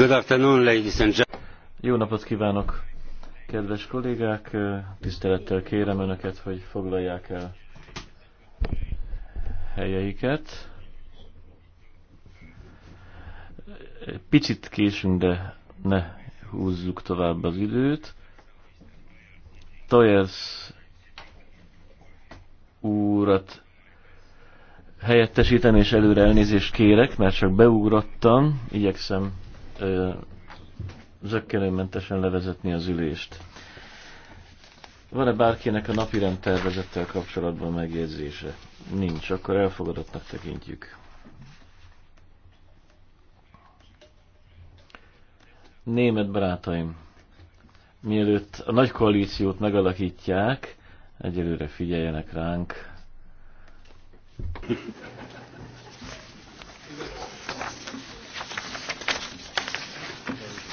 Good afternoon, ladies and gentlemen. Jó napot kívánok, kedves kollégák! Tisztelettel kérem Önöket, hogy foglalják el helyeiket. Picit késünk, de ne húzzuk tovább az időt. Toyers úrat helyettesíteni, és előre elnézést kérek, mert csak beugrottam, igyekszem zöggenőmentesen levezetni az ülést. Van-e bárkinek a napirend tervezettel kapcsolatban megjegyzése? Nincs, akkor elfogadottnak tekintjük. Német barátaim, mielőtt a nagy koalíciót megalakítják, egyelőre figyeljenek ránk.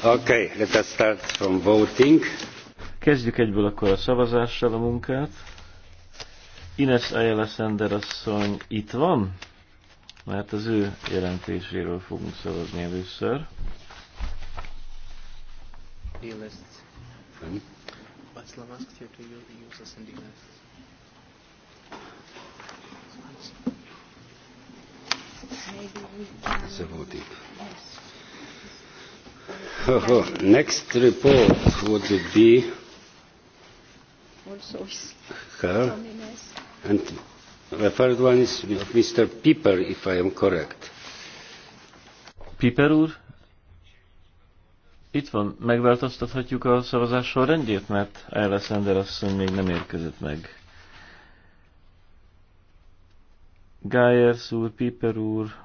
Okay, let us start from voting. Kezdjük egyből akkor a szavazással a munkát. Ines Ayala Sender asszony itt van, mert az ő jelentéséről fogunk szavazni először. List. Hmm? Václav asked you to use the user sending list. It's a voting. Next report would be her, and the third one is with Mr. Piper, if I am correct. Piper úr, itt van, megváltoztathatjuk a szavazás sorrendjét, mert Ella Sander asszony még nem érkezett meg. Gájers úr, Piper úr,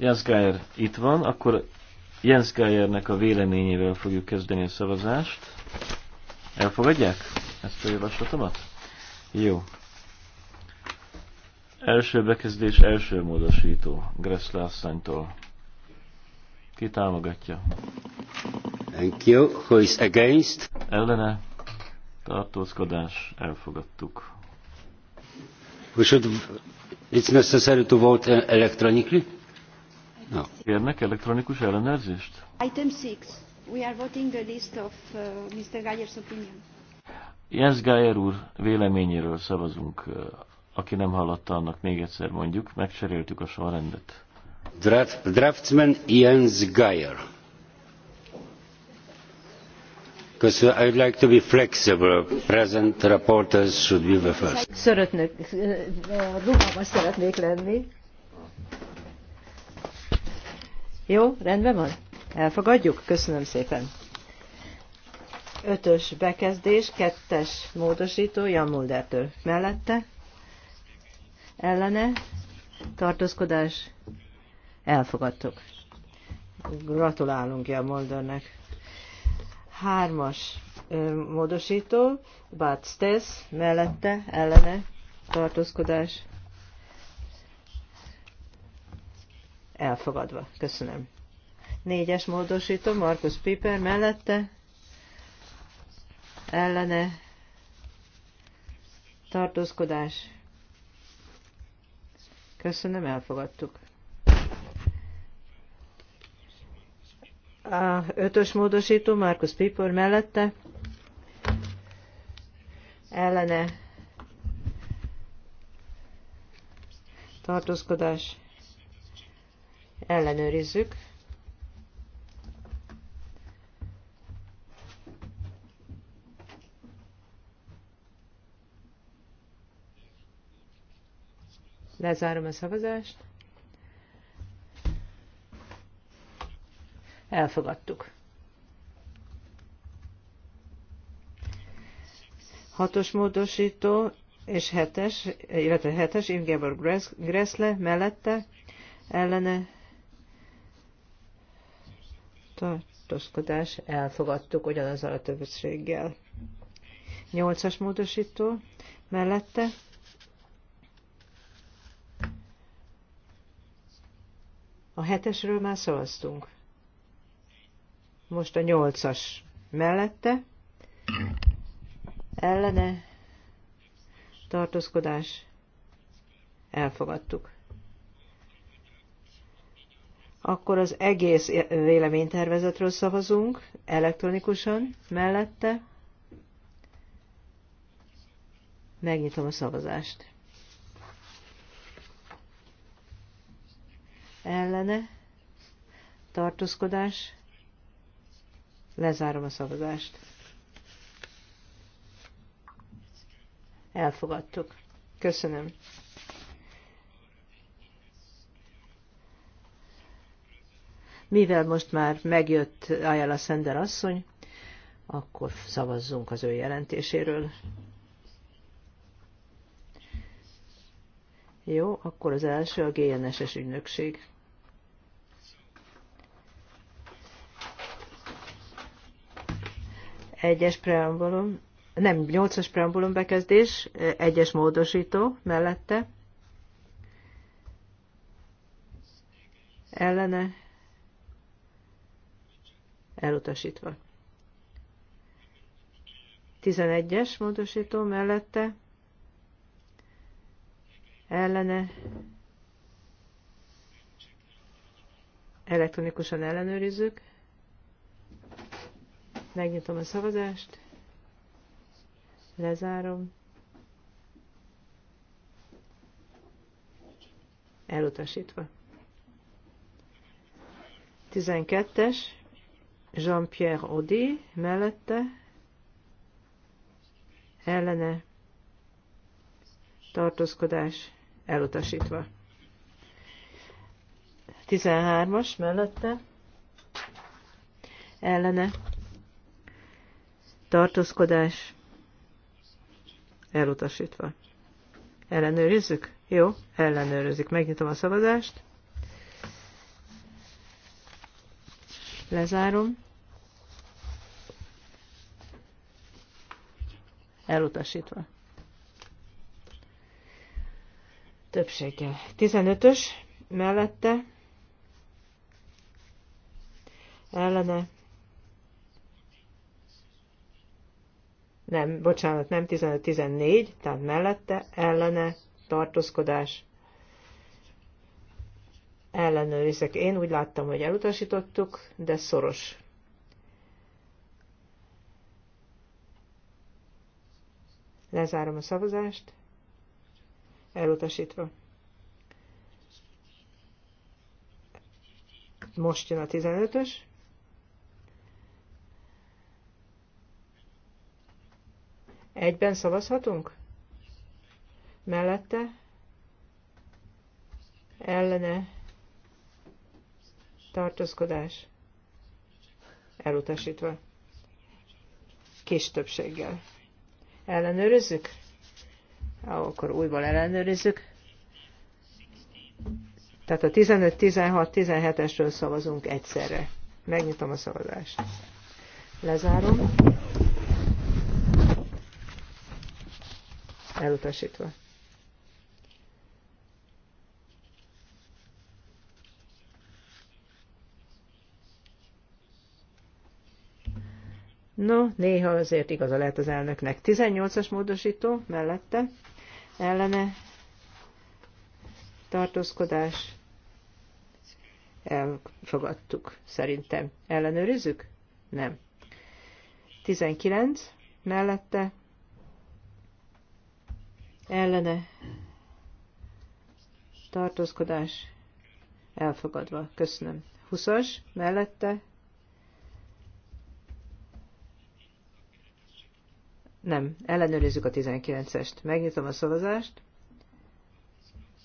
Jens Geyer itt van, akkor Jens Geyernek a véleményével fogjuk kezdeni a szavazást. Elfogadják ezt a javaslatomat? Jó. Első bekezdés, első módosító. Gressle Ki támogatja? Thank you. Who is against? Ellene. Tartózkodás. Elfogadtuk. We should... It's necessary to vote e- electronically? No. Kérnek elektronikus ellenőrzést? Item 6. We are voting the list of uh, Mr. Galler's opinion. Jens Geyer úr véleményéről szavazunk. Uh, aki nem hallotta, annak még egyszer mondjuk, megcseréltük a sorrendet. Draft, draftsman Jens Geyer. Because would like to be flexible. Present reporters should be the first. Szeretnék, uh, uh, rugalmas szeretnék lenni. Jó, rendben van? Elfogadjuk? Köszönöm szépen. Ötös bekezdés, kettes módosító, Jan Muldertől. Mellette? Ellene? Tartózkodás? Elfogadtuk. Gratulálunk Jan Muldernek. Hármas módosító, Bart Stess, mellette, ellene, tartózkodás, elfogadva. Köszönöm. Négyes módosító, Markus Piper mellette, ellene, tartózkodás. Köszönöm, elfogadtuk. A ötös módosító, Markus Piper mellette, ellene, tartózkodás ellenőrizzük. Lezárom a szavazást. Elfogadtuk. Hatos módosító és hetes, illetve hetes Ingeborg Gressle mellette ellene tartózkodás elfogadtuk ugyanazzal a többséggel. Nyolcas módosító mellette a hetesről már szavaztunk. Most a nyolcas mellette ellene tartózkodás elfogadtuk. Akkor az egész véleménytervezetről szavazunk elektronikusan mellette. Megnyitom a szavazást. Ellene. Tartózkodás. Lezárom a szavazást. Elfogadtuk. Köszönöm. Mivel most már megjött Ayala Szender asszony, akkor szavazzunk az ő jelentéséről. Jó, akkor az első a GNS-es ügynökség. Egyes preambulum, nem, nyolcas preambulum bekezdés, egyes módosító mellette. Ellene elutasítva. 11-es módosító mellette ellene elektronikusan ellenőrizzük. Megnyitom a szavazást, lezárom, elutasítva. 12-es Jean-Pierre Audi mellette ellene tartózkodás elutasítva. 13-as mellette ellene tartózkodás elutasítva. Ellenőrizzük? Jó, ellenőrizzük. Megnyitom a szavazást. Lezárom. Elutasítva. Többséggel. 15-ös mellette ellene nem, bocsánat, nem 15-14, tehát mellette ellene tartózkodás ellenőrizek. Én úgy láttam, hogy elutasítottuk, de szoros. Lezárom a szavazást. Elutasítva. Most jön a 15-ös. Egyben szavazhatunk? Mellette? Ellene? tartózkodás elutasítva. Kis többséggel. Ellenőrizzük? Ah, akkor újból ellenőrizzük. Tehát a 15, 16, 17-esről szavazunk egyszerre. Megnyitom a szavazást. Lezárom. Elutasítva. No, néha azért igaza lehet az elnöknek. 18-as módosító mellette ellene tartózkodás elfogadtuk, szerintem. Ellenőrizzük? Nem. 19 mellette ellene tartózkodás elfogadva. Köszönöm. 20-as mellette Nem, ellenőrizzük a 19-est. Megnyitom a szavazást.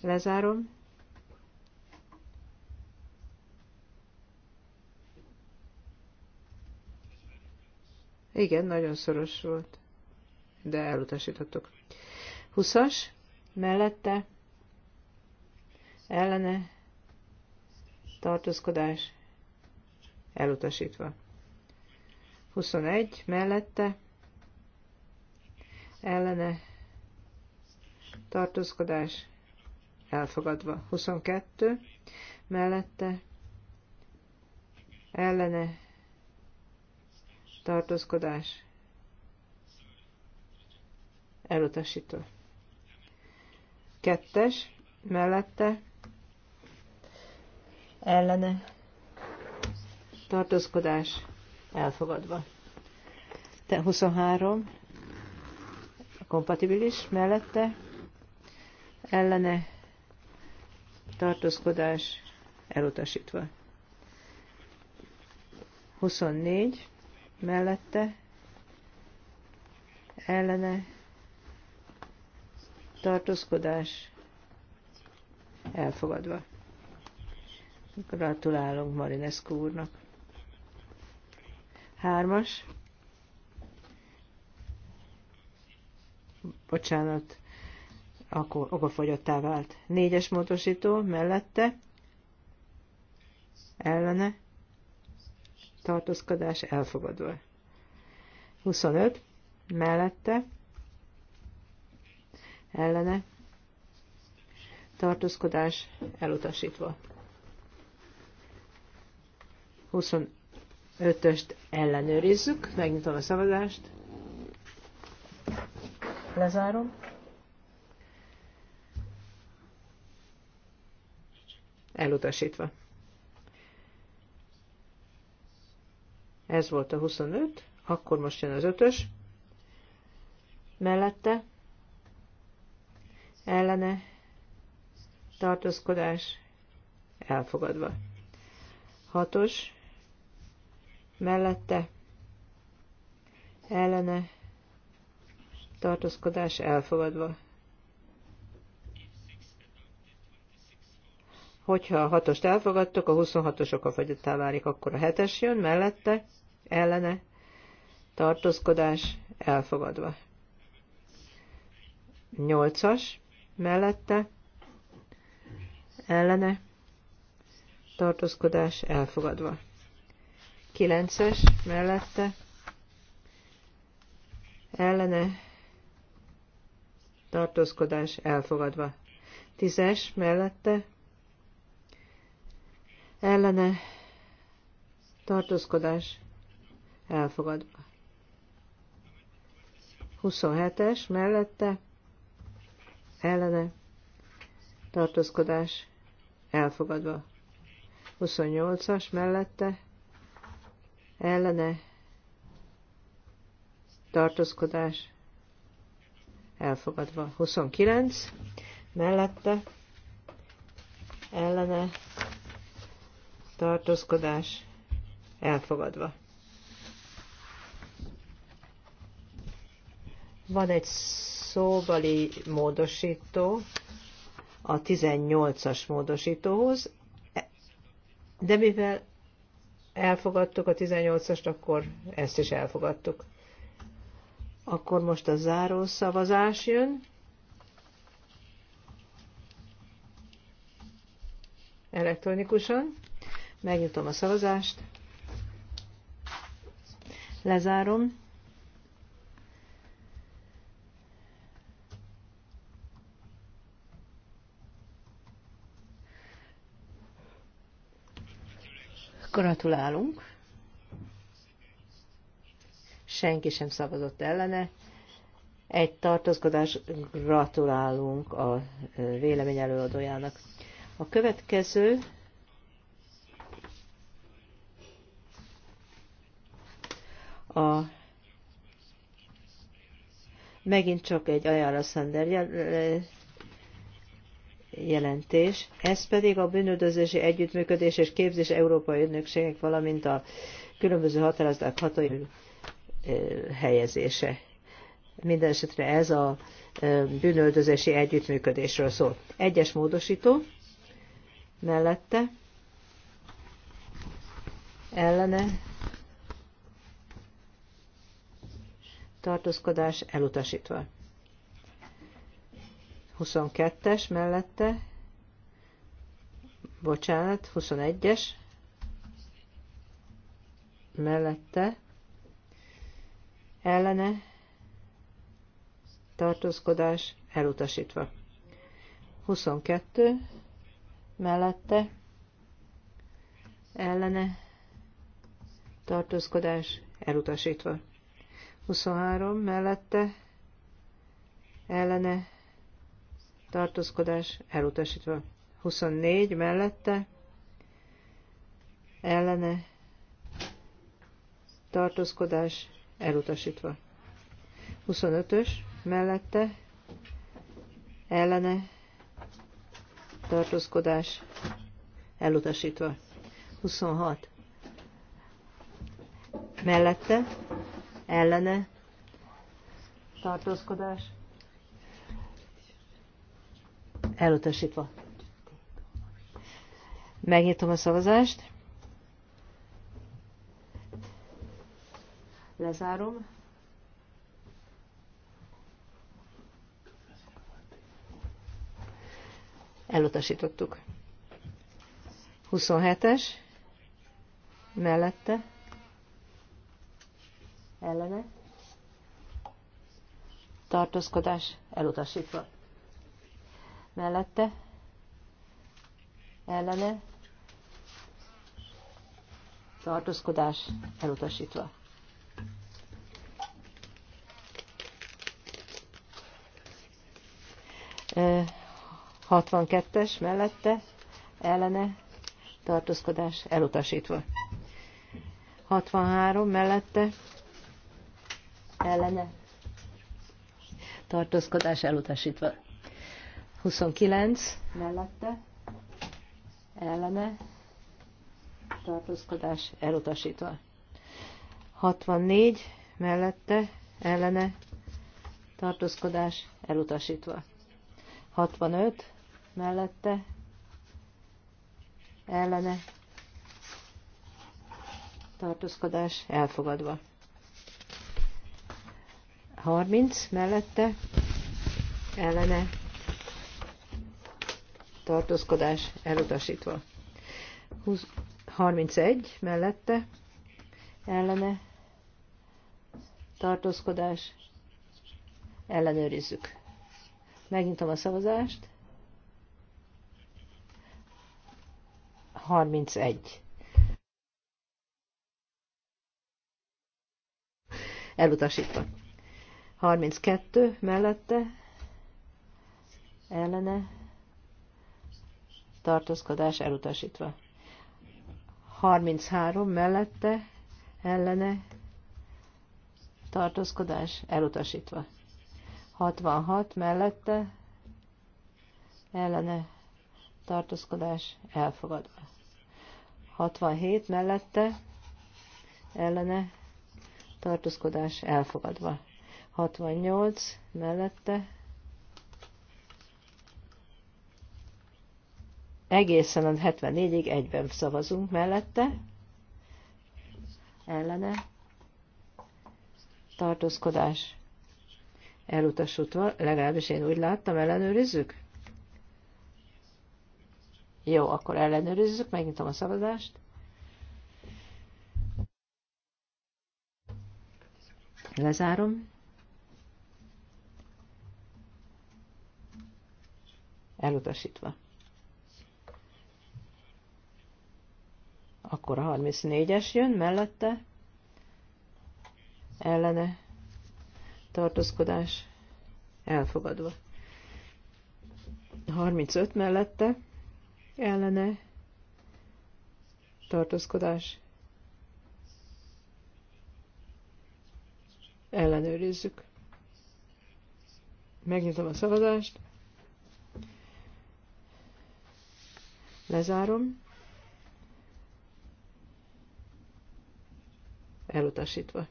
Lezárom. Igen, nagyon szoros volt, de elutasítottuk. 20-as, mellette, ellene, tartózkodás, elutasítva. 21, mellette, ellene tartózkodás elfogadva. 22 mellette ellene tartózkodás elutasító. Kettes mellette ellene tartózkodás elfogadva. Te 23 kompatibilis mellette, ellene tartózkodás elutasítva. 24 mellette, ellene tartózkodás elfogadva. Gratulálunk Marinescu úrnak. Hármas bocsánat, akkor okafogyottá vált. Négyes módosító mellette, ellene, tartózkodás elfogadva. 25 mellette, ellene, tartózkodás elutasítva. 25-öst ellenőrizzük, megnyitom a szavazást. Lezárom. Elutasítva. Ez volt a 25, akkor most jön az 5-ös. Mellette ellene tartózkodás elfogadva. 6-os mellette ellene tartózkodás elfogadva. Hogyha a hatost elfogadtok, a 26-osok a fagyottá válik, akkor a hetes jön mellette, ellene, tartózkodás elfogadva. Nyolcas mellette, ellene, tartózkodás elfogadva. Kilences mellette, ellene tartózkodás elfogadva. Tízes mellette ellene tartózkodás elfogadva. 27-es mellette ellene tartózkodás elfogadva. 28-as mellette ellene tartózkodás elfogadva. 29 mellette ellene tartózkodás elfogadva. Van egy szóbali módosító a 18-as módosítóhoz, de mivel elfogadtuk a 18-ast, akkor ezt is elfogadtuk. Akkor most a záró szavazás jön. Elektronikusan. Megnyitom a szavazást. Lezárom. Gratulálunk! senki sem szavazott ellene. Egy tartózkodás, gratulálunk a vélemény előadójának. A következő a megint csak egy Ajara Szender jelentés, ez pedig a bűnöldözési együttműködés és képzés Európai Ügynökségek, valamint a különböző határozatok hatói helyezése. Mindenesetre ez a bűnöldözési együttműködésről szól. Egyes módosító mellette ellene tartózkodás elutasítva. 22-es mellette, bocsánat, 21-es mellette ellene tartózkodás elutasítva. 22 mellette ellene tartózkodás elutasítva. 23 mellette ellene tartózkodás elutasítva. 24 mellette ellene tartózkodás elutasítva. 25-ös mellette ellene tartózkodás elutasítva. 26. Mellette ellene tartózkodás elutasítva. Megnyitom a szavazást. Lezárom. Elutasítottuk. 27-es. Mellette. Ellene. Tartózkodás elutasítva. Mellette. Ellene tartózkodás elutasítva. 62-es mellette ellene tartózkodás elutasítva. 63 mellette ellene tartózkodás elutasítva. 29 mellette ellene tartózkodás elutasítva. 64 mellette ellene tartózkodás elutasítva. 65 mellette ellene tartózkodás elfogadva. 30 mellette ellene tartózkodás elutasítva. 20, 31 mellette ellene tartózkodás ellenőrizzük. Megnyitom a szavazást. 31. Elutasítva. 32 mellette ellene tartózkodás elutasítva. 33 mellette ellene tartózkodás elutasítva. 66 mellette ellene tartózkodás elfogadva. 67 mellette ellene tartózkodás elfogadva. 68 mellette egészen a 74-ig egyben szavazunk mellette, ellene, tartózkodás elutasítva, legalábbis én úgy láttam, ellenőrizzük. Jó, akkor ellenőrizzük, megnyitom a szavazást. Lezárom. Elutasítva. Akkor a 34-es jön mellette. Ellene tartózkodás elfogadva. 35 mellette ellene tartózkodás ellenőrizzük. Megnyitom a szavazást. Lezárom. Elutasítva.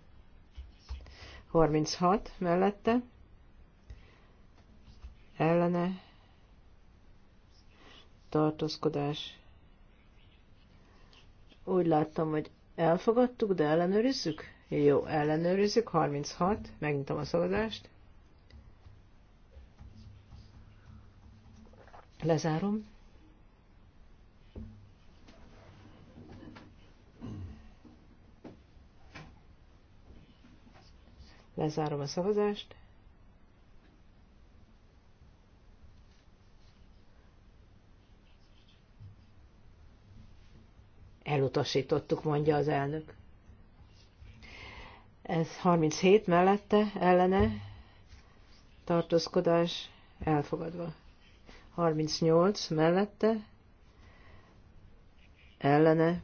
36 mellette. Ellene tartózkodás. Úgy láttam, hogy elfogadtuk, de ellenőrizzük? Jó, ellenőrizzük. 36. Megnyitom a szabadást. Lezárom. Lezárom a szavazást. Elutasítottuk, mondja az elnök. Ez 37 mellette, ellene, tartózkodás elfogadva. 38 mellette, ellene,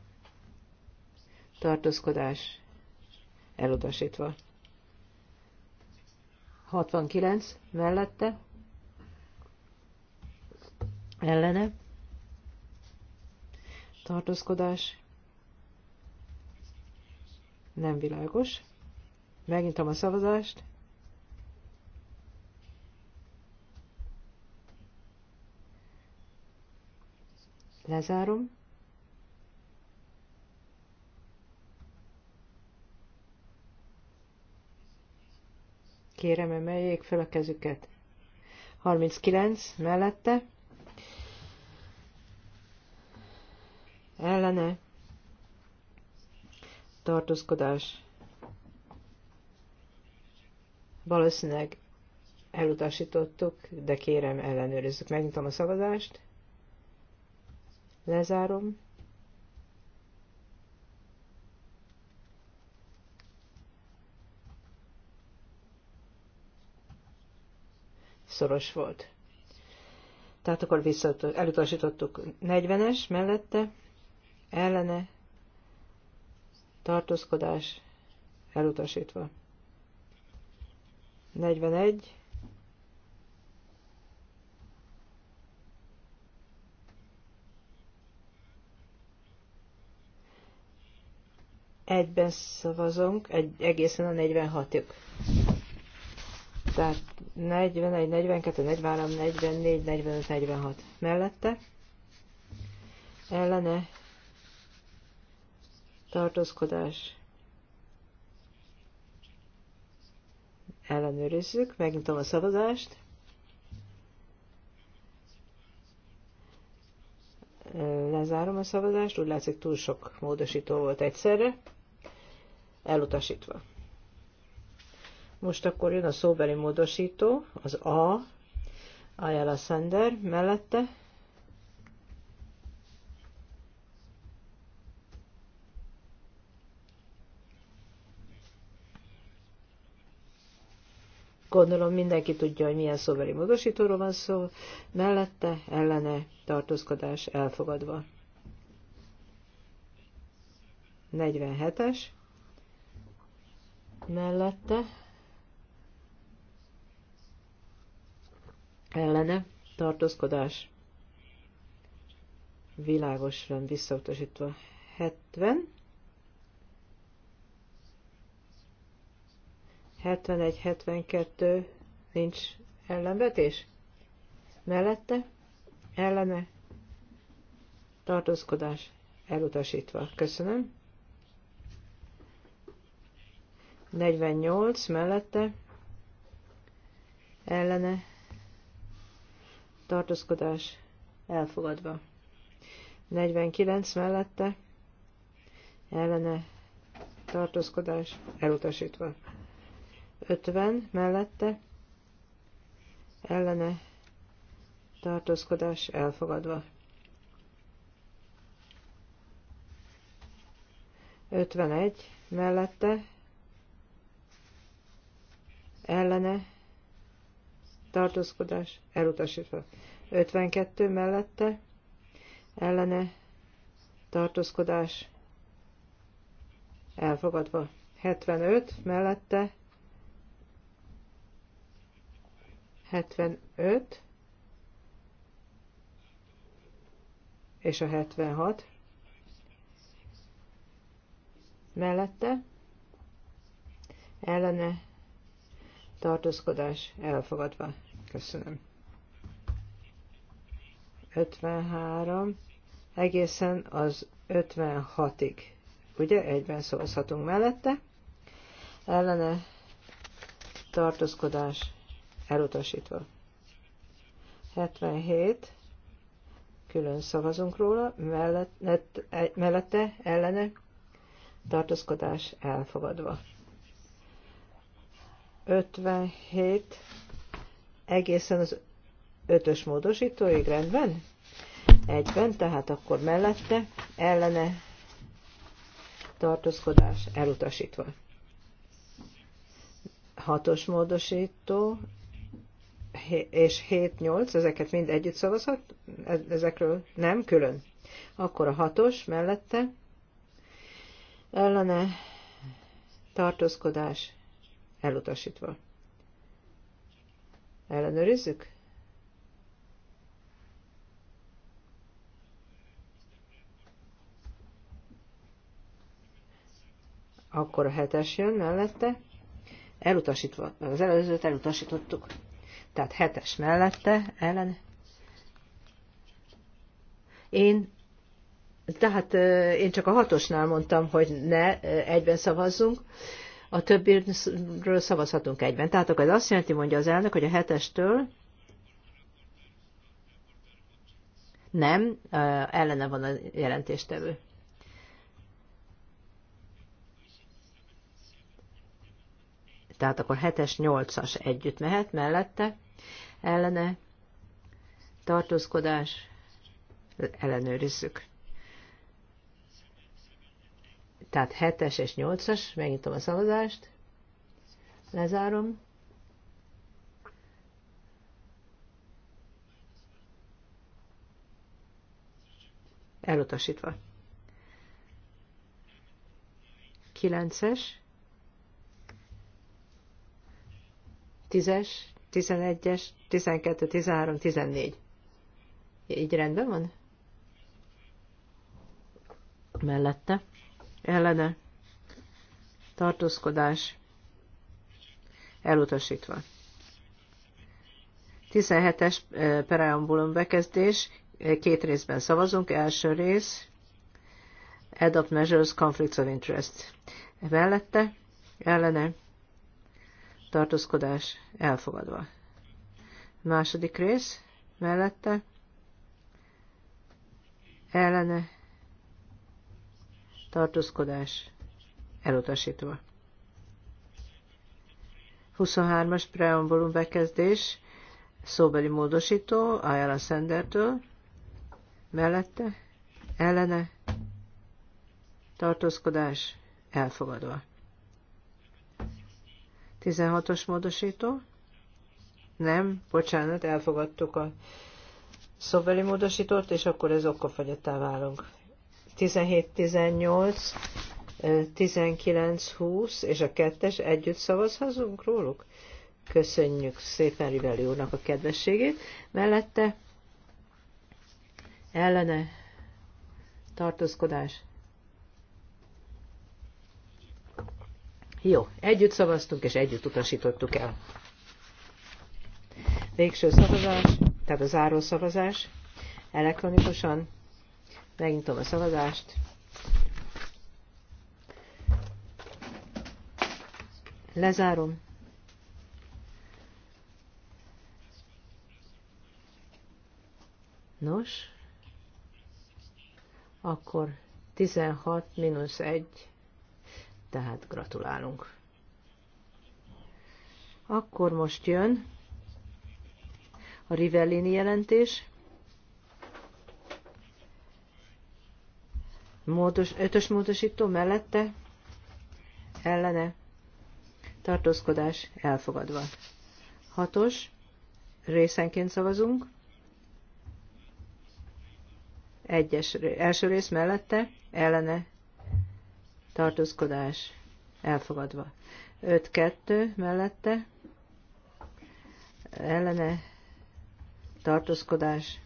tartózkodás elutasítva. 69 mellette, ellene, tartózkodás nem világos. Megnyitom a szavazást. Lezárom. Kérem, emeljék fel a kezüket. 39 mellette. ellene tartózkodás valószínűleg elutasítottuk, de kérem ellenőrizzük. Megnyitom a szavazást, lezárom, szoros volt. Tehát akkor vissza elutasítottuk 40-es mellette, ellene tartózkodás elutasítva. 41. Egyben szavazunk, egy, egészen a 46-ig. Tehát 41, 42, 43, 44, 45, 46 mellette. Ellene tartózkodás. Ellenőrizzük, megnyitom a szavazást. Lezárom a szavazást, úgy látszik túl sok módosító volt egyszerre, elutasítva. Most akkor jön a szóbeli módosító, az A, Ayala Sender mellette, Gondolom mindenki tudja, hogy milyen szóbeli módosítóról van szó, mellette, ellene, tartózkodás elfogadva. 47-es, mellette, ellene, tartózkodás világosan visszautasítva 70, 71-72 nincs ellenvetés? Mellette? Ellene? Tartózkodás elutasítva. Köszönöm. 48 mellette ellene tartózkodás elfogadva. 49 mellette ellene tartózkodás elutasítva. 50 mellette ellene tartózkodás elfogadva. 51 mellette ellene tartózkodás elutasítva. 52 mellette ellene tartózkodás elfogadva. 75 mellette 75 és a 76 mellette ellene tartózkodás elfogadva. Köszönöm. 53 egészen az 56-ig. Ugye egyben szavazhatunk mellette. Ellene tartózkodás elutasítva. 77, külön szavazunk róla, mellett, e, mellette, ellene, tartózkodás elfogadva. 57, egészen az ötös módosítóig rendben? Egyben, tehát akkor mellette, ellene, tartózkodás elutasítva. Hatos módosító és 7-8, ezeket mind együtt szavazhat ezekről nem, külön. Akkor a hatos mellette ellene tartózkodás elutasítva. Ellenőrizzük? Akkor a hetes jön mellette. Elutasítva. Az előzőt elutasítottuk tehát hetes mellette ellen. Én, tehát én csak a hatosnál mondtam, hogy ne egyben szavazzunk, a többiről szavazhatunk egyben. Tehát akkor ez azt jelenti, mondja az elnök, hogy a hetestől nem, ellene van a jelentéstevő. Tehát akkor 7-es, 8-as együtt mehet mellette, ellene tartózkodás, ellenőrizzük. Tehát 7-es és 8-as, megnyitom a szavazást, lezárom. Elutasítva. 9-es, 10-es, 11-es, 12, 13, 14. Így rendben van? Mellette. Ellene. Tartózkodás. Elutasítva. 17-es preambulum bekezdés. Két részben szavazunk. Első rész. Adopt measures conflicts of interest. Mellette. Ellene tartózkodás elfogadva. Második rész mellette ellene tartózkodás elutasítva. 23-as preambulum bekezdés szóbeli módosító Ayala Sendertől mellette ellene tartózkodás elfogadva. 16-os módosító. Nem, bocsánat, elfogadtuk a szóbeli módosítót, és akkor ez okkafagyottá válunk. 17, 18, 19, 20 és a kettes együtt szavazhatunk róluk? Köszönjük szépen Riveli úrnak a kedvességét. Mellette ellene tartózkodás Jó, együtt szavaztunk és együtt utasítottuk el. Végső szavazás, tehát a záró szavazás elektronikusan. Megnyitom a szavazást. Lezárom. Nos, akkor 16 mínusz 1 tehát gratulálunk. Akkor most jön a Rivellini jelentés. Módos, ötös módosító mellette ellene tartózkodás elfogadva. Hatos részenként szavazunk. Egyes, első rész mellette ellene tartózkodás elfogadva. 5-2 mellette ellene tartózkodás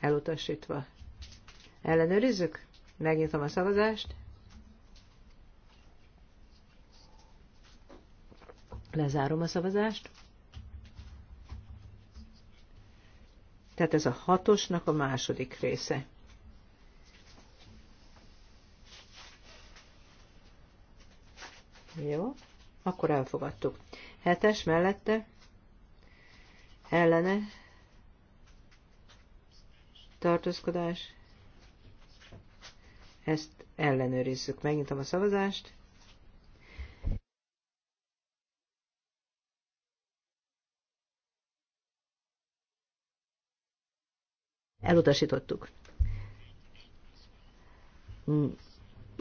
elutasítva. Ellenőrizzük? Megnyitom a szavazást. Lezárom a szavazást. Tehát ez a hatosnak a második része. Jó, akkor elfogadtuk. Hetes mellette, ellene, tartózkodás, ezt ellenőrizzük. Megnyitom a szavazást. Elutasítottuk. Hm,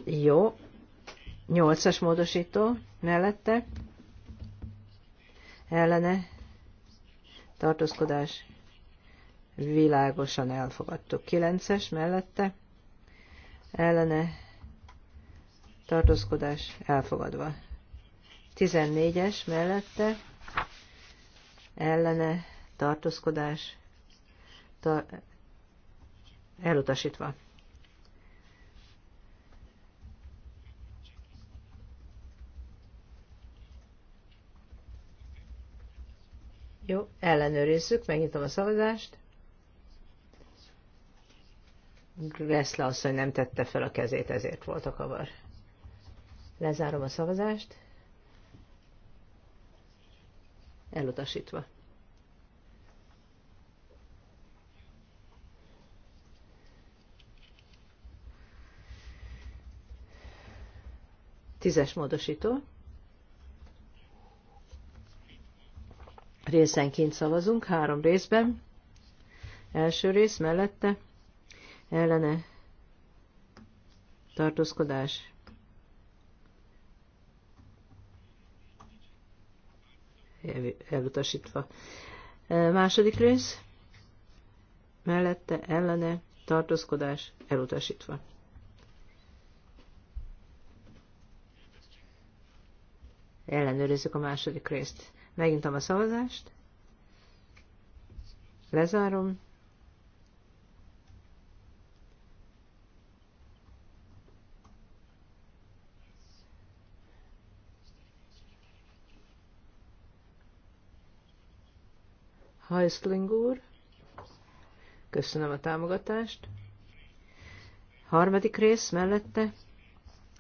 jó, Nyolcas módosító mellette ellene tartózkodás világosan elfogadtuk. Kilences mellette ellene tartózkodás elfogadva. 14-es mellette ellene tartózkodás tar- elutasítva. Jó, ellenőrizzük, megnyitom a szavazást. Gressle asszony nem tette fel a kezét, ezért volt a kavar. Lezárom a szavazást. Elutasítva. Tízes módosító. részenként szavazunk, három részben. Első rész mellette ellene tartózkodás. Elutasítva. E, második rész mellette ellene tartózkodás elutasítva. Ellenőrizzük a második részt. Megnyitom a szavazást. Lezárom. Heisling úr, köszönöm a támogatást. Harmadik rész mellette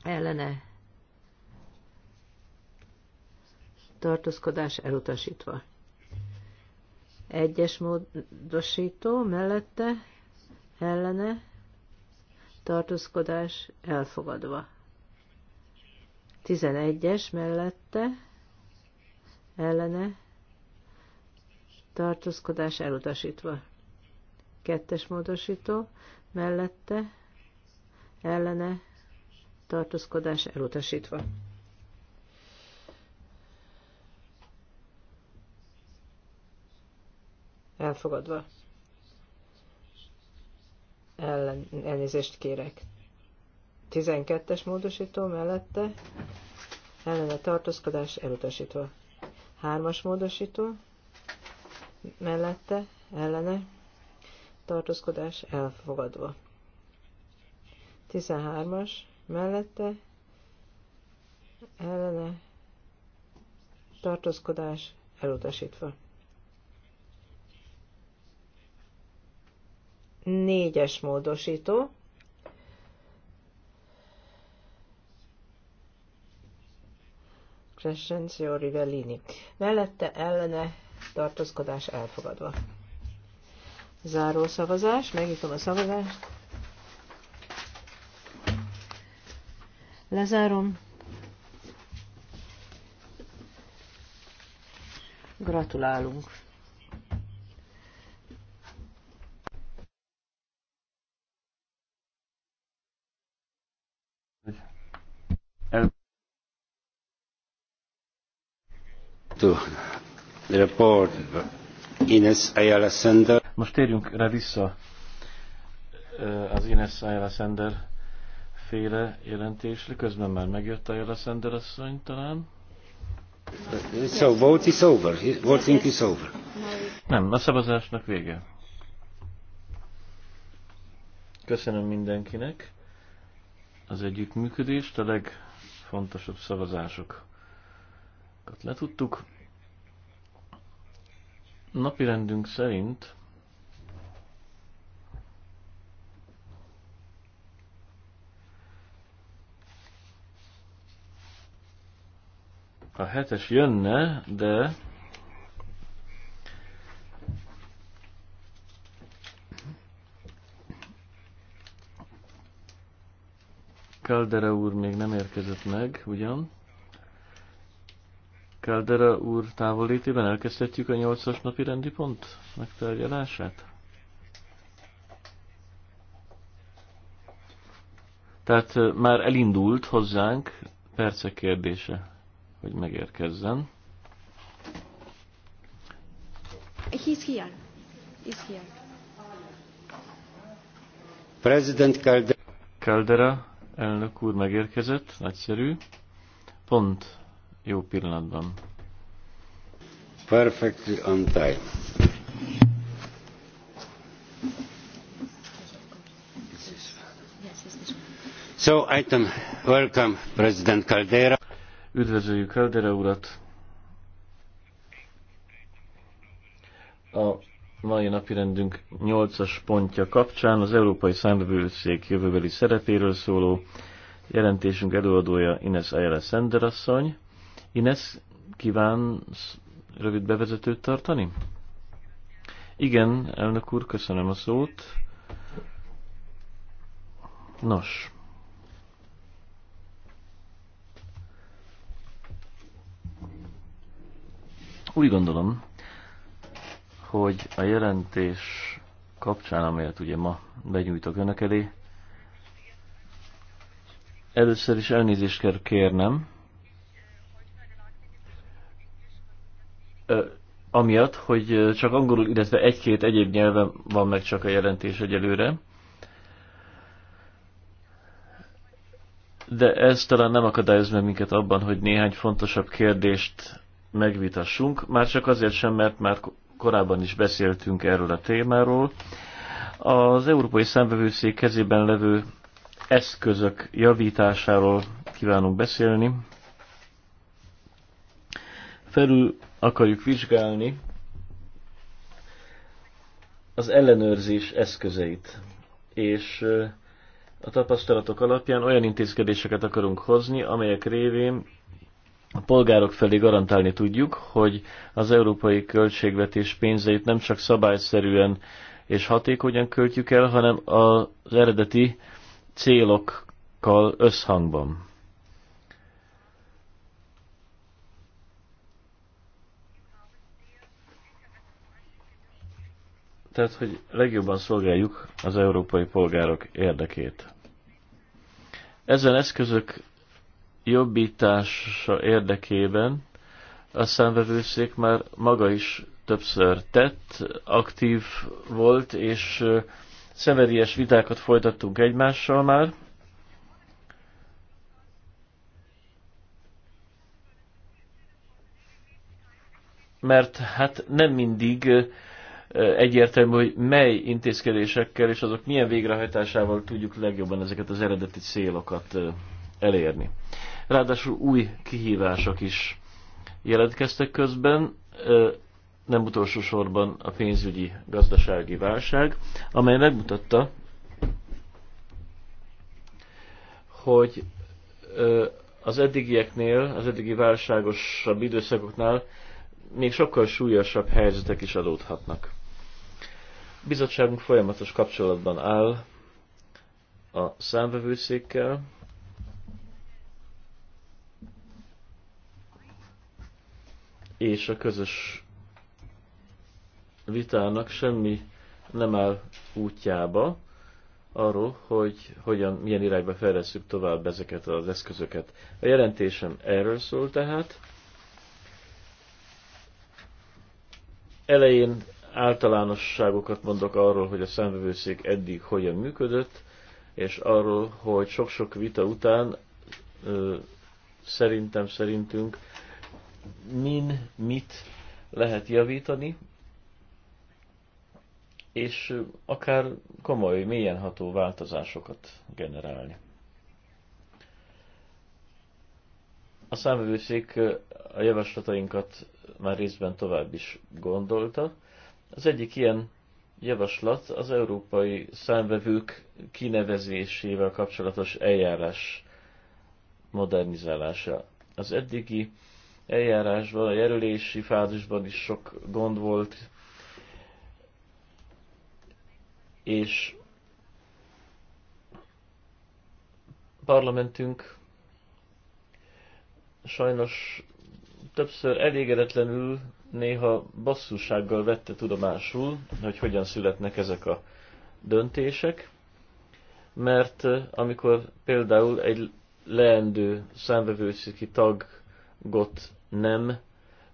ellene tartózkodás elutasítva. Egyes módosító mellette ellene tartózkodás elfogadva. 11-es mellette ellene tartózkodás elutasítva. Kettes módosító mellette ellene tartózkodás elutasítva. elfogadva. Ellen, elnézést kérek. 12-es módosító mellette ellene tartózkodás elutasítva. 3-as módosító mellette ellene tartózkodás elfogadva. 13-as mellette ellene tartózkodás elutasítva. négyes módosító. Crescencio Rivellini. Mellette ellene tartózkodás elfogadva. Záró szavazás, megnyitom a szavazást. Lezárom. Gratulálunk! to report Ines Ayala Sender. Most térjünk rá vissza az Ines Ayala Sender féle jelentésre. Közben már megjött Ayala Sender asszony talán. So vote is over. Voting is over. Nem, a szavazásnak vége. Köszönöm mindenkinek az együttműködést, a legfontosabb szavazásokat letudtuk. Napirendünk szerint a hetes jönne, de Caldera úr még nem érkezett meg, ugyan? Caldera úr távolítében elkezdhetjük a nyolcas napi rendi pont megtárgyalását? Tehát már elindult hozzánk percek kérdése, hogy megérkezzen. He's here. He's here. President Caldera. Caldera elnök úr megérkezett, nagyszerű. Pont jó pillanatban. Perfectly on time. So, item, welcome, President Caldera. Üdvözöljük Caldera urat. A mai napirendünk 8-as pontja kapcsán az Európai Számbevőszék jövőbeli szerepéről szóló jelentésünk előadója Ines Ayala Szenderasszony. asszony Ines, kíván rövid bevezetőt tartani? Igen, elnök úr, köszönöm a szót. Nos. Úgy gondolom, hogy a jelentés kapcsán, amelyet ugye ma benyújtok önök elé, először is elnézést kell kérnem, amiatt, hogy csak angolul, illetve egy-két egyéb nyelven van meg csak a jelentés egyelőre. De ez talán nem akadályoz meg minket abban, hogy néhány fontosabb kérdést megvitassunk, már csak azért sem, mert már korábban is beszéltünk erről a témáról. Az Európai Számvevőszék kezében levő eszközök javításáról kívánunk beszélni. Felül akarjuk vizsgálni az ellenőrzés eszközeit. És a tapasztalatok alapján olyan intézkedéseket akarunk hozni, amelyek révén a polgárok felé garantálni tudjuk, hogy az európai költségvetés pénzeit nem csak szabályszerűen és hatékonyan költjük el, hanem az eredeti célokkal összhangban. tehát hogy legjobban szolgáljuk az európai polgárok érdekét. Ezen eszközök jobbítása érdekében a számvevőszék már maga is többször tett, aktív volt, és szenvedélyes vitákat folytattunk egymással már. Mert hát nem mindig egyértelmű, hogy mely intézkedésekkel és azok milyen végrehajtásával tudjuk legjobban ezeket az eredeti célokat elérni. Ráadásul új kihívások is jelentkeztek közben, nem utolsó sorban a pénzügyi gazdasági válság, amely megmutatta, hogy az eddigieknél, az eddigi válságosabb időszakoknál még sokkal súlyosabb helyzetek is adódhatnak bizottságunk folyamatos kapcsolatban áll a számvevőszékkel, és a közös vitának semmi nem áll útjába arról, hogy hogyan, milyen irányba fejleszünk tovább ezeket az eszközöket. A jelentésem erről szól tehát. Elején általánosságokat mondok arról, hogy a számvevőszék eddig hogyan működött, és arról, hogy sok-sok vita után ö, szerintem, szerintünk min, mit lehet javítani, és akár komoly, mélyenható változásokat generálni. A számvevőszék a javaslatainkat már részben tovább is gondolta, az egyik ilyen javaslat az európai számvevők kinevezésével kapcsolatos eljárás modernizálása. Az eddigi eljárásban, a jelölési fázisban is sok gond volt, és parlamentünk sajnos többször elégedetlenül néha basszussággal vette tudomásul, hogy hogyan születnek ezek a döntések, mert eh, amikor például egy leendő számvevőszéki tagot nem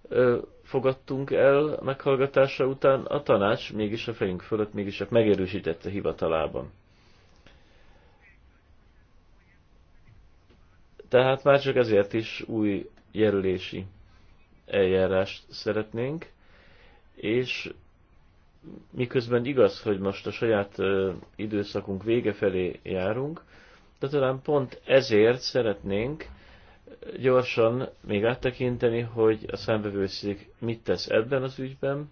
ö, fogadtunk el meghallgatása után, a tanács mégis a fejünk fölött mégis megerősítette hivatalában. Tehát már csak ezért is új jelölési eljárást szeretnénk, és miközben igaz, hogy most a saját időszakunk vége felé járunk, de talán pont ezért szeretnénk gyorsan még áttekinteni, hogy a számbevőszék mit tesz ebben az ügyben,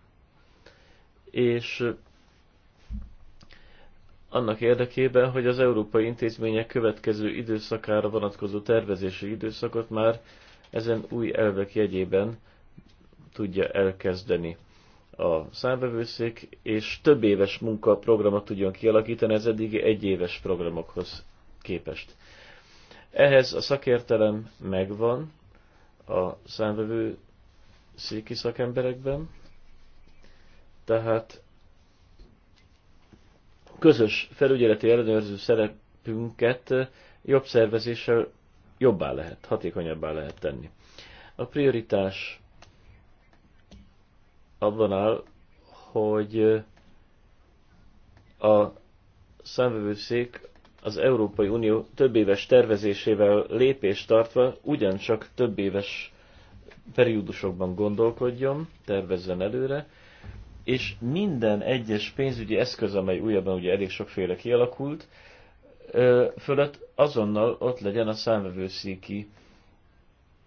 és annak érdekében, hogy az európai intézmények következő időszakára vonatkozó tervezési időszakot már ezen új elvek jegyében tudja elkezdeni a számbevőszék, és több éves munkaprogramot tudjon kialakítani az eddigi egyéves programokhoz képest. Ehhez a szakértelem megvan a számvevő széki szakemberekben, tehát közös felügyeleti ellenőrző szerepünket jobb szervezéssel jobbá lehet, hatékonyabbá lehet tenni. A prioritás abban áll, hogy a számvevőszék az Európai Unió több éves tervezésével lépést tartva ugyancsak több éves periódusokban gondolkodjon, tervezzen előre, és minden egyes pénzügyi eszköz, amely újabban ugye elég sokféle kialakult, fölött azonnal ott legyen a számvevőszéki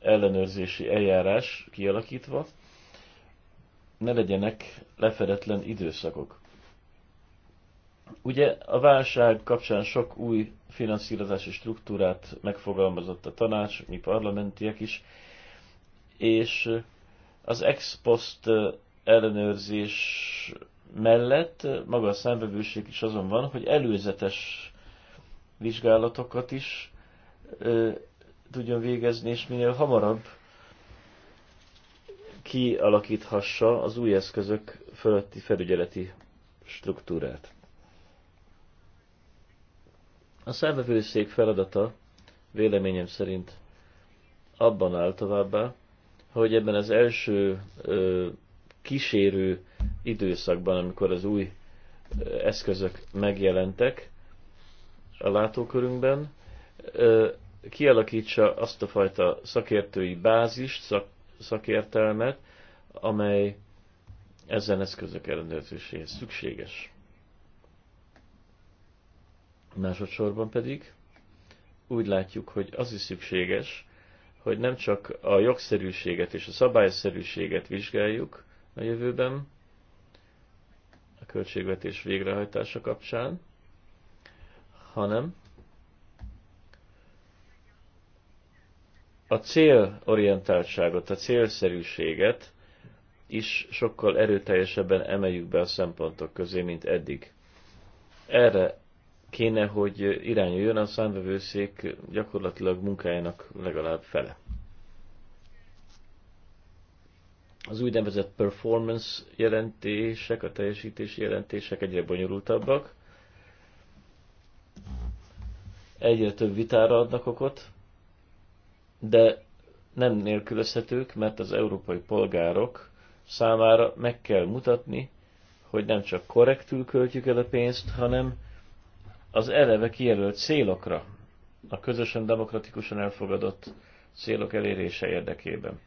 ellenőrzési eljárás kialakítva, ne legyenek lefedetlen időszakok. Ugye a válság kapcsán sok új finanszírozási struktúrát megfogalmazott a tanács, mi parlamentiek is, és az ex post ellenőrzés mellett maga a számvevőség is azon van, hogy előzetes vizsgálatokat is ö, tudjon végezni, és minél hamarabb kialakíthassa az új eszközök fölötti felügyeleti struktúrát. A szervevőszék feladata véleményem szerint abban áll továbbá, hogy ebben az első ö, kísérő időszakban, amikor az új eszközök megjelentek, a látókörünkben, kialakítsa azt a fajta szakértői bázist, szak, szakértelmet, amely ezen eszközök ellenőrzéséhez szükséges. Másodszorban pedig úgy látjuk, hogy az is szükséges, hogy nem csak a jogszerűséget és a szabályszerűséget vizsgáljuk a jövőben, a költségvetés végrehajtása kapcsán, hanem a célorientáltságot, a célszerűséget is sokkal erőteljesebben emeljük be a szempontok közé, mint eddig. Erre kéne, hogy irányuljon a számvevőszék gyakorlatilag munkájának legalább fele. Az úgynevezett performance jelentések, a teljesítési jelentések egyre bonyolultabbak, egyre több vitára adnak okot, de nem nélkülözhetők, mert az európai polgárok számára meg kell mutatni, hogy nem csak korrektül költjük el a pénzt, hanem az eleve kijelölt célokra, a közösen demokratikusan elfogadott célok elérése érdekében.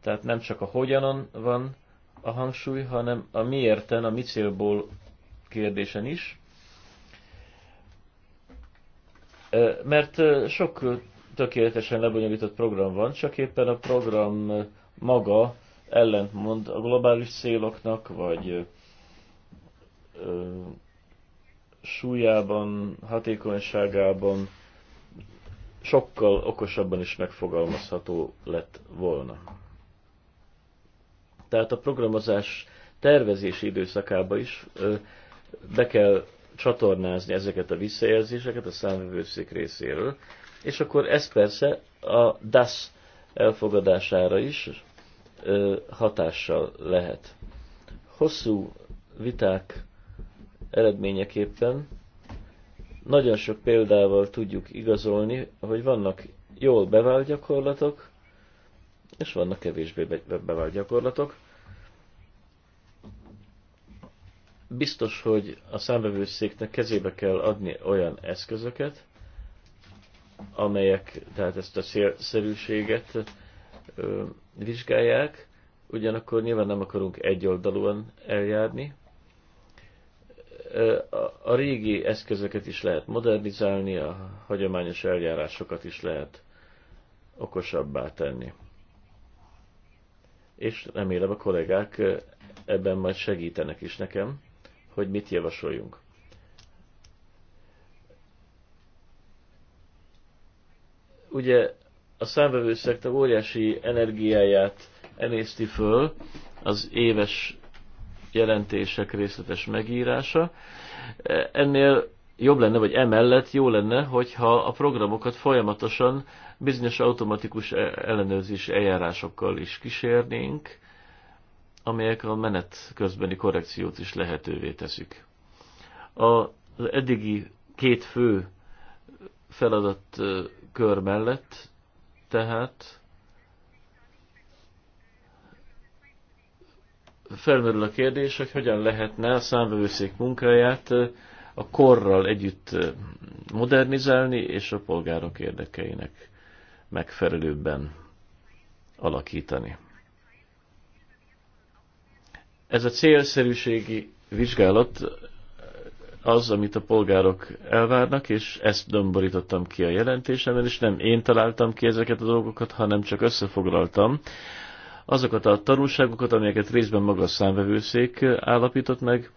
Tehát nem csak a hogyanon van a hangsúly, hanem a miérten, a mi célból kérdésen is, Mert sok tökéletesen lebonyolított program van, csak éppen a program maga ellentmond a globális széloknak, vagy súlyában, hatékonyságában sokkal okosabban is megfogalmazható lett volna. Tehát a programozás tervezési időszakába is ö, be kell csatornázni ezeket a visszajelzéseket a számvevőszék részéről, és akkor ez persze a DAS elfogadására is ö, hatással lehet. Hosszú viták eredményeképpen nagyon sok példával tudjuk igazolni, hogy vannak jól bevált gyakorlatok, és vannak kevésbé bevált gyakorlatok, biztos, hogy a számbevőszéknek kezébe kell adni olyan eszközöket, amelyek tehát ezt a szélszerűséget ö, vizsgálják, ugyanakkor nyilván nem akarunk egyoldalúan eljárni. A, a régi eszközöket is lehet modernizálni, a hagyományos eljárásokat is lehet okosabbá tenni. És remélem a kollégák ebben majd segítenek is nekem hogy mit javasoljunk. Ugye a számvevőszektor óriási energiáját emészti föl az éves jelentések részletes megírása. Ennél jobb lenne, vagy emellett jó lenne, hogyha a programokat folyamatosan bizonyos automatikus e- ellenőrzés eljárásokkal is kísérnénk, amelyek a menet közbeni korrekciót is lehetővé teszik. Az eddigi két fő feladat kör mellett tehát felmerül a kérdés, hogy hogyan lehetne a számbevőszék munkáját a korral együtt modernizálni, és a polgárok érdekeinek megfelelőbben alakítani. Ez a célszerűségi vizsgálat az, amit a polgárok elvárnak, és ezt domborítottam ki a jelentésemben, és nem én találtam ki ezeket a dolgokat, hanem csak összefoglaltam azokat a tanulságokat, amelyeket részben maga a számvevőszék állapított meg,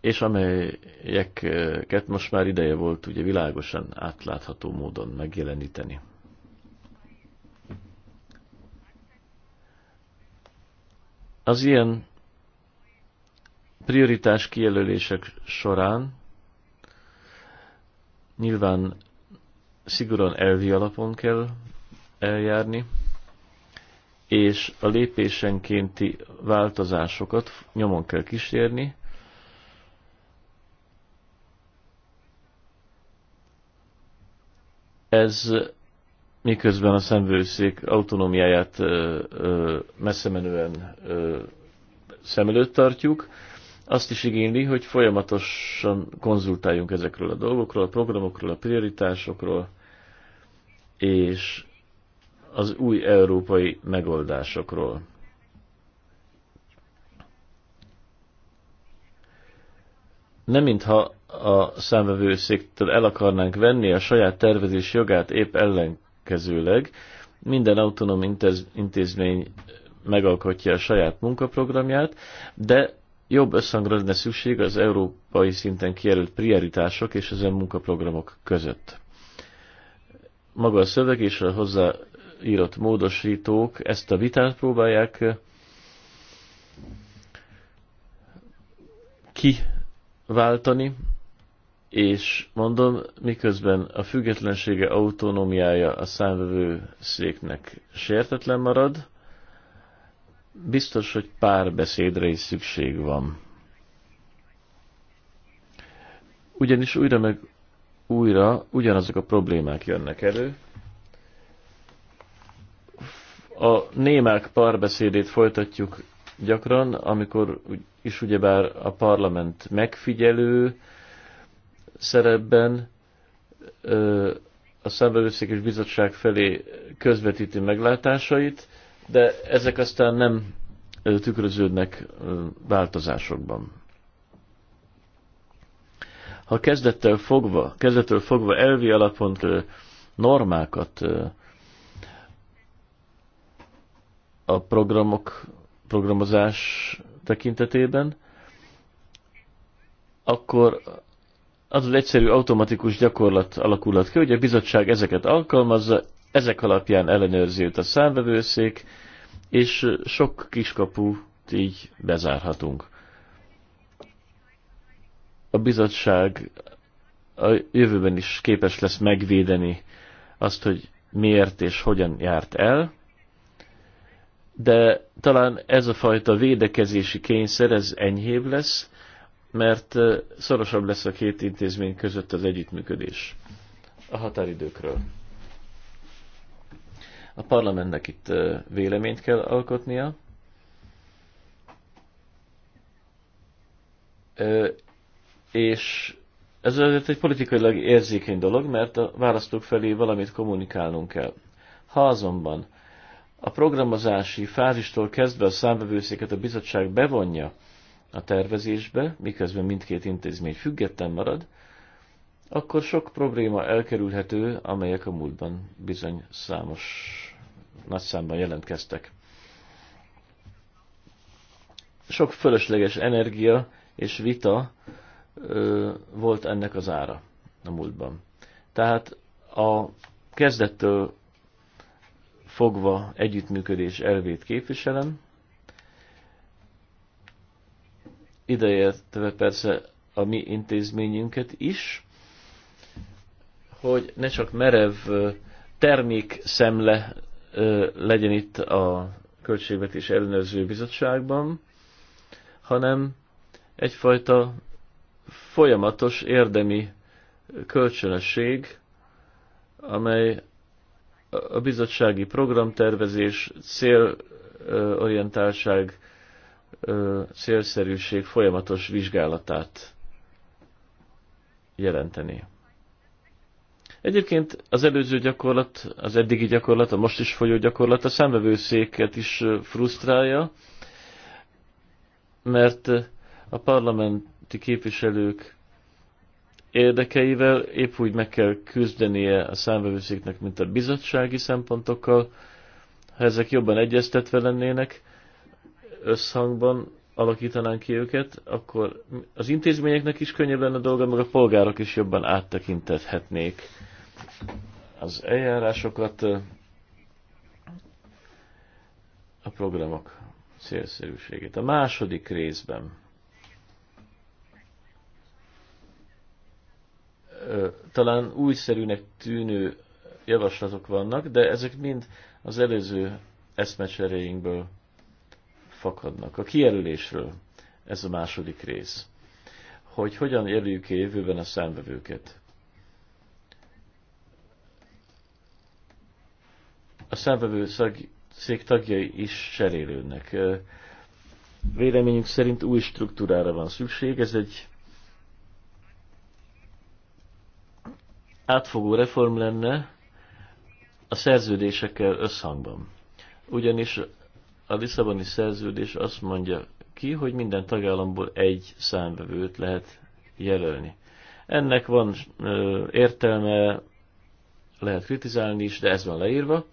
és amelyeket most már ideje volt ugye világosan átlátható módon megjeleníteni. Az ilyen prioritás kijelölések során nyilván szigorúan elvi alapon kell eljárni, és a lépésenkénti változásokat nyomon kell kísérni, ez miközben a szemvőszék autonómiáját messze menően szem előtt tartjuk, azt is igényli, hogy folyamatosan konzultáljunk ezekről a dolgokról, a programokról, a prioritásokról, és az új európai megoldásokról. Nem mintha a számvevőszéktől el akarnánk venni a saját tervezés jogát, épp ellen, ellenkezőleg minden autonóm intézmény megalkotja a saját munkaprogramját, de jobb összhangra lenne szükség az európai szinten kijelölt prioritások és az munkaprogramok között. Maga a szöveg és a hozzáírott módosítók ezt a vitát próbálják eh, kiváltani, és mondom, miközben a függetlensége, autonómiája a számvevő széknek sértetlen marad, biztos, hogy beszédre is szükség van. Ugyanis újra meg újra ugyanazok a problémák jönnek elő. A némák párbeszédét folytatjuk gyakran, amikor is ugyebár a parlament megfigyelő, szerepben a számbevőszékes bizottság felé közvetíti meglátásait, de ezek aztán nem tükröződnek változásokban. Ha kezdettől fogva, kezdettől fogva elvi alapon normákat a programok, programozás tekintetében, akkor az az egyszerű automatikus gyakorlat alakulhat ki, hogy a bizottság ezeket alkalmazza, ezek alapján ellenőrzi őt a számvevőszék, és sok kiskaput így bezárhatunk. A bizottság a jövőben is képes lesz megvédeni azt, hogy miért és hogyan járt el, de talán ez a fajta védekezési kényszer, ez enyhébb lesz, mert szorosabb lesz a két intézmény között az együttműködés a határidőkről. A parlamentnek itt véleményt kell alkotnia, és ez azért egy politikailag érzékeny dolog, mert a választók felé valamit kommunikálnunk kell. Ha azonban a programozási fázistól kezdve a számbevőszéket a bizottság bevonja, a tervezésbe, miközben mindkét intézmény független marad, akkor sok probléma elkerülhető, amelyek a múltban bizony számos nagy számban jelentkeztek. Sok fölösleges energia és vita ö, volt ennek az ára a múltban. Tehát a kezdettől fogva együttműködés elvét képviselem, ideértve persze a mi intézményünket is, hogy ne csak merev termék szemle legyen itt a Költségvetés Ellenőrző Bizottságban, hanem egyfajta folyamatos érdemi kölcsönösség, amely a bizottsági programtervezés, célorientáltság célszerűség folyamatos vizsgálatát jelenteni. Egyébként az előző gyakorlat, az eddigi gyakorlat, a most is folyó gyakorlat a számvevőszéket is frusztrálja, mert a parlamenti képviselők érdekeivel épp úgy meg kell küzdenie a számvevőszéknek, mint a bizottsági szempontokkal. Ha ezek jobban egyeztetve lennének, összhangban alakítanánk ki őket, akkor az intézményeknek is könnyebb lenne a dolga, meg a polgárok is jobban áttekintethetnék az eljárásokat, a programok célszerűségét. A második részben talán újszerűnek tűnő javaslatok vannak, de ezek mind az előző eszmecseréinkből fakadnak. A kijelölésről ez a második rész. Hogy hogyan jelöljük ki jövőben a számbevőket. A számvevő szék tagjai is cserélődnek. Véleményünk szerint új struktúrára van szükség, ez egy átfogó reform lenne a szerződésekkel összhangban. Ugyanis a Lisszaboni szerződés azt mondja ki, hogy minden tagállamból egy számvevőt lehet jelölni. Ennek van ö, értelme, lehet kritizálni is, de ez van leírva.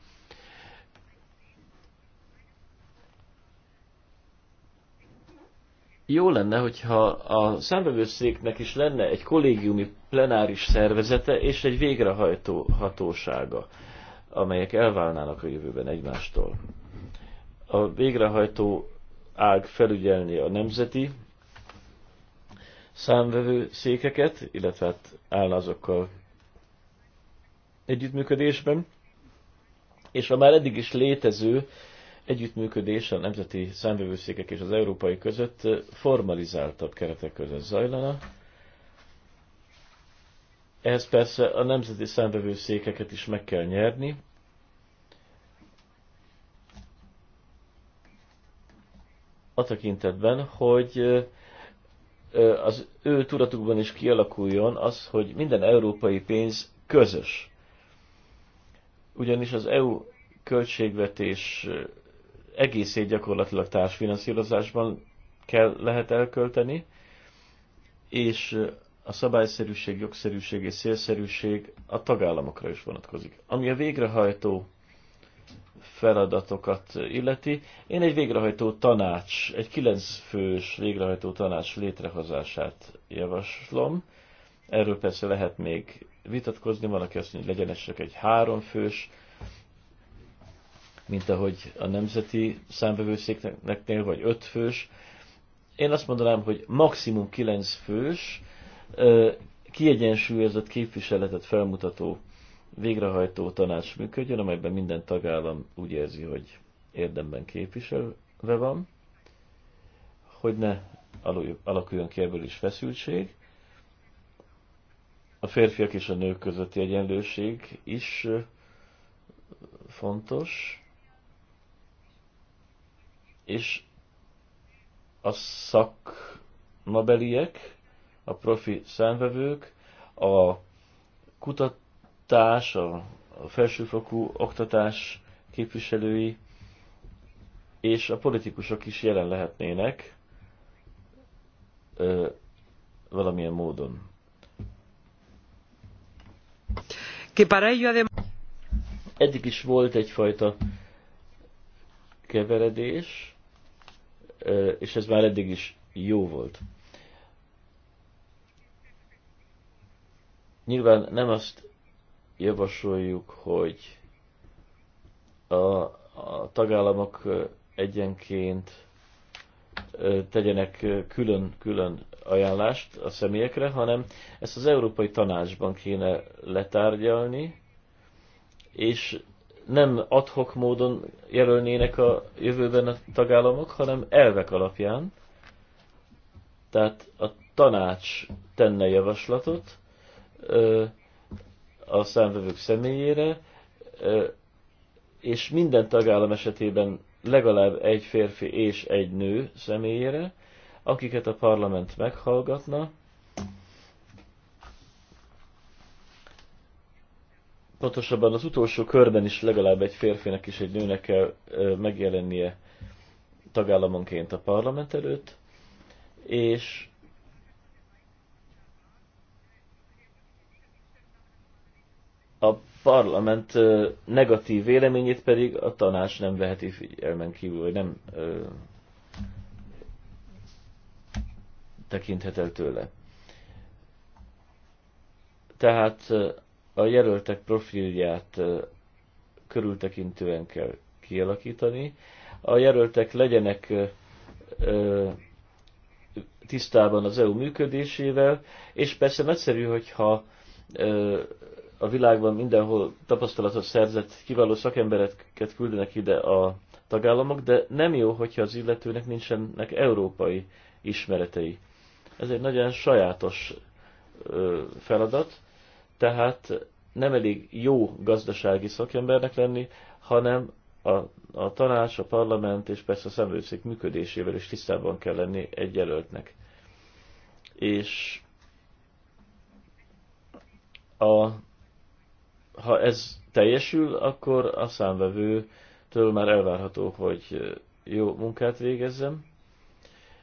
Jó lenne, hogyha a számvevőszéknek is lenne egy kollégiumi plenáris szervezete és egy végrehajtó hatósága, amelyek elválnának a jövőben egymástól a végrehajtó ág felügyelni a nemzeti számvevő székeket, illetve hát állna azokkal együttműködésben, és a már eddig is létező együttműködés a nemzeti számvevőszékek és az európai között formalizáltabb keretek között zajlana. Ehhez persze a nemzeti számvevőszékeket is meg kell nyerni, a tekintetben, hogy az ő tudatukban is kialakuljon az, hogy minden európai pénz közös. Ugyanis az EU költségvetés egészét gyakorlatilag társfinanszírozásban kell, lehet elkölteni, és a szabályszerűség, jogszerűség és szélszerűség a tagállamokra is vonatkozik. Ami a végrehajtó feladatokat illeti. Én egy végrehajtó tanács, egy kilenc fős végrehajtó tanács létrehozását javaslom. Erről persze lehet még vitatkozni, van, aki azt mondja, hogy legyen ez csak egy háromfős, mint ahogy a nemzeti számbevőszékneknél, vagy ötfős. Én azt mondanám, hogy maximum kilenc fős, kiegyensúlyozott képviseletet felmutató végrehajtó tanács működjön, amelyben minden tagállam úgy érzi, hogy érdemben képviselve van, hogy ne alakuljon ki ebből is feszültség. A férfiak és a nők közötti egyenlőség is fontos, és a szakmabeliek, a profi számvevők, a kutat oktatás, a felsőfokú oktatás képviselői és a politikusok is jelen lehetnének ö, valamilyen módon. Eddig is volt egyfajta keveredés, és ez már eddig is jó volt. Nyilván nem azt javasoljuk, hogy a, a tagállamok egyenként tegyenek külön-külön ajánlást a személyekre, hanem ezt az Európai Tanácsban kéne letárgyalni, és nem adhok módon jelölnének a jövőben a tagállamok, hanem elvek alapján. Tehát a tanács tenne javaslatot, a számvevők személyére, és minden tagállam esetében legalább egy férfi és egy nő személyére, akiket a parlament meghallgatna, pontosabban az utolsó körben is legalább egy férfinek és egy nőnek kell megjelennie tagállamonként a parlament előtt, és a parlament negatív véleményét pedig a tanács nem veheti figyelmen kívül, vagy nem ö, tekinthet el tőle. Tehát a jelöltek profilját körültekintően kell kialakítani. A jelöltek legyenek ö, tisztában az EU működésével, és persze nagyszerű, hogyha ö, a világban mindenhol tapasztalatot szerzett kiváló szakembereket küldenek ide a tagállamok, de nem jó, hogyha az illetőnek nincsenek európai ismeretei. Ez egy nagyon sajátos feladat, tehát nem elég jó gazdasági szakembernek lenni, hanem a, a tanács, a parlament és persze a szemlőszék működésével is tisztában kell lenni egy jelöltnek. És a ha ez teljesül, akkor a számvevőtől már elvárható, hogy jó munkát végezzem.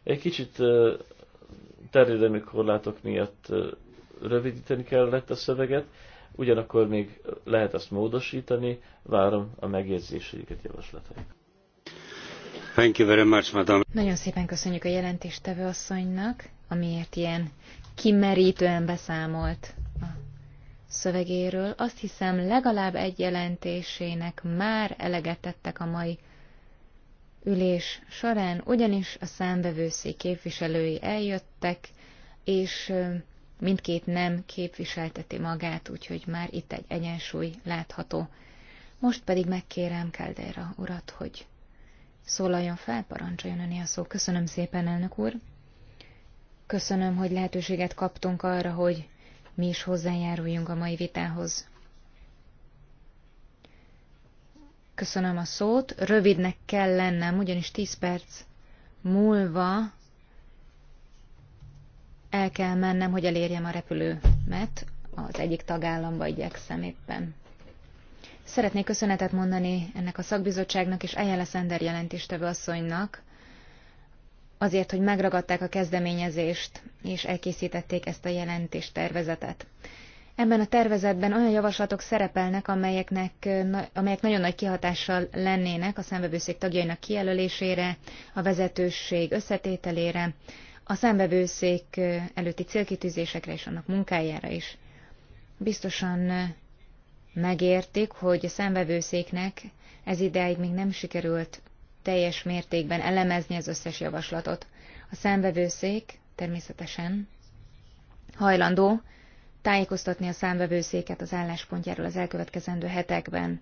Egy kicsit terjedelmi korlátok miatt rövidíteni kellett a szöveget, ugyanakkor még lehet azt módosítani, várom a megjegyzéseiket, javaslataikat. Thank you very much, madam. Nagyon szépen köszönjük a jelentéstevő asszonynak, amiért ilyen kimerítően beszámolt a szövegéről. Azt hiszem, legalább egy jelentésének már eleget a mai ülés során, ugyanis a számbevőszék képviselői eljöttek, és mindkét nem képviselteti magát, úgyhogy már itt egy egyensúly látható. Most pedig megkérem Keldeira urat, hogy szólaljon fel, parancsoljon öné a szó. Köszönöm szépen, elnök úr! Köszönöm, hogy lehetőséget kaptunk arra, hogy mi is hozzájáruljunk a mai vitához. Köszönöm a szót. Rövidnek kell lennem, ugyanis 10 perc múlva el kell mennem, hogy elérjem a repülőmet. Az egyik tagállamba igyekszem éppen. Szeretnék köszönetet mondani ennek a szakbizottságnak és Ejjel Szender jelentéstevő asszonynak azért, hogy megragadták a kezdeményezést, és elkészítették ezt a tervezetet. Ebben a tervezetben olyan javaslatok szerepelnek, amelyeknek, amelyek nagyon nagy kihatással lennének a szembevőszék tagjainak kijelölésére, a vezetőség összetételére, a szembevőszék előtti célkitűzésekre és annak munkájára is. Biztosan megértik, hogy a szembevőszéknek ez ideig még nem sikerült teljes mértékben elemezni az összes javaslatot. A számvevőszék természetesen hajlandó tájékoztatni a számvevőszéket az álláspontjáról az elkövetkezendő hetekben.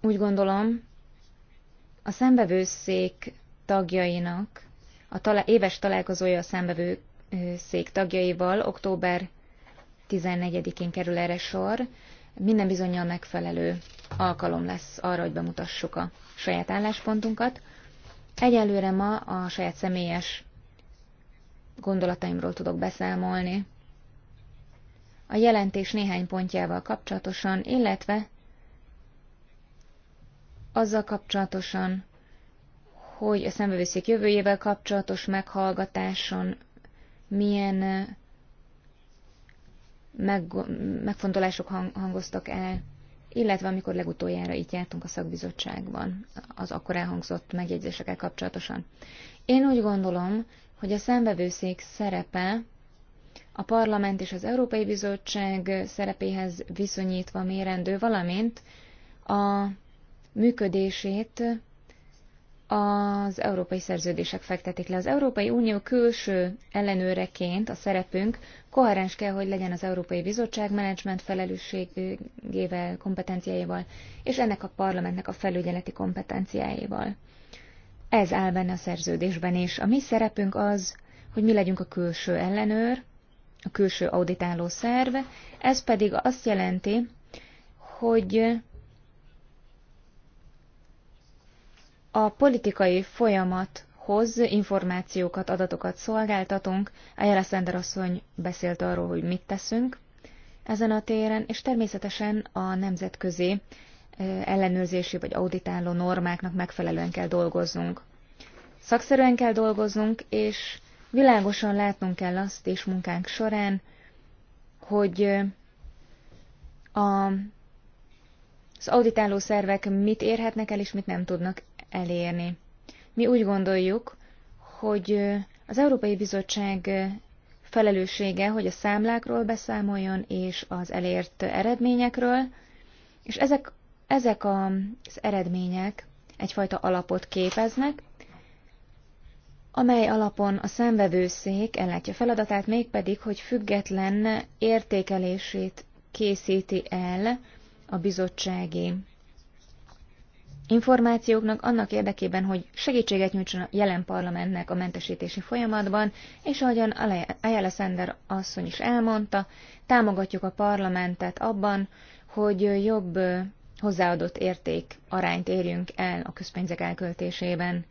Úgy gondolom, a számvevőszék tagjainak a talá- éves találkozója a számvevőszék tagjaival október 14-én kerül erre sor, minden bizonyal megfelelő alkalom lesz arra, hogy bemutassuk a saját álláspontunkat. Egyelőre ma a saját személyes gondolataimról tudok beszámolni. A jelentés néhány pontjával kapcsolatosan, illetve azzal kapcsolatosan, hogy a szembevőszék jövőjével kapcsolatos meghallgatáson milyen eh, meg, megfontolások hang, hangoztak el illetve amikor legutoljára itt jártunk a szakbizottságban az akkor elhangzott megjegyzésekkel kapcsolatosan. Én úgy gondolom, hogy a szembevőszék szerepe a parlament és az Európai Bizottság szerepéhez viszonyítva mérendő, valamint a működését az európai szerződések fektetik le. Az Európai Unió külső ellenőreként a szerepünk koherens kell, hogy legyen az Európai Bizottság menedzsment felelősségével, kompetenciáival, és ennek a parlamentnek a felügyeleti kompetenciáival. Ez áll benne a szerződésben, és a mi szerepünk az, hogy mi legyünk a külső ellenőr, a külső auditáló szerve. ez pedig azt jelenti, hogy A politikai folyamathoz információkat, adatokat szolgáltatunk. A Jeleszender asszony beszélt arról, hogy mit teszünk ezen a téren, és természetesen a nemzetközi ellenőrzési vagy auditáló normáknak megfelelően kell dolgoznunk. Szakszerűen kell dolgoznunk, és világosan látnunk kell azt is munkánk során, hogy a, az auditáló szervek mit érhetnek el, és mit nem tudnak elérni. Mi úgy gondoljuk, hogy az Európai Bizottság felelőssége, hogy a számlákról beszámoljon és az elért eredményekről, és ezek, ezek az eredmények egyfajta alapot képeznek, amely alapon a számvevőszék ellátja feladatát, mégpedig, hogy független értékelését készíti el a bizottsági információknak annak érdekében, hogy segítséget nyújtson a jelen parlamentnek a mentesítési folyamatban, és ahogyan Ayala Sender asszony is elmondta, támogatjuk a parlamentet abban, hogy jobb hozzáadott érték arányt érjünk el a közpénzek elköltésében.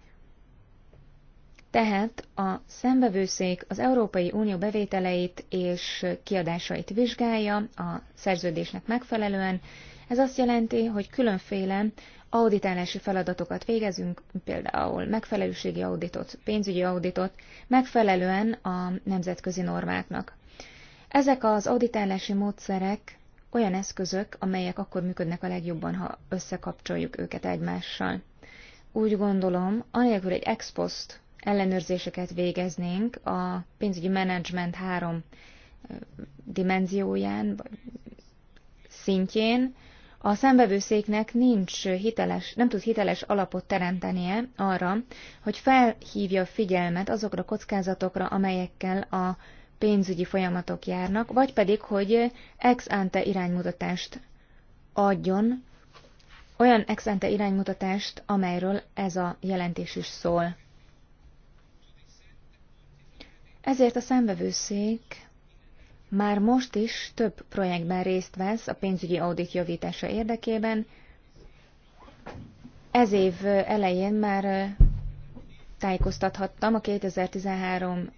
Tehát a szembevőszék az Európai Unió bevételeit és kiadásait vizsgálja a szerződésnek megfelelően. Ez azt jelenti, hogy különféle auditálási feladatokat végezünk, például megfelelőségi auditot, pénzügyi auditot, megfelelően a nemzetközi normáknak. Ezek az auditálási módszerek olyan eszközök, amelyek akkor működnek a legjobban, ha összekapcsoljuk őket egymással. Úgy gondolom, anélkül egy ex post ellenőrzéseket végeznénk a pénzügyi menedzsment három dimenzióján, vagy szintjén, a szembevőszéknek nincs hiteles, nem tud hiteles alapot teremtenie arra, hogy felhívja a figyelmet azokra a kockázatokra, amelyekkel a pénzügyi folyamatok járnak, vagy pedig, hogy ex ante iránymutatást adjon, olyan ex ante iránymutatást, amelyről ez a jelentés is szól. Ezért a szembevőszék már most is több projektben részt vesz a pénzügyi audit javítása érdekében. Ez év elején már tájékoztathattam a 2013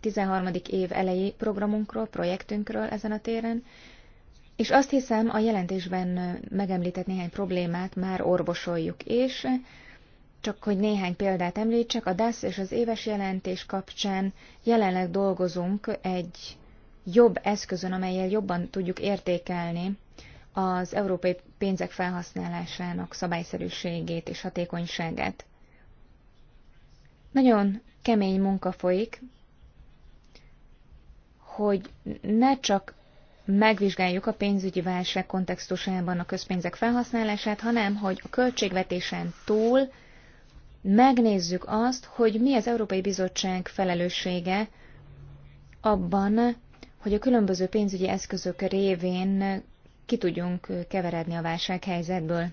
13. év elejé programunkról, projektünkről ezen a téren, és azt hiszem a jelentésben megemlített néhány problémát már orvosoljuk, és csak hogy néhány példát említsek, a DASZ és az éves jelentés kapcsán jelenleg dolgozunk egy jobb eszközön, amelyel jobban tudjuk értékelni az európai pénzek felhasználásának szabályszerűségét és hatékonyságát. Nagyon kemény munka folyik, hogy ne csak megvizsgáljuk a pénzügyi válság kontextusában a közpénzek felhasználását, hanem hogy a költségvetésen túl megnézzük azt, hogy mi az Európai Bizottság felelőssége abban, hogy a különböző pénzügyi eszközök révén ki tudjunk keveredni a válsághelyzetből.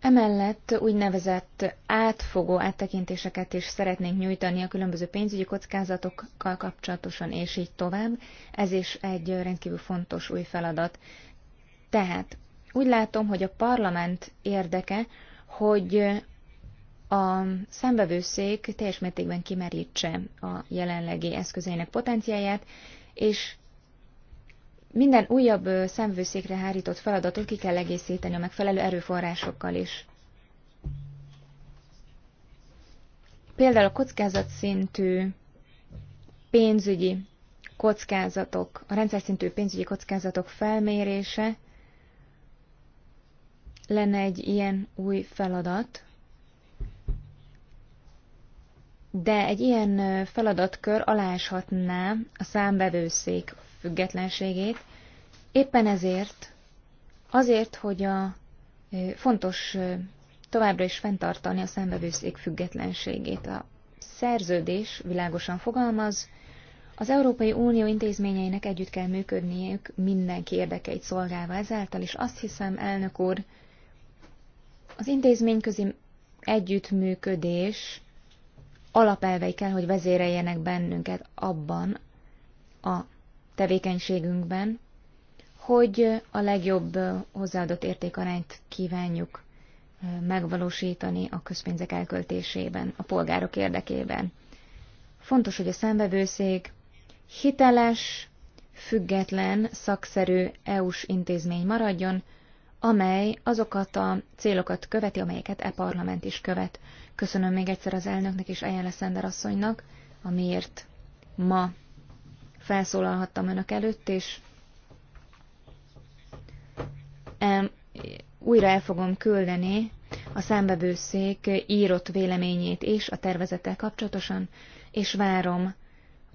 Emellett úgynevezett átfogó áttekintéseket is szeretnénk nyújtani a különböző pénzügyi kockázatokkal kapcsolatosan, és így tovább. Ez is egy rendkívül fontos új feladat. Tehát úgy látom, hogy a parlament érdeke, hogy a szembevőszék teljes mértékben kimerítse a jelenlegi eszközeinek potenciáját, és minden újabb szemvőszékre hárított feladatot ki kell egészíteni a megfelelő erőforrásokkal is. Például a kockázatszintű pénzügyi kockázatok, a rendszer szintű pénzügyi kockázatok felmérése lenne egy ilyen új feladat, de egy ilyen feladatkör aláshatná a számbevőszék függetlenségét. Éppen ezért, azért, hogy a fontos továbbra is fenntartani a számbevőszék függetlenségét. A szerződés világosan fogalmaz, az Európai Unió intézményeinek együtt kell működniük mindenki érdekeit szolgálva ezáltal, és azt hiszem, elnök úr, az intézményközi együttműködés alapelvei kell, hogy vezéreljenek bennünket abban a tevékenységünkben, hogy a legjobb hozzáadott értékarányt kívánjuk megvalósítani a közpénzek elköltésében, a polgárok érdekében. Fontos, hogy a szembevőszék hiteles, független, szakszerű EU-s intézmény maradjon, amely azokat a célokat követi, amelyeket e parlament is követ. Köszönöm még egyszer az elnöknek és Ejjel Szender asszonynak, amiért ma felszólalhattam önök előtt, és újra el fogom küldeni a számbevőszék írott véleményét és a tervezettel kapcsolatosan, és várom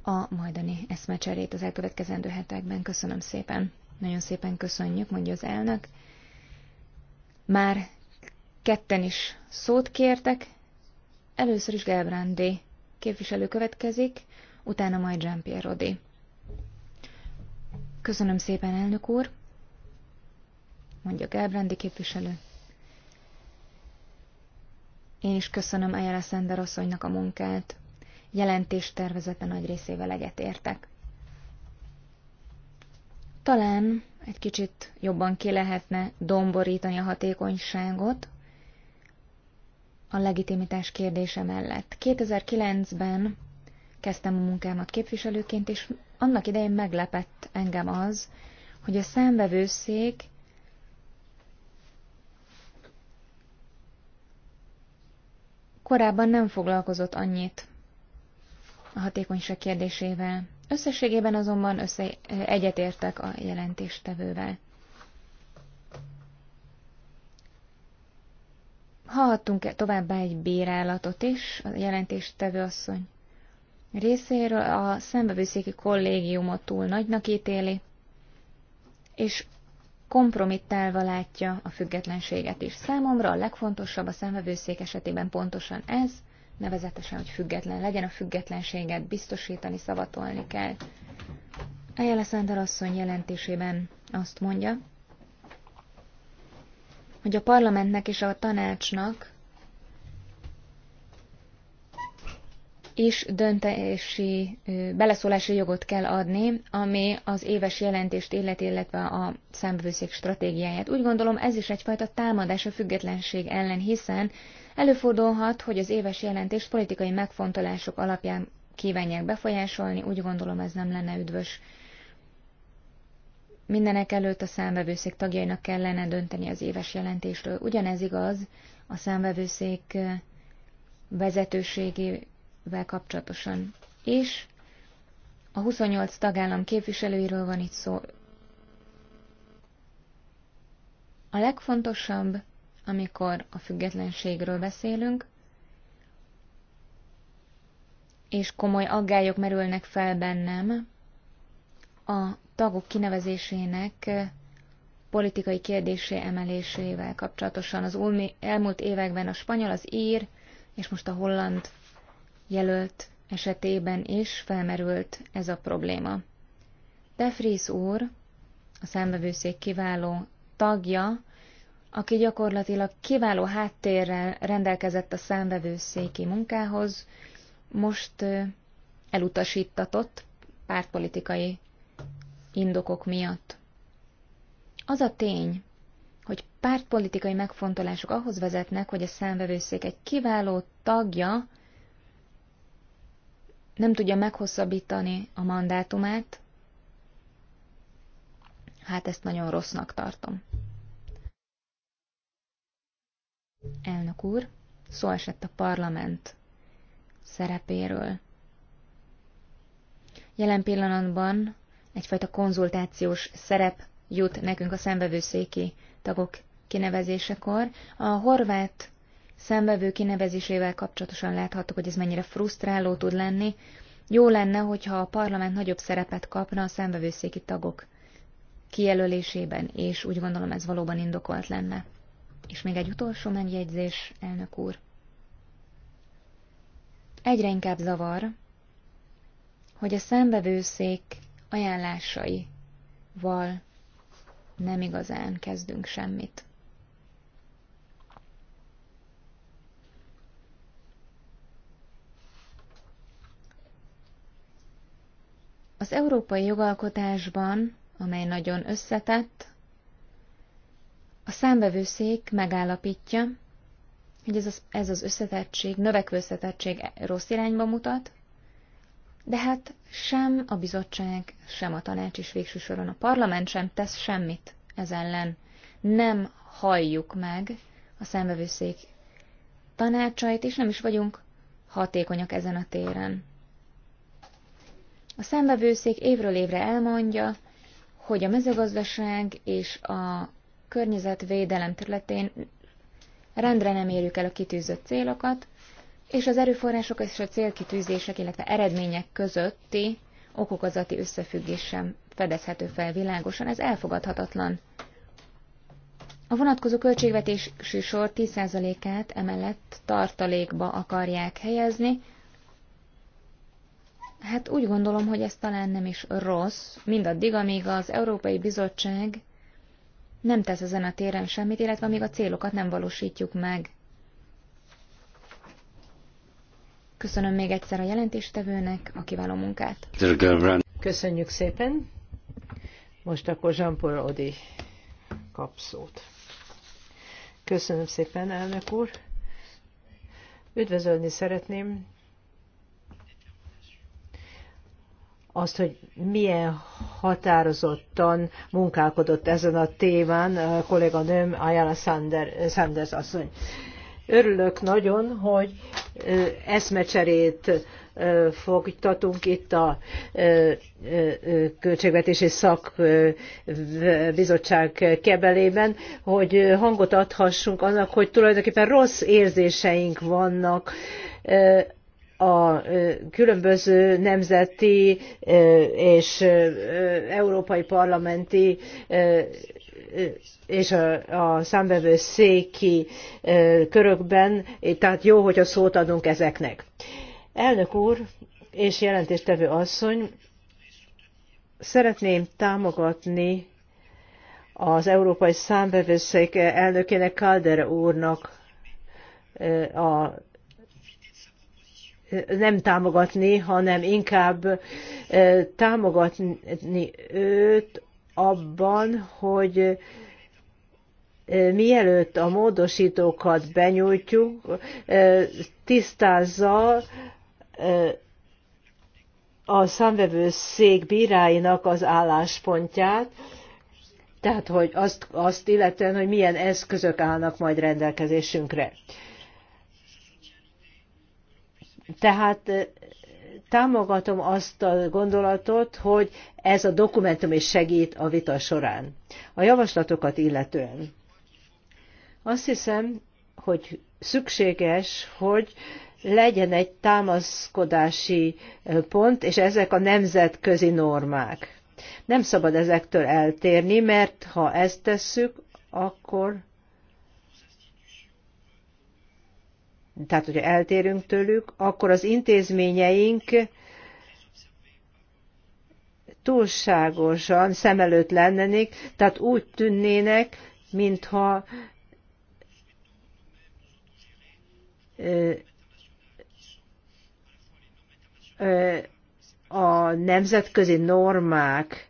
a majdani eszmecserét az elkövetkezendő hetekben. Köszönöm szépen. Nagyon szépen köszönjük, mondja az elnök. Már ketten is szót kértek. Először is Gelbrandi képviselő következik, utána majd Jean-Pierre Rodi. Köszönöm szépen, elnök úr, mondja Gelbrandi képviselő. Én is köszönöm Ayala Szender asszonynak a munkát. Jelentés tervezete nagy részével egyetértek. Talán egy kicsit jobban ki lehetne domborítani a hatékonyságot a legitimitás kérdése mellett. 2009-ben kezdtem a munkámat képviselőként, és annak idején meglepett engem az, hogy a számvevőszék korábban nem foglalkozott annyit a hatékonyság kérdésével. Összességében azonban össze, egyetértek a jelentéstevővel. Hallhattunk -e továbbá egy bírálatot is a jelentéstevő asszony részéről. A szembevőszéki kollégiumot túl nagynak ítéli, és kompromittálva látja a függetlenséget is. Számomra a legfontosabb a szembevőszék esetében pontosan ez – nevezetesen, hogy független legyen, a függetlenséget biztosítani, szavatolni kell. Ejjel Szentel asszony jelentésében azt mondja, hogy a parlamentnek és a tanácsnak is döntési beleszólási jogot kell adni, ami az éves jelentést illeti, illetve a számbevőszék stratégiáját. Úgy gondolom ez is egyfajta támadás a függetlenség ellen, hiszen Előfordulhat, hogy az éves jelentés politikai megfontolások alapján kívánják befolyásolni, úgy gondolom ez nem lenne üdvös. Mindenek előtt a számvevőszék tagjainak kellene dönteni az éves jelentésről. Ugyanez igaz a számvevőszék eh, vezetőségével kapcsolatosan. És a 28 tagállam képviselőiről van itt szó. A legfontosabb amikor a függetlenségről beszélünk, és komoly aggályok merülnek fel bennem a tagok kinevezésének eh, politikai kérdésé emelésével kapcsolatosan. Az elmúlt években a spanyol, az ír és most a holland jelölt esetében is felmerült ez a probléma. De Fries úr, a számvevőszék kiváló tagja, aki gyakorlatilag kiváló háttérrel rendelkezett a széki munkához, most elutasítatott pártpolitikai indokok miatt. Az a tény, hogy pártpolitikai megfontolások ahhoz vezetnek, hogy a számvevőszék egy kiváló tagja nem tudja meghosszabbítani a mandátumát, hát ezt nagyon rossznak tartom. Elnök úr, szó esett a parlament szerepéről. Jelen pillanatban egyfajta konzultációs szerep jut nekünk a szembevőszéki tagok kinevezésekor. A horvát szembevő kinevezésével kapcsolatosan láthattuk, hogy ez mennyire frusztráló tud lenni. Jó lenne, hogyha a parlament nagyobb szerepet kapna a szembevőszéki tagok kijelölésében, és úgy gondolom ez valóban indokolt lenne. És még egy utolsó megjegyzés, elnök úr. Egyre inkább zavar, hogy a szembevőszék ajánlásaival nem igazán kezdünk semmit. Az európai jogalkotásban, amely nagyon összetett, a számbevőszék megállapítja, hogy ez az, ez az összetettség, növekvő összetettség rossz irányba mutat, de hát sem a bizottság, sem a tanács is végső soron a parlament sem tesz semmit ez ellen. Nem halljuk meg a számbevőszék tanácsait, és nem is vagyunk hatékonyak ezen a téren. A számbevőszék évről évre elmondja, hogy a mezőgazdaság és a környezetvédelem területén rendre nem érjük el a kitűzött célokat, és az erőforrások és a célkitűzések, illetve eredmények közötti okokozati összefüggés sem fedezhető fel világosan, ez elfogadhatatlan. A vonatkozó költségvetési sor 10%-át emellett tartalékba akarják helyezni. Hát úgy gondolom, hogy ez talán nem is rossz, mindaddig, amíg az Európai Bizottság nem tesz ezen a téren semmit, illetve amíg a célokat nem valósítjuk meg. Köszönöm még egyszer a jelentéstevőnek a kiváló munkát. Köszönjük szépen. Most akkor jean Odi kap szót. Köszönöm szépen, elnök úr. Üdvözölni szeretném azt, hogy milyen határozottan munkálkodott ezen a témán a eh, kolléganőm Ayala Sander, eh, Sanders asszony. Örülök nagyon, hogy eh, eszmecserét folytatunk itt a Költségvetési Szakbizottság kebelében, hogy hangot adhassunk annak, hogy tulajdonképpen rossz érzéseink vannak a különböző nemzeti és európai parlamenti és a, a széki körökben, tehát jó, a szót adunk ezeknek. Elnök úr és jelentéstevő asszony, szeretném támogatni az Európai Számbevőszék elnökének Kaldere úrnak a nem támogatni, hanem inkább támogatni őt abban, hogy mielőtt a módosítókat benyújtjuk, tisztázza a számvevőszék bíráinak az álláspontját, tehát hogy azt, azt illetően, hogy milyen eszközök állnak majd rendelkezésünkre. Tehát támogatom azt a gondolatot, hogy ez a dokumentum is segít a vita során. A javaslatokat illetően. Azt hiszem, hogy szükséges, hogy legyen egy támaszkodási pont, és ezek a nemzetközi normák. Nem szabad ezektől eltérni, mert ha ezt tesszük, akkor tehát hogyha eltérünk tőlük, akkor az intézményeink túlságosan szem előtt lennenék, tehát úgy tűnnének, mintha a nemzetközi normák,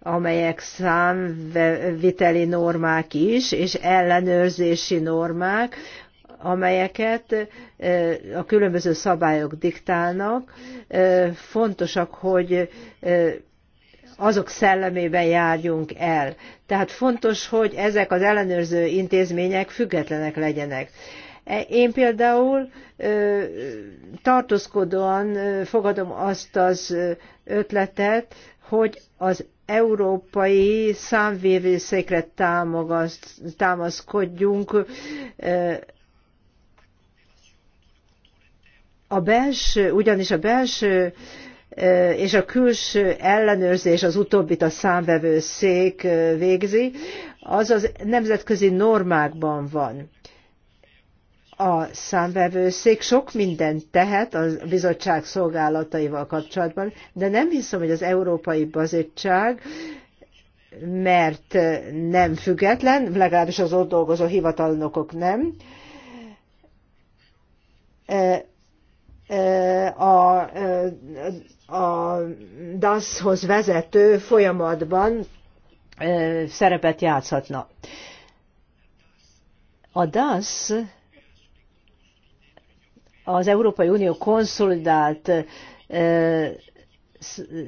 amelyek számviteli normák is, és ellenőrzési normák, amelyeket a különböző szabályok diktálnak. Fontosak, hogy azok szellemében járjunk el. Tehát fontos, hogy ezek az ellenőrző intézmények függetlenek legyenek. E, én például tartózkodóan fogadom azt az ötletet, hogy az európai számvévőszékre támaszkodjunk A belső, ugyanis a belső és a külső ellenőrzés az utóbbit a számvevőszék végzi, az az nemzetközi normákban van. A számvevőszék sok mindent tehet a bizottság szolgálataival kapcsolatban, de nem hiszem, hogy az Európai Bizottság mert nem független, legalábbis az ott dolgozó hivatalnokok nem, a, a DASZ-hoz vezető folyamatban szerepet játszhatna. A DASZ az Európai Unió konszolidált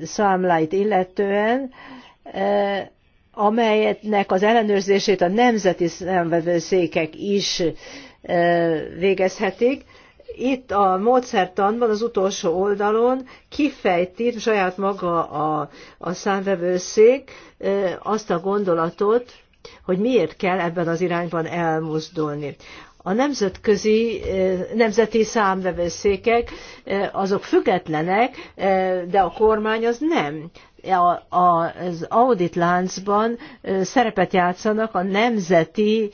számláit illetően, amelynek az ellenőrzését a nemzeti számvevőszékek is végezhetik itt a módszertanban az utolsó oldalon kifejti saját maga a, a számvevőszék azt a gondolatot, hogy miért kell ebben az irányban elmozdulni. A nemzetközi, nemzeti számvevőszékek azok függetlenek, de a kormány az nem az audit láncban szerepet játszanak a nemzeti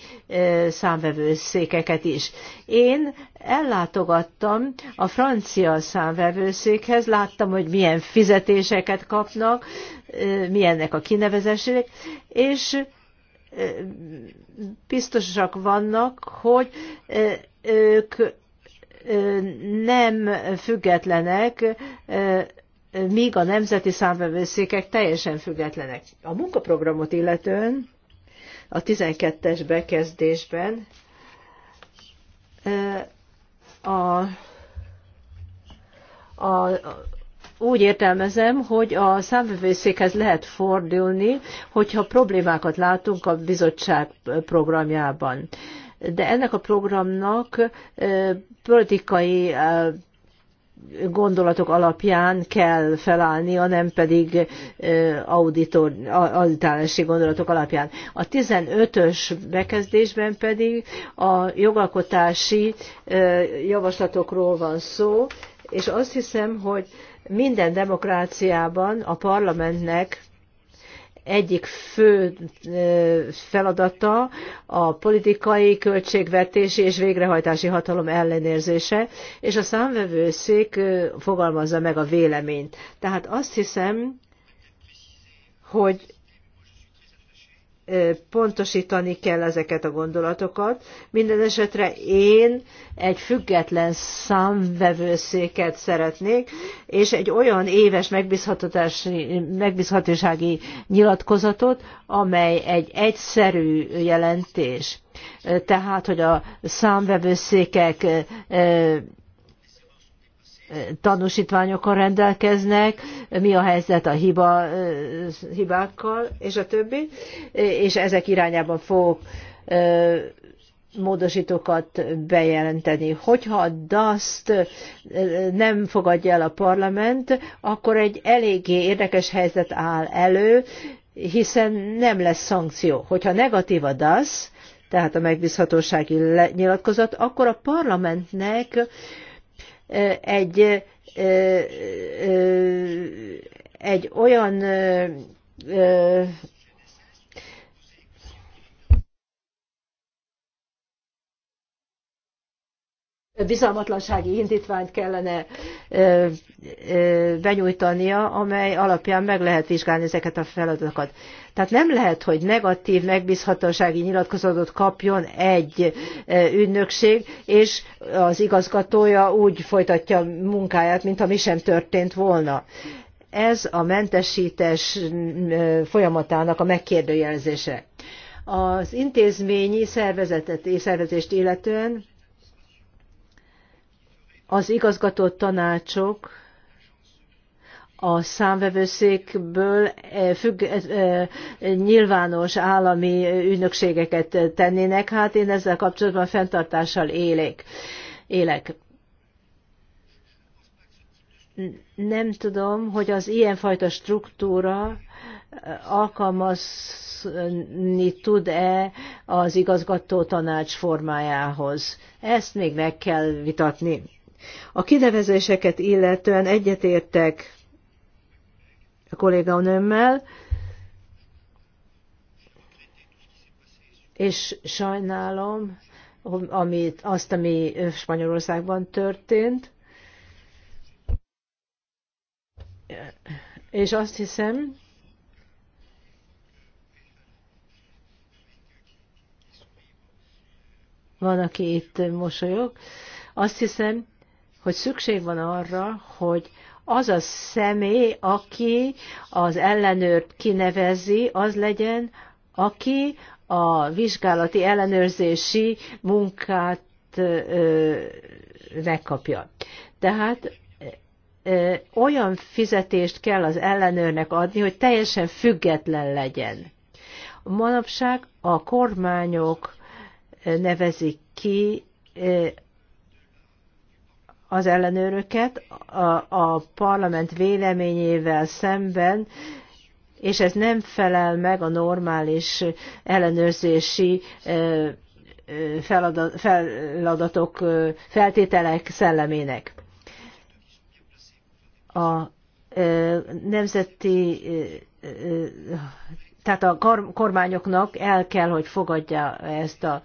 számvevőszékeket is. Én ellátogattam a francia számvevőszékhez, láttam, hogy milyen fizetéseket kapnak, milyennek a kinevezések, és biztosak vannak, hogy ők nem függetlenek míg a nemzeti számvevőszékek teljesen függetlenek. A munkaprogramot illetően a 12-es bekezdésben a, a, úgy értelmezem, hogy a számvevőszékhez lehet fordulni, hogyha problémákat látunk a bizottság programjában. De ennek a programnak politikai gondolatok alapján kell felállnia, nem pedig auditor, auditálási gondolatok alapján. A 15-ös bekezdésben pedig a jogalkotási javaslatokról van szó, és azt hiszem, hogy minden demokráciában a parlamentnek egyik fő feladata a politikai, költségvetési és végrehajtási hatalom ellenérzése, és a számvevőszék fogalmazza meg a véleményt. Tehát azt hiszem, hogy pontosítani kell ezeket a gondolatokat. Minden esetre én egy független számvevőszéket szeretnék, és egy olyan éves megbízhatósági nyilatkozatot, amely egy egyszerű jelentés. Tehát, hogy a számvevőszékek tanúsítványokon rendelkeznek, mi a helyzet a hiba, hibákkal, és a többi, és ezek irányában fogok módosítókat bejelenteni. Hogyha a DAS-t nem fogadja el a parlament, akkor egy eléggé érdekes helyzet áll elő, hiszen nem lesz szankció. Hogyha negatív a DASZ, tehát a megbízhatósági nyilatkozat, akkor a parlamentnek egy, egy olyan bizalmatlansági indítványt kellene benyújtania, amely alapján meg lehet vizsgálni ezeket a feladatokat. Tehát nem lehet, hogy negatív megbízhatósági nyilatkozatot kapjon egy e, ügynökség, és az igazgatója úgy folytatja munkáját, mintha mi sem történt volna. Ez a mentesítés e, folyamatának a megkérdőjelzése. Az intézményi szervezetet és szervezést illetően az igazgató tanácsok a számvevőszékből eh, függ, eh, eh, nyilvános állami ügynökségeket tennének, hát én ezzel kapcsolatban fenntartással élek. élek. Nem tudom, hogy az ilyenfajta struktúra alkalmazni tud-e az igazgató tanács formájához. Ezt még meg kell vitatni. A kinevezéseket illetően egyetértek a kolléganőmmel, és sajnálom amit, azt, ami Spanyolországban történt, és azt hiszem, van, aki itt mosolyog, azt hiszem, hogy szükség van arra, hogy az a személy, aki az ellenőrt kinevezi, az legyen, aki a vizsgálati ellenőrzési munkát ö, megkapja. Tehát ö, olyan fizetést kell az ellenőrnek adni, hogy teljesen független legyen. Manapság a kormányok nevezik ki az ellenőröket a, a parlament véleményével szemben, és ez nem felel meg a normális ellenőrzési feladat, feladatok, feltételek szellemének. A nemzeti, tehát a kormányoknak el kell, hogy fogadja ezt a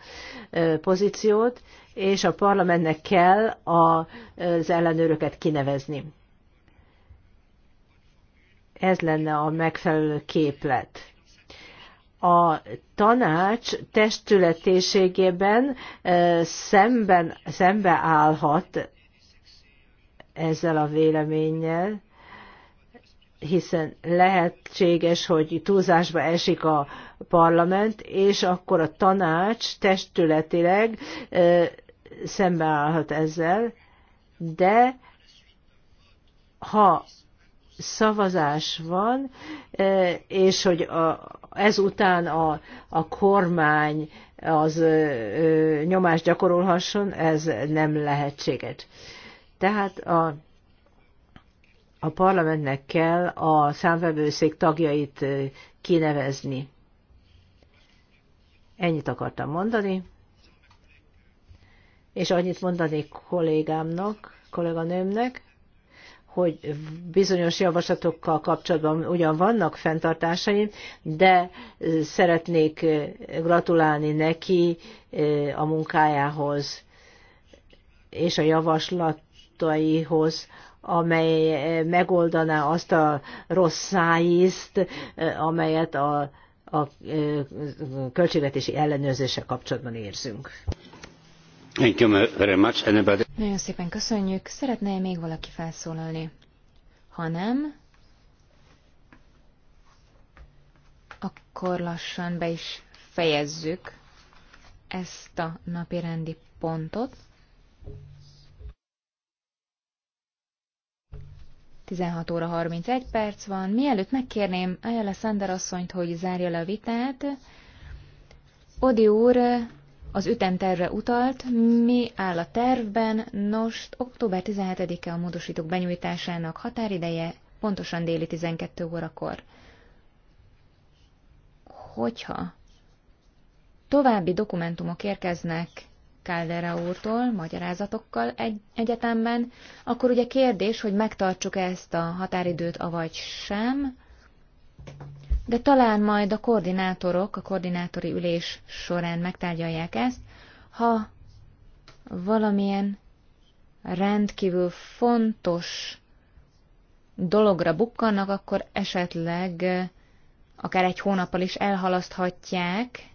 pozíciót, és a parlamentnek kell az ellenőröket kinevezni. Ez lenne a megfelelő képlet. A tanács testületéségében szemben, állhat ezzel a véleménnyel, hiszen lehetséges, hogy túlzásba esik a parlament, és akkor a tanács testületileg szembeállhat ezzel, de ha szavazás van, és hogy a, ezután a, a kormány az nyomást gyakorolhasson, ez nem lehetséges. Tehát a a parlamentnek kell a számvevőszék tagjait kinevezni. Ennyit akartam mondani, és annyit mondani kollégámnak, kolléganőmnek, hogy bizonyos javaslatokkal kapcsolatban ugyan vannak fenntartásaim, de szeretnék gratulálni neki a munkájához és a javaslataihoz, amely eh, megoldaná azt a rossz szájízt, eh, amelyet a, a eh, költségvetési ellenőrzéssel kapcsolatban érzünk. Thank you very much. Anybody? Nagyon szépen köszönjük. Szeretne -e még valaki felszólalni? Ha nem, akkor lassan be is fejezzük ezt a napi rendi pontot. 16 óra 31 perc van. Mielőtt megkérném Ayala Sander asszonyt, hogy zárja le a vitát, Odi úr az ütemtervre utalt, mi áll a tervben, nos, október 17-e a módosítók benyújtásának határideje, pontosan déli 12 órakor. Hogyha további dokumentumok érkeznek Caldera úrtól, magyarázatokkal egy egyetemben, akkor ugye kérdés, hogy megtartsuk -e ezt a határidőt, avagy sem, de talán majd a koordinátorok a koordinátori ülés során megtárgyalják ezt, ha valamilyen rendkívül fontos dologra bukkannak, akkor esetleg eh, akár egy hónappal is elhalaszthatják,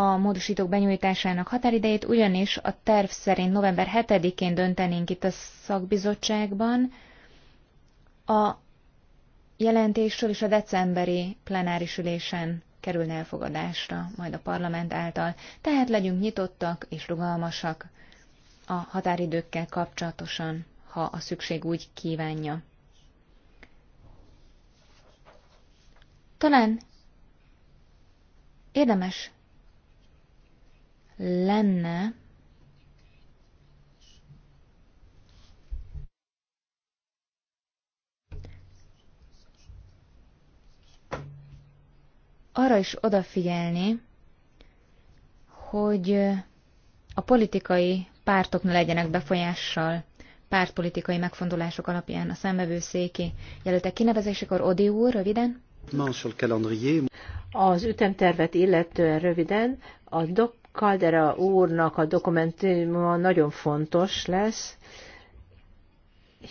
a módosítók benyújtásának határidejét, ugyanis a terv szerint november 7-én döntenénk itt a szakbizottságban a jelentésről és a decemberi plenáris ülésen kerülne elfogadásra, majd a parlament által, tehát legyünk nyitottak és rugalmasak a határidőkkel kapcsolatosan, ha a szükség úgy kívánja. Talán érdemes lenne arra is odafigyelni, hogy a politikai pártok ne legyenek befolyással pártpolitikai megfontolások alapján a szembevőszéki jelöltek kinevezésekor. Odi úr, röviden. Az ütemtervet illetően röviden a dok Caldera úrnak a dokumentuma nagyon fontos lesz,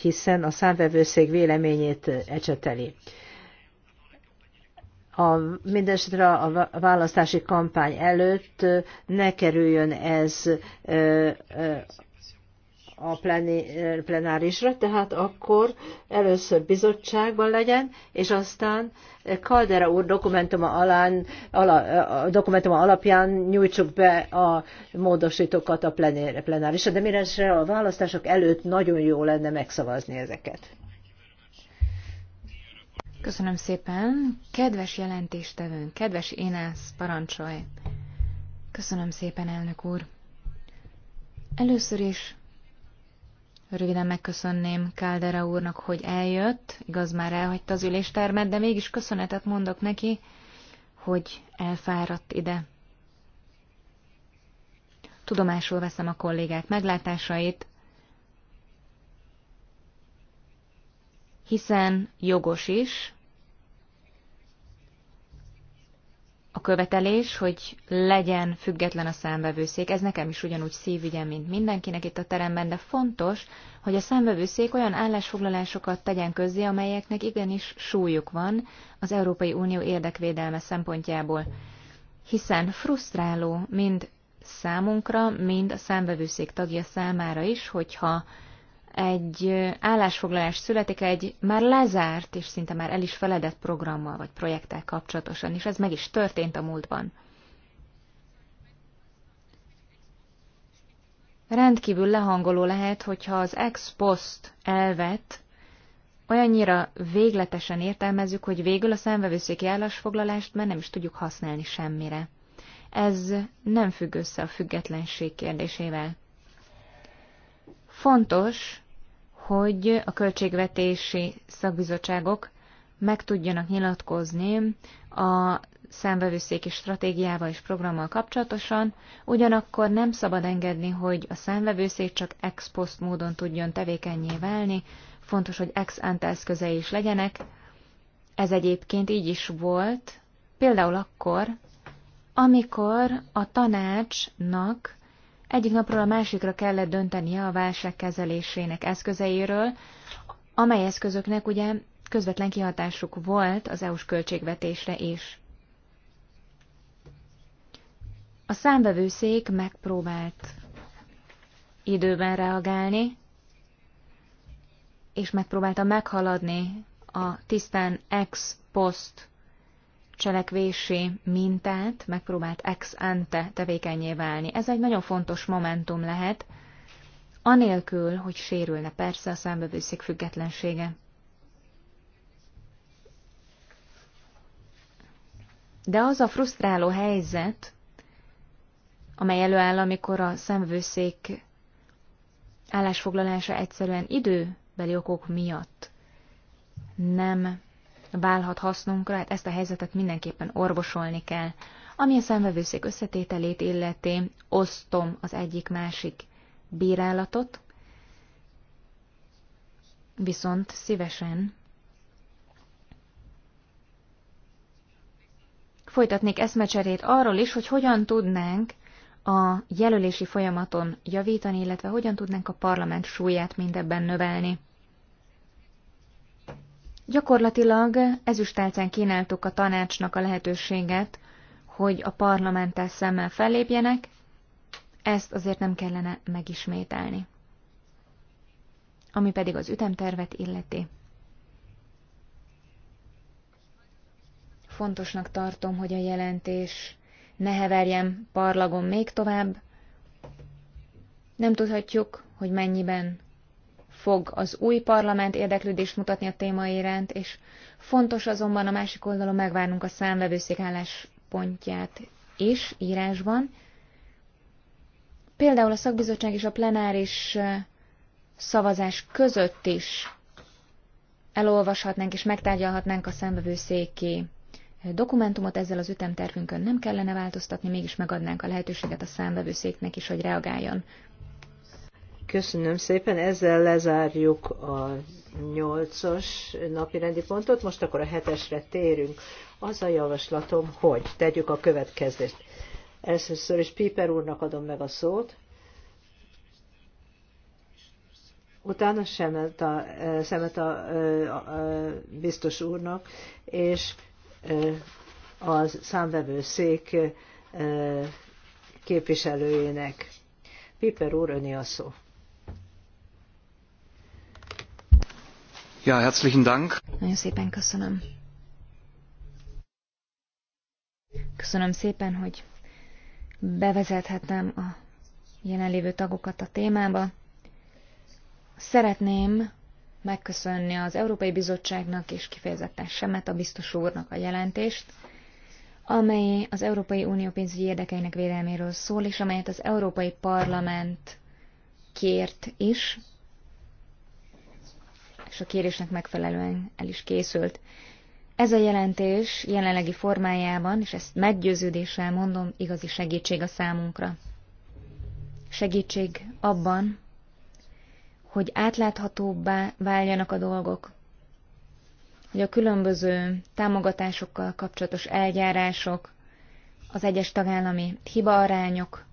hiszen a számvevőszék véleményét ecseteli. A, mindesetre a választási kampány előtt ne kerüljön ez a plenárisra, tehát akkor először bizottságban legyen, és aztán Caldera úr dokumentuma, alán, ala, dokumentuma alapján nyújtsuk be a módosítókat a plenárisra, de mire a választások előtt nagyon jó lenne megszavazni ezeket. Köszönöm szépen. Kedves jelentéstevőn, kedves Énász, parancsolj. Köszönöm szépen, elnök úr. Először is Röviden megköszönném Káldera úrnak, hogy eljött, igaz már elhagyta az üléstermet, de mégis köszönetet mondok neki, hogy elfáradt ide. Tudomásul veszem a kollégák meglátásait, hiszen jogos is, a követelés, hogy legyen független a számbevőszék. Ez nekem is ugyanúgy szívügyem, mint mindenkinek itt a teremben, de fontos, hogy a számbevőszék olyan állásfoglalásokat tegyen közzé, amelyeknek igenis súlyuk van az Európai Unió érdekvédelme szempontjából. Hiszen frusztráló mind számunkra, mind a számbevőszék tagja számára is, hogyha egy állásfoglalás születik egy már lezárt és szinte már el is feledett programmal vagy projekttel kapcsolatosan, és ez meg is történt a múltban. Rendkívül lehangoló lehet, hogyha az ex post elvet olyannyira végletesen értelmezzük, hogy végül a szemvevőszéki állásfoglalást már nem is tudjuk használni semmire. Ez nem függ össze a függetlenség kérdésével. Fontos, hogy a költségvetési szakbizottságok meg tudjanak nyilatkozni a számvevőszéki stratégiával és programmal kapcsolatosan, ugyanakkor nem szabad engedni, hogy a számvevőszék csak ex post módon tudjon tevékenyé válni, fontos, hogy ex ante eszközei is legyenek. Ez egyébként így is volt, például akkor, amikor a tanácsnak egyik napról a másikra kellett döntenie a válság kezelésének eszközeiről, amely eszközöknek ugye közvetlen kihatásuk volt az EU-s költségvetésre is. A számbevőszék megpróbált időben reagálni, és megpróbálta meghaladni a tisztán ex post cselekvési mintát megpróbált ex ante tevékenyé válni. Ez egy nagyon fontos momentum lehet, anélkül, hogy sérülne persze a számbevőszék függetlensége. De az a frusztráló helyzet, amely előáll, amikor a szemvőszék állásfoglalása egyszerűen időbeli okok miatt nem válhat hasznunkra, hát ezt a helyzetet mindenképpen orvosolni kell. Ami a szemvevőszék összetételét illeti, osztom az egyik-másik bírálatot, viszont szívesen folytatnék eszmecserét arról is, hogy hogyan tudnánk a jelölési folyamaton javítani, illetve hogyan tudnánk a parlament súlyát mindebben növelni. Gyakorlatilag ezüstálcán kínáltuk a tanácsnak a lehetőséget, hogy a parlamenttel szemmel fellépjenek, ezt azért nem kellene megismételni. Ami pedig az ütemtervet illeti. Fontosnak tartom, hogy a jelentés ne heverjem parlagon még tovább. Nem tudhatjuk, hogy mennyiben fog az új parlament érdeklődést mutatni a téma iránt, és fontos azonban a másik oldalon megvárnunk a számvevőszék álláspontját is írásban. Például a szakbizottság és a plenáris szavazás között is elolvashatnánk és megtárgyalhatnánk a számbevőszéki dokumentumot, ezzel az ütemtervünkön nem kellene változtatni, mégis megadnánk a lehetőséget a számbevőszéknek is, hogy reagáljon Köszönöm szépen, ezzel lezárjuk a nyolcas napi rendi pontot, most akkor a hetesre térünk. Az a javaslatom, hogy tegyük a következést. Először is Piper úrnak adom meg a szót, utána szemet a, szemet a, a, biztos úrnak, és a számvevőszék képviselőjének. Piper úr, öni a szó. Ja, herzlichen Dank. Nagyon szépen köszönöm. Köszönöm szépen, hogy bevezethettem a jelenlévő tagokat a témába. Szeretném megköszönni az Európai Bizottságnak és kifejezetten Semet a biztos úrnak a jelentést, amely az Európai Unió pénzügyi érdekeinek védelméről szól, és amelyet az Európai Parlament kért is, és a kérésnek megfelelően el is készült. Ez a jelentés jelenlegi formájában, és ezt meggyőződéssel mondom, igazi segítség a számunkra. Segítség abban, hogy átláthatóbbá váljanak a dolgok, hogy a különböző támogatásokkal kapcsolatos eljárások, az egyes tagállami hibaarányok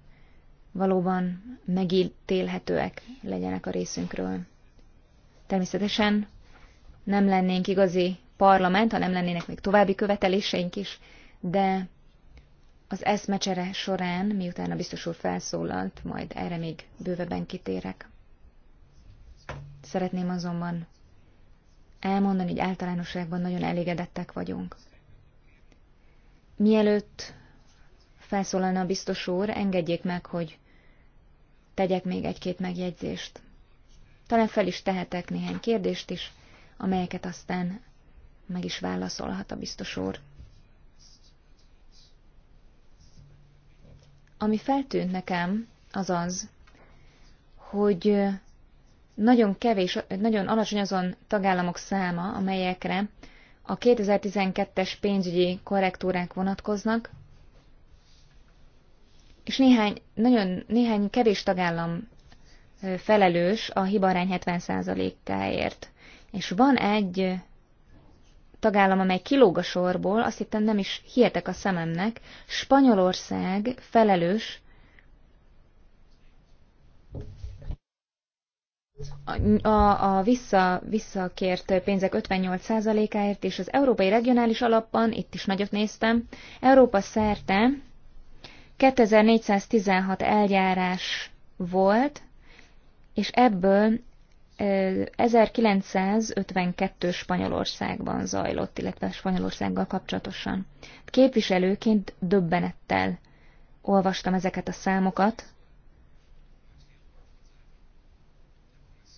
valóban megítélhetőek legyenek a részünkről. Természetesen nem lennénk igazi parlament, ha nem lennének még további követeléseink is, de az eszmecsere során, miután a biztos úr felszólalt, majd erre még bővebben kitérek. Szeretném azonban elmondani, hogy általánosságban nagyon elégedettek vagyunk. Mielőtt felszólalna a biztos úr, engedjék meg, hogy tegyek még egy-két megjegyzést. Talán fel is tehetek néhány kérdést is, amelyeket aztán meg is válaszolhat a biztos úr. Ami feltűnt nekem, az az, hogy nagyon kevés, nagyon alacsony azon tagállamok száma, amelyekre a 2012-es pénzügyi korrektúrák vonatkoznak, és néhány, nagyon, néhány kevés tagállam felelős a hibarány 70%-áért. És van egy tagállam, amely kilóg a sorból, azt hittem nem is hihetek a szememnek, Spanyolország felelős a, a vissza, visszakért pénzek 58%-áért, és az Európai Regionális Alapban, itt is nagyot néztem, Európa szerte 2416 eljárás volt, és ebből 1952 Spanyolországban zajlott, illetve Spanyolországgal kapcsolatosan. Képviselőként döbbenettel olvastam ezeket a számokat.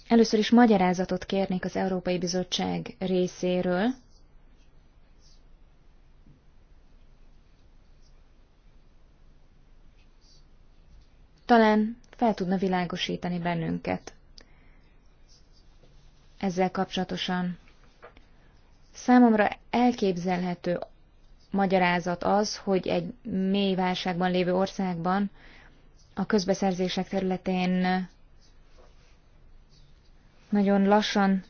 Először is magyarázatot kérnék az Európai Bizottság részéről, Talán fel tudna világosítani bennünket ezzel kapcsolatosan. Számomra elképzelhető magyarázat az, hogy egy mély válságban lévő országban a közbeszerzések területén nagyon lassan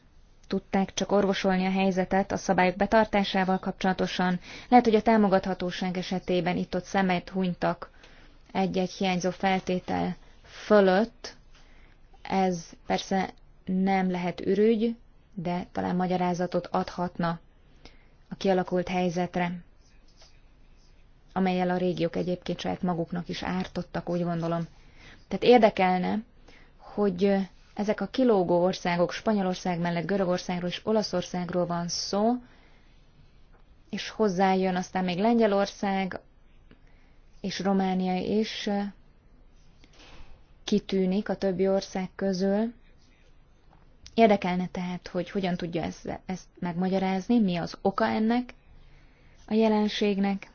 tudták csak orvosolni a helyzetet a szabályok betartásával kapcsolatosan. Lehet, hogy a támogathatóság esetében itt-ott szemet hunytak egy-egy hiányzó feltétel fölött. Ez persze nem lehet ürügy, de talán magyarázatot adhatna a kialakult helyzetre, amelyel a régiók egyébként saját maguknak is ártottak, úgy gondolom. Tehát érdekelne, hogy ezek a kilógó országok, Spanyolország mellett Görögországról és Olaszországról van szó, és hozzájön aztán még Lengyelország és Románia is, kitűnik a többi ország közül. Érdekelne tehát, hogy hogyan tudja ezt, ezt megmagyarázni, mi az oka ennek a jelenségnek,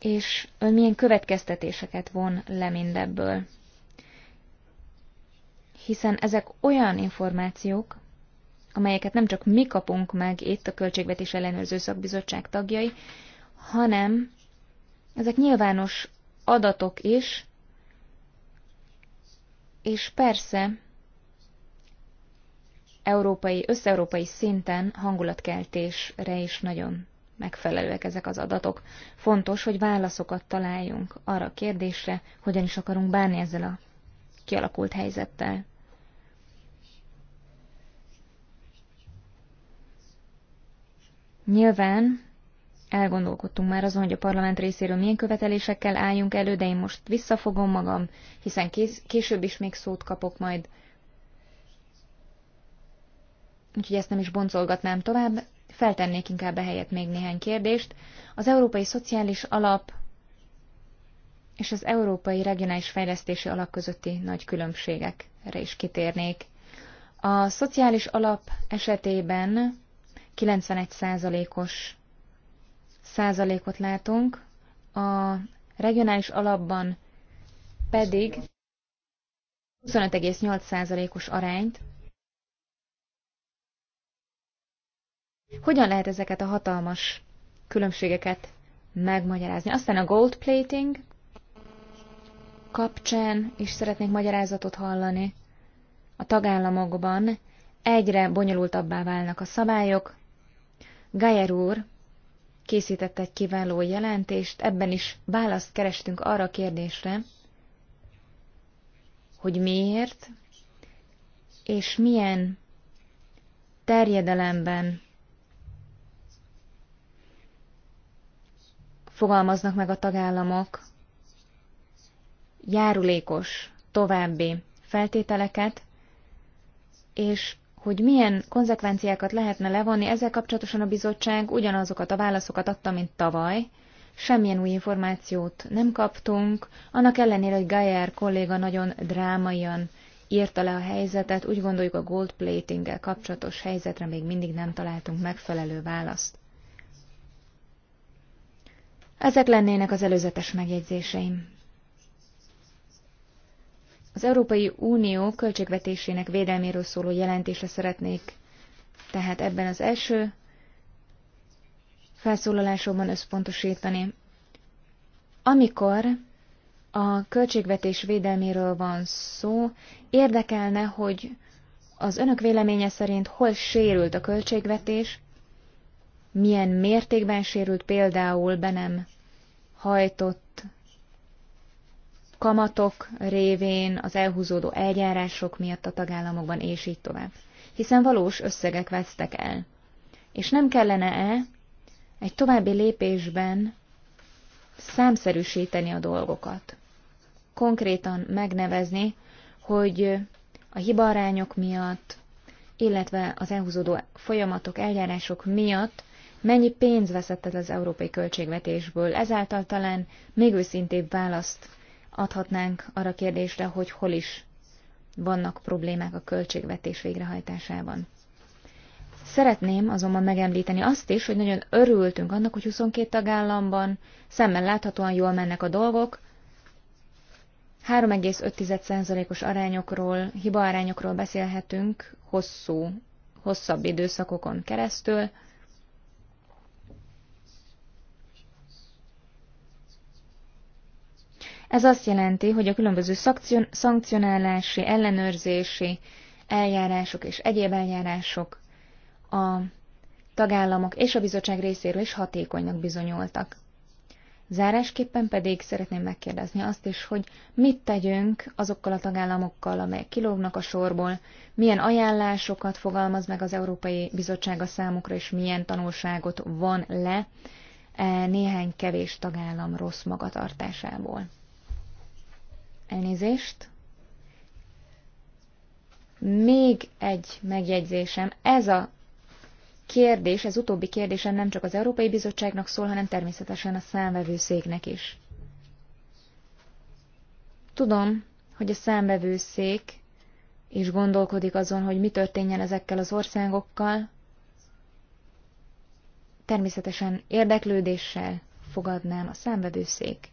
és ön milyen következtetéseket von le mindebből. Hiszen ezek olyan információk, amelyeket nem csak mi kapunk meg itt a Költségvetés Ellenőrző Szakbizottság tagjai, hanem ezek nyilvános adatok is, és persze, európai, összeurópai szinten hangulatkeltésre is nagyon megfelelőek ezek az adatok. Fontos, hogy válaszokat találjunk arra a kérdésre, hogyan is akarunk bánni ezzel a kialakult helyzettel. Nyilván elgondolkodtunk már azon, hogy a parlament részéről milyen követelésekkel álljunk elő, de én most visszafogom magam, hiszen kés- később is még szót kapok majd. Úgyhogy ezt nem is boncolgatnám tovább, feltennék inkább ehelyett még néhány kérdést. Az Európai Szociális Alap és az Európai Regionális Fejlesztési Alap közötti nagy különbségekre is kitérnék. A szociális alap esetében 91%-os százalékot látunk, a regionális alapban pedig 25,8 százalékos arányt. Hogyan lehet ezeket a hatalmas különbségeket megmagyarázni? Aztán a gold plating kapcsán is szeretnék magyarázatot hallani. A tagállamokban egyre bonyolultabbá válnak a szabályok. Gajer úr készített egy kiváló jelentést, ebben is választ kerestünk arra a kérdésre, hogy miért, és milyen terjedelemben fogalmaznak meg a tagállamok járulékos további feltételeket, és hogy milyen konzekvenciákat lehetne levonni, ezzel kapcsolatosan a bizottság ugyanazokat a válaszokat adta, mint tavaly. Semmilyen új információt nem kaptunk, annak ellenére, hogy Gayer kolléga nagyon drámaian írta le a helyzetet, úgy gondoljuk a gold plating kapcsolatos helyzetre még mindig nem találtunk megfelelő választ. Ezek lennének az előzetes megjegyzéseim. Az Európai Unió költségvetésének védelméről szóló jelentésre szeretnék tehát ebben az első felszólalásomban összpontosítani. Amikor a költségvetés védelméről van szó, érdekelne, hogy az önök véleménye szerint hol sérült a költségvetés, milyen mértékben sérült például be nem hajtott kamatok révén, az elhúzódó eljárások miatt a tagállamokban, és így tovább. Hiszen valós összegek vesztek el. És nem kellene-e egy további lépésben számszerűsíteni a dolgokat? Konkrétan megnevezni, hogy a hibarányok miatt, illetve az elhúzódó folyamatok, eljárások miatt mennyi pénz veszett el az európai költségvetésből. Ezáltal talán még őszintébb választ adhatnánk arra kérdésre, hogy hol is vannak problémák a költségvetés végrehajtásában. Szeretném azonban megemlíteni azt is, hogy nagyon örültünk annak, hogy 22 tagállamban szemmel láthatóan jól mennek a dolgok. 3,5%-os arányokról, hibaarányokról beszélhetünk hosszú, hosszabb időszakokon keresztül. Ez azt jelenti, hogy a különböző szankcionálási, ellenőrzési eljárások és egyéb eljárások a tagállamok és a bizottság részéről is hatékonynak bizonyultak. Zárásképpen pedig szeretném megkérdezni azt is, hogy mit tegyünk azokkal a tagállamokkal, amelyek kilógnak a sorból, milyen ajánlásokat fogalmaz meg az Európai Bizottság a számukra, és milyen tanulságot van le e, néhány kevés tagállam rossz magatartásából. Elnézést. Még egy megjegyzésem. Ez a kérdés, ez utóbbi kérdésem nem csak az Európai Bizottságnak szól, hanem természetesen a számvevőszéknek is. Tudom, hogy a számvevőszék és gondolkodik azon, hogy mi történjen ezekkel az országokkal, természetesen érdeklődéssel fogadnám a számvevőszék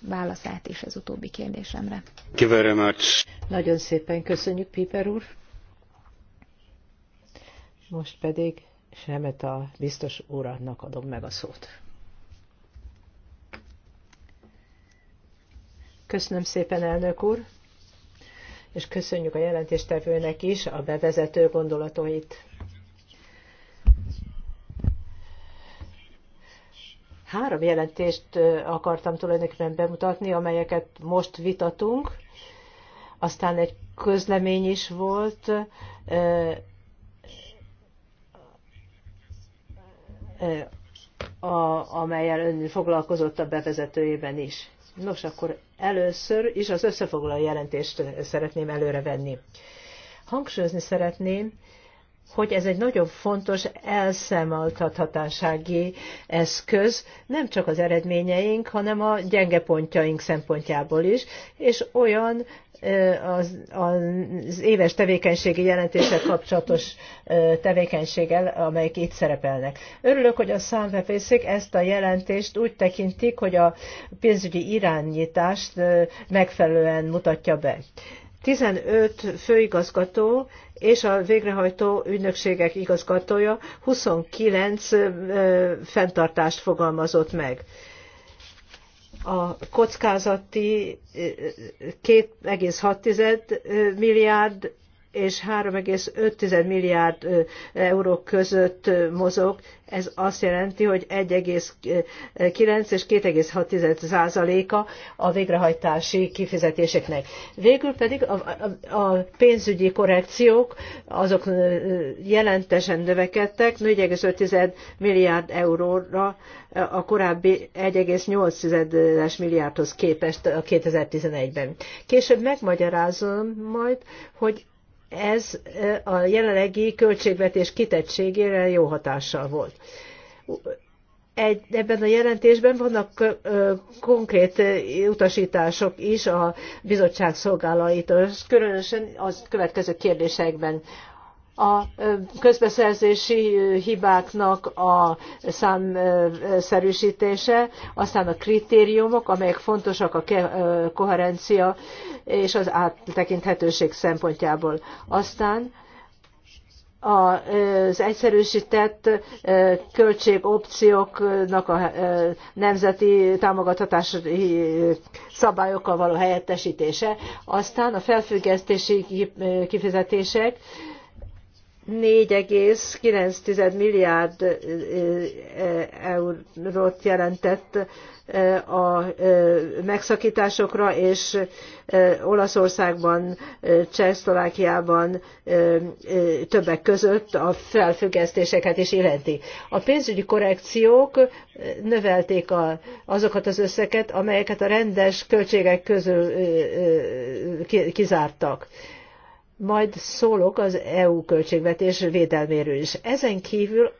válaszát is az utóbbi kérdésemre. Nagyon szépen köszönjük, Piper úr. Most pedig Semet a biztos úrnak adom meg a szót. Köszönöm szépen, elnök úr, és köszönjük a jelentéstevőnek is a bevezető gondolatait. Három jelentést akartam tulajdonképpen bemutatni, amelyeket most vitatunk. Aztán egy közlemény is volt, a, amelyel ön foglalkozott a bevezetőjében is. Nos, akkor először is az összefoglaló jelentést szeretném előrevenni. Hangsúlyozni szeretném, hogy ez egy nagyon fontos elszámoltathatósági eszköz, nem csak az eredményeink, hanem a gyenge pontjaink szempontjából is, és olyan az, az éves tevékenységi jelentéssel kapcsolatos tevékenységgel, amelyek itt szerepelnek. Örülök, hogy a számvevőszék ezt a jelentést úgy tekintik, hogy a pénzügyi irányítást megfelelően mutatja be. 15 főigazgató és a végrehajtó ügynökségek igazgatója 29 fenntartást fogalmazott meg. A kockázati 2,6 milliárd és 3,5 milliárd euró között mozog. Ez azt jelenti, hogy 1,9 és 2,6 százaléka a végrehajtási kifizetéseknek. Végül pedig a, pénzügyi korrekciók azok jelentesen növekedtek, 4,5 milliárd euróra a korábbi 1,8 milliárdhoz képest a 2011-ben. Később megmagyarázom majd, hogy ez a jelenlegi költségvetés kitettségére jó hatással volt. Egy, ebben a jelentésben vannak ö, konkrét utasítások is a bizottság szolgálaitól, különösen az következő kérdésekben a közbeszerzési hibáknak a számszerűstése aztán a kritériumok, amelyek fontosak a koherencia és az áttekinthetőség szempontjából. Aztán az egyszerűstett költségopcióknak a nemzeti támogatási szabályokkal való helyettesítése, aztán a felfüggesztési kifizetések, 4,9 milliárd eurót jelentett a megszakításokra, és Olaszországban, Csehszlovákiában többek között a felfüggesztéseket is illeti. A pénzügyi korrekciók növelték azokat az összeket, amelyeket a rendes költségek közül kizártak majd szólok az EU költségvetés védelméről is. Ezen kívül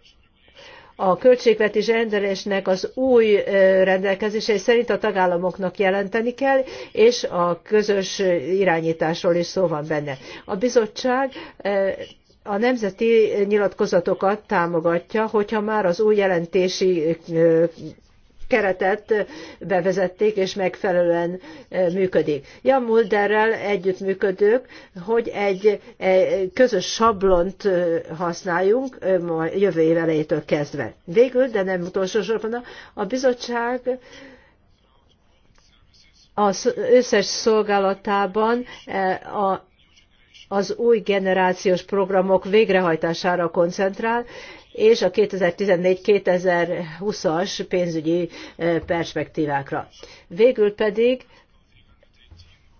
a költségvetés rendelésnek az új rendelkezései szerint a tagállamoknak jelenteni kell, és a közös irányításról is szó van benne. A bizottság a nemzeti nyilatkozatokat támogatja, hogyha már az új jelentési keretet bevezették, és megfelelően eh, működik. Jan Mulderrel együttműködők, hogy egy eh, közös sablont eh, használjunk jövő év elejétől kezdve. Végül, de nem utolsó sorban, a bizottság az összes szolgálatában a az új generációs programok végrehajtására koncentrál, és a 2014-2020-as pénzügyi eh, perspektívákra. Végül pedig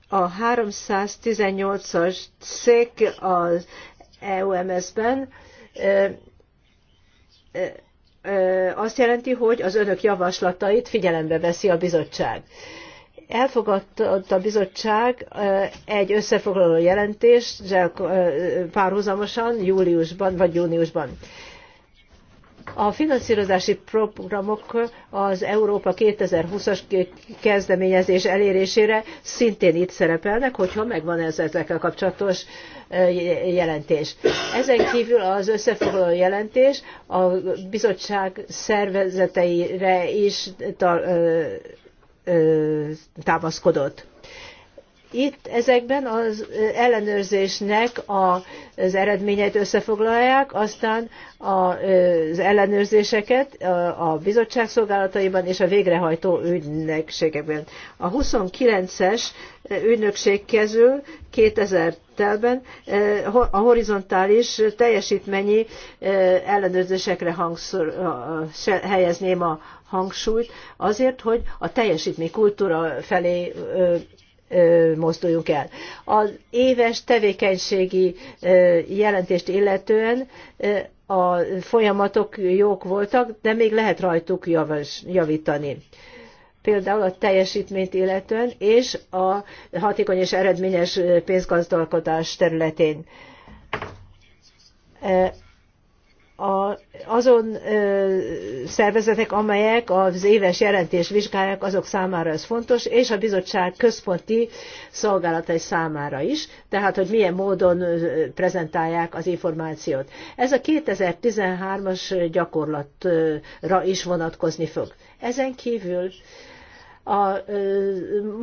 a 318-as cikk az EUMS-ben eh, eh, azt jelenti, hogy az önök javaslatait figyelembe veszi a bizottság. Elfogadta a bizottság egy összefoglaló jelentést párhuzamosan júliusban vagy júniusban. A finanszírozási programok az Európa 2020-as kezdeményezés elérésére szintén itt szerepelnek, hogyha megvan ez ezekkel kapcsolatos jelentés. Ezen kívül az összefoglaló jelentés a bizottság szervezeteire is támaszkodott. Itt ezekben az ellenőrzésnek az eredményeit összefoglalják, aztán az ellenőrzéseket a bizottság szolgálataiban és a végrehajtó ügynökségekben. A 29-es ügynökség kezül 2000-telben a horizontális teljesítményi ellenőrzésekre hangszor, helyezném a hangsúlyt, azért, hogy a teljesítménykultúra felé mozduljunk el. Az éves tevékenységi jelentést illetően a folyamatok jók voltak, de még lehet rajtuk javítani például a teljesítményt illetően és a hatékony és eredményes pénzgazdálkodás területén a, azon ö, szervezetek, amelyek az éves jelentést vizsgálják, azok számára ez fontos, és a bizottság központi szolgálatai számára is, tehát hogy milyen módon ö, prezentálják az információt. Ez a 2013-as gyakorlatra is vonatkozni fog. Ezen kívül a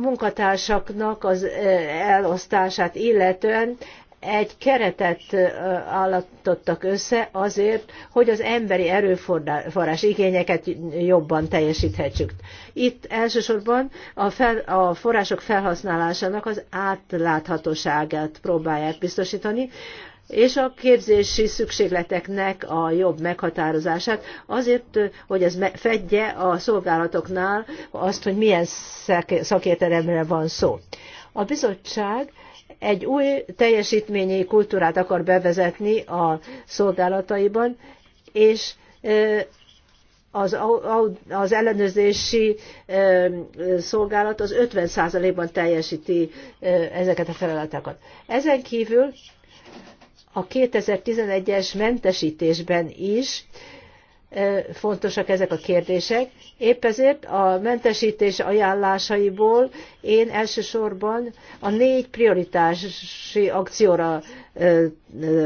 munkatársaknak az elosztását illetően egy keretet állapítottak össze azért, hogy az emberi erőforrás igényeket jobban teljesíthetsük. Itt elsősorban a, fel, a források felhasználásának az átláthatóságát próbálják biztosítani, és a képzési szükségleteknek a jobb meghatározását, azért, hogy ez fedje a szolgálatoknál azt, hogy milyen szakértelemre van szó. A bizottság egy új teljesítményi kultúrát akar bevezetni a szolgálataiban, és az, az ellenőrzési szolgálat az 50%-ban teljesíti ezeket a feladatokat. Ezen kívül a 2011-es mentesítésben is fontosak ezek a kérdések. Épp ezért a mentesítés ajánlásaiból én elsősorban a négy prioritási akcióra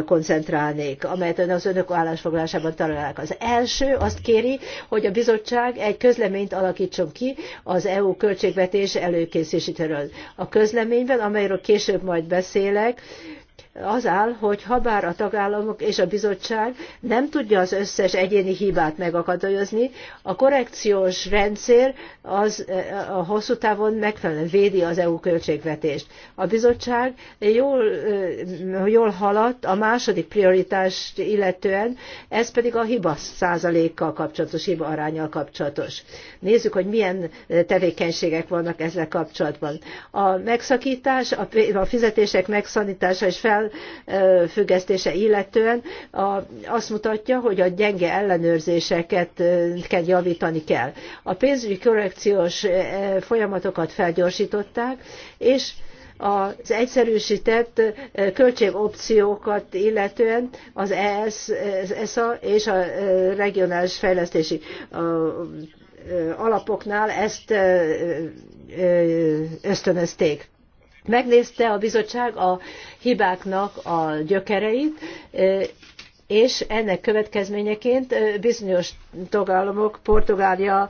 koncentrálnék, amelyet az önök állásfoglalásában találják. Az első azt kéri, hogy a bizottság egy közleményt alakítson ki az EU költségvetés előkészítéséről. A közleményben, amelyről később majd beszélek, az áll, hogy habár a tagállamok és a bizottság nem tudja az összes egyéni hibát megakadályozni, a korrekciós rendszer az eh, a hosszú távon megfelelően védi az EU költségvetést. A bizottság jól, eh, jól haladt a második prioritást illetően, ez pedig a hiba százalékkal kapcsolatos, hiba arányal kapcsolatos. Nézzük, hogy milyen eh, tevékenységek vannak ezzel kapcsolatban. A megszakítás, a fizetések megszakítása és fel felfüggesztése illetően azt mutatja, hogy a gyenge ellenőrzéseket kell javítani kell. A pénzügyi korrekciós folyamatokat felgyorsították, és az egyszerűsített költségopciókat illetően az ES, ESA és a regionális fejlesztési alapoknál ezt ösztönözték. Megnézte a bizottság a hibáknak a gyökereit, és ennek következményeként bizonyos tagállamok, Portugália,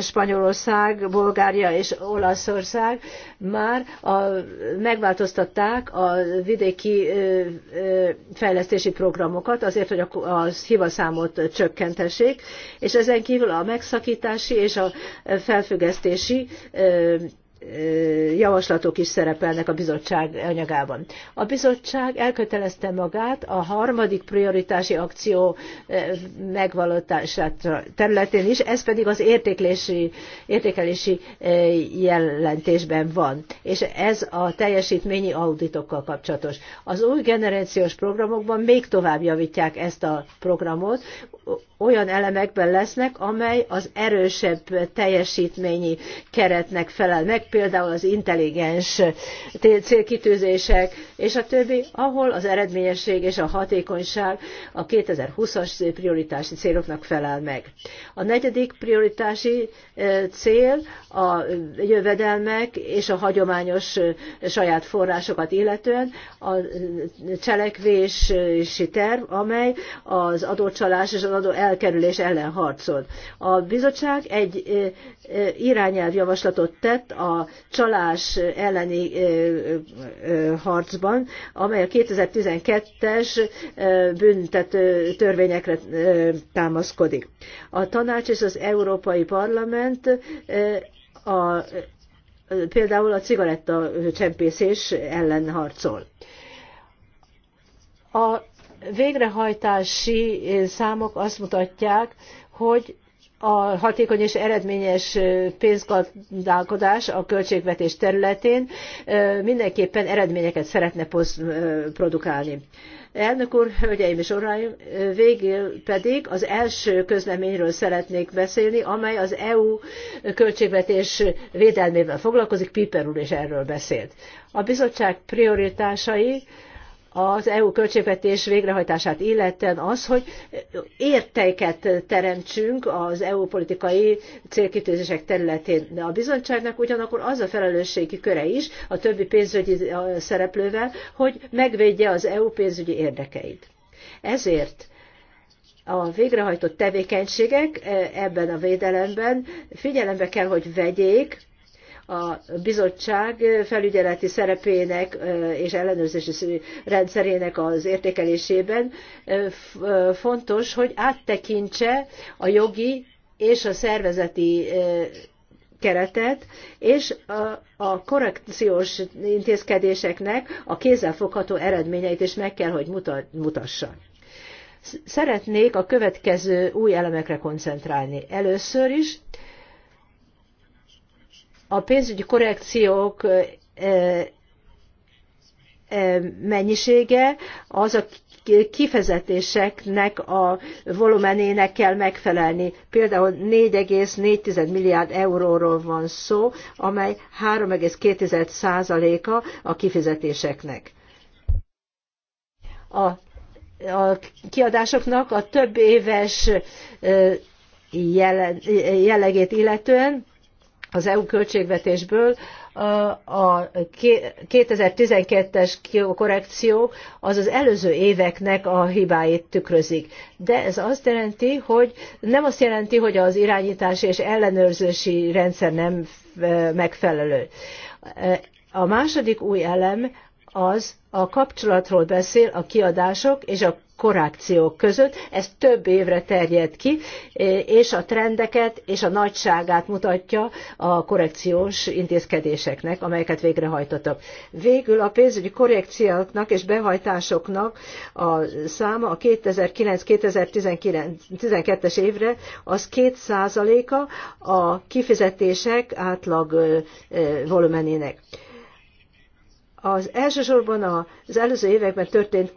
Spanyolország, Bulgária és Olaszország már a, megváltoztatták a vidéki fejlesztési programokat azért, hogy a, a hivaszámot csökkentessék, és ezen kívül a megszakítási és a felfüggesztési javaslatok is szerepelnek a bizottság anyagában. A bizottság elkötelezte magát a harmadik prioritási akció megvalósítását területén is, ez pedig az értéklési, értékelési jelentésben van, és ez a teljesítményi auditokkal kapcsolatos. Az új generációs programokban még tovább javítják ezt a programot, olyan elemekben lesznek, amely az erősebb teljesítményi keretnek felel meg, például az intelligens célkitűzések, és a többi, ahol az eredményesség és a hatékonyság a 2020-as prioritási céloknak felel meg. A negyedik prioritási e, cél a jövedelmek és a hagyományos e, saját forrásokat illetően a e, cselekvési terv, amely az adócsalás és az adó el elkerülés ellen harcol. A bizottság egy irányelvjavaslatot tett a csalás elleni harcban, amely a 2012-es büntető törvényekre támaszkodik. A tanács és az Európai Parlament a, például a cigaretta csempészés ellen harcol. A végrehajtási eh, számok azt mutatják, hogy a hatékony és eredményes eh, pénzgazdálkodás a költségvetés területén eh, mindenképpen eredményeket szeretne produkálni. Elnök úr, hölgyeim és uraim, végül pedig az első közleményről szeretnék beszélni, amely az EU költségvetés védelmével foglalkozik, Piper úr is erről beszélt. A bizottság prioritásai az EU költségvetés végrehajtását illeten az, hogy értéket teremtsünk az EU politikai célkitűzések területén. De a bizottságnak ugyanakkor az a felelősségi köre is, a többi pénzügyi szereplővel, hogy megvédje az EU pénzügyi érdekeit. Ezért a végrehajtott tevékenységek e, ebben a védelemben figyelembe kell, hogy vegyék a bizottság felügyeleti szerepének és ellenőrzési rendszerének az értékelésében fontos, hogy áttekintse a jogi és a szervezeti keretet, és a, a korrekciós intézkedéseknek a kézzelfogható eredményeit is meg kell, hogy mutassa. Szeretnék a következő új elemekre koncentrálni. Először is a pénzügyi korrekciók mennyisége az a kifezetéseknek a volumenének kell megfelelni. Például 4,4 milliárd euróról van szó, amely 32 százaléka a kifizetéseknek. A, a kiadásoknak a több éves jellegét illetően az EU költségvetésből a 2012-es korrekció az az előző éveknek a hibáit tükrözik. De ez azt jelenti, hogy nem azt jelenti, hogy az irányítási és ellenőrzési rendszer nem megfelelő. A második új elem az a kapcsolatról beszél a kiadások és a korrekciók között, ez több évre terjed ki, és a trendeket és a nagyságát mutatja a korrekciós intézkedéseknek, amelyeket végrehajtottak. Végül a pénzügyi korrekcióknak és behajtásoknak a száma a 2009-2012-es évre az 2%-a a kifizetések átlag volumenének. Az elsősorban az előző években történt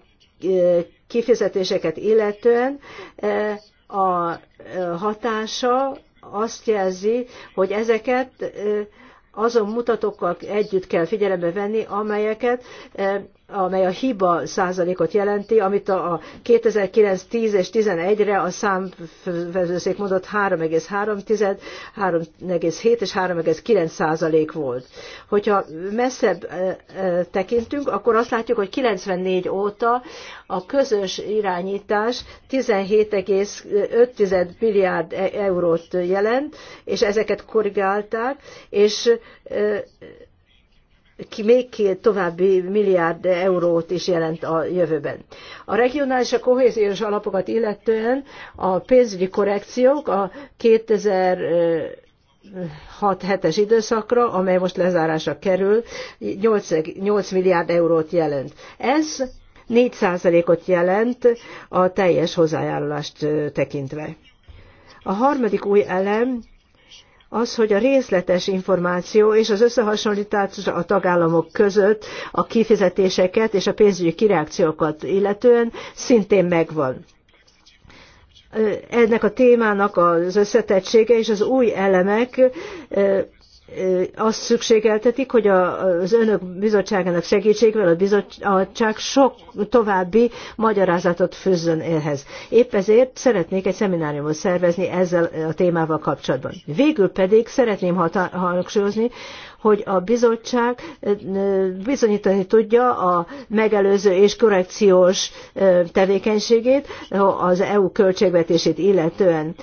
kifizetéseket illetően e, a e, hatása azt jelzi, hogy ezeket e, azon mutatókkal együtt kell figyelembe venni, amelyeket amely a hiba százalékot jelenti, amit a 2009, 10 és 11-re a számvezőszék mondott 3,3, 3,7 és 3,9 százalék volt. Hogyha messzebb tekintünk, akkor azt látjuk, hogy 94 óta a közös irányítás 17,5 milliárd e- eurót jelent, és ezeket korrigálták, és még további milliárd eurót is jelent a jövőben. A regionális a kohéziós alapokat illetően a pénzügyi korrekciók a 2000 6-7-es időszakra, amely most lezárásra kerül, 8, 8 milliárd eurót jelent. Ez 4%-ot jelent a teljes hozzájárulást tekintve. A harmadik új elem az, hogy a részletes információ és az összehasonlítás a tagállamok között a kifizetéseket és a pénzügyi kireakciókat illetően szintén megvan. Ennek a témának az összetettsége és az új elemek azt szükségeltetik, hogy az önök bizottságának segítségével a bizottság sok további magyarázatot főzzön ehhez. Épp ezért szeretnék egy szemináriumot szervezni ezzel a témával kapcsolatban. Végül pedig szeretném hangsúlyozni, hogy a bizottság bizonyítani tudja a megelőző és korrekciós tevékenységét az EU költségvetését illetően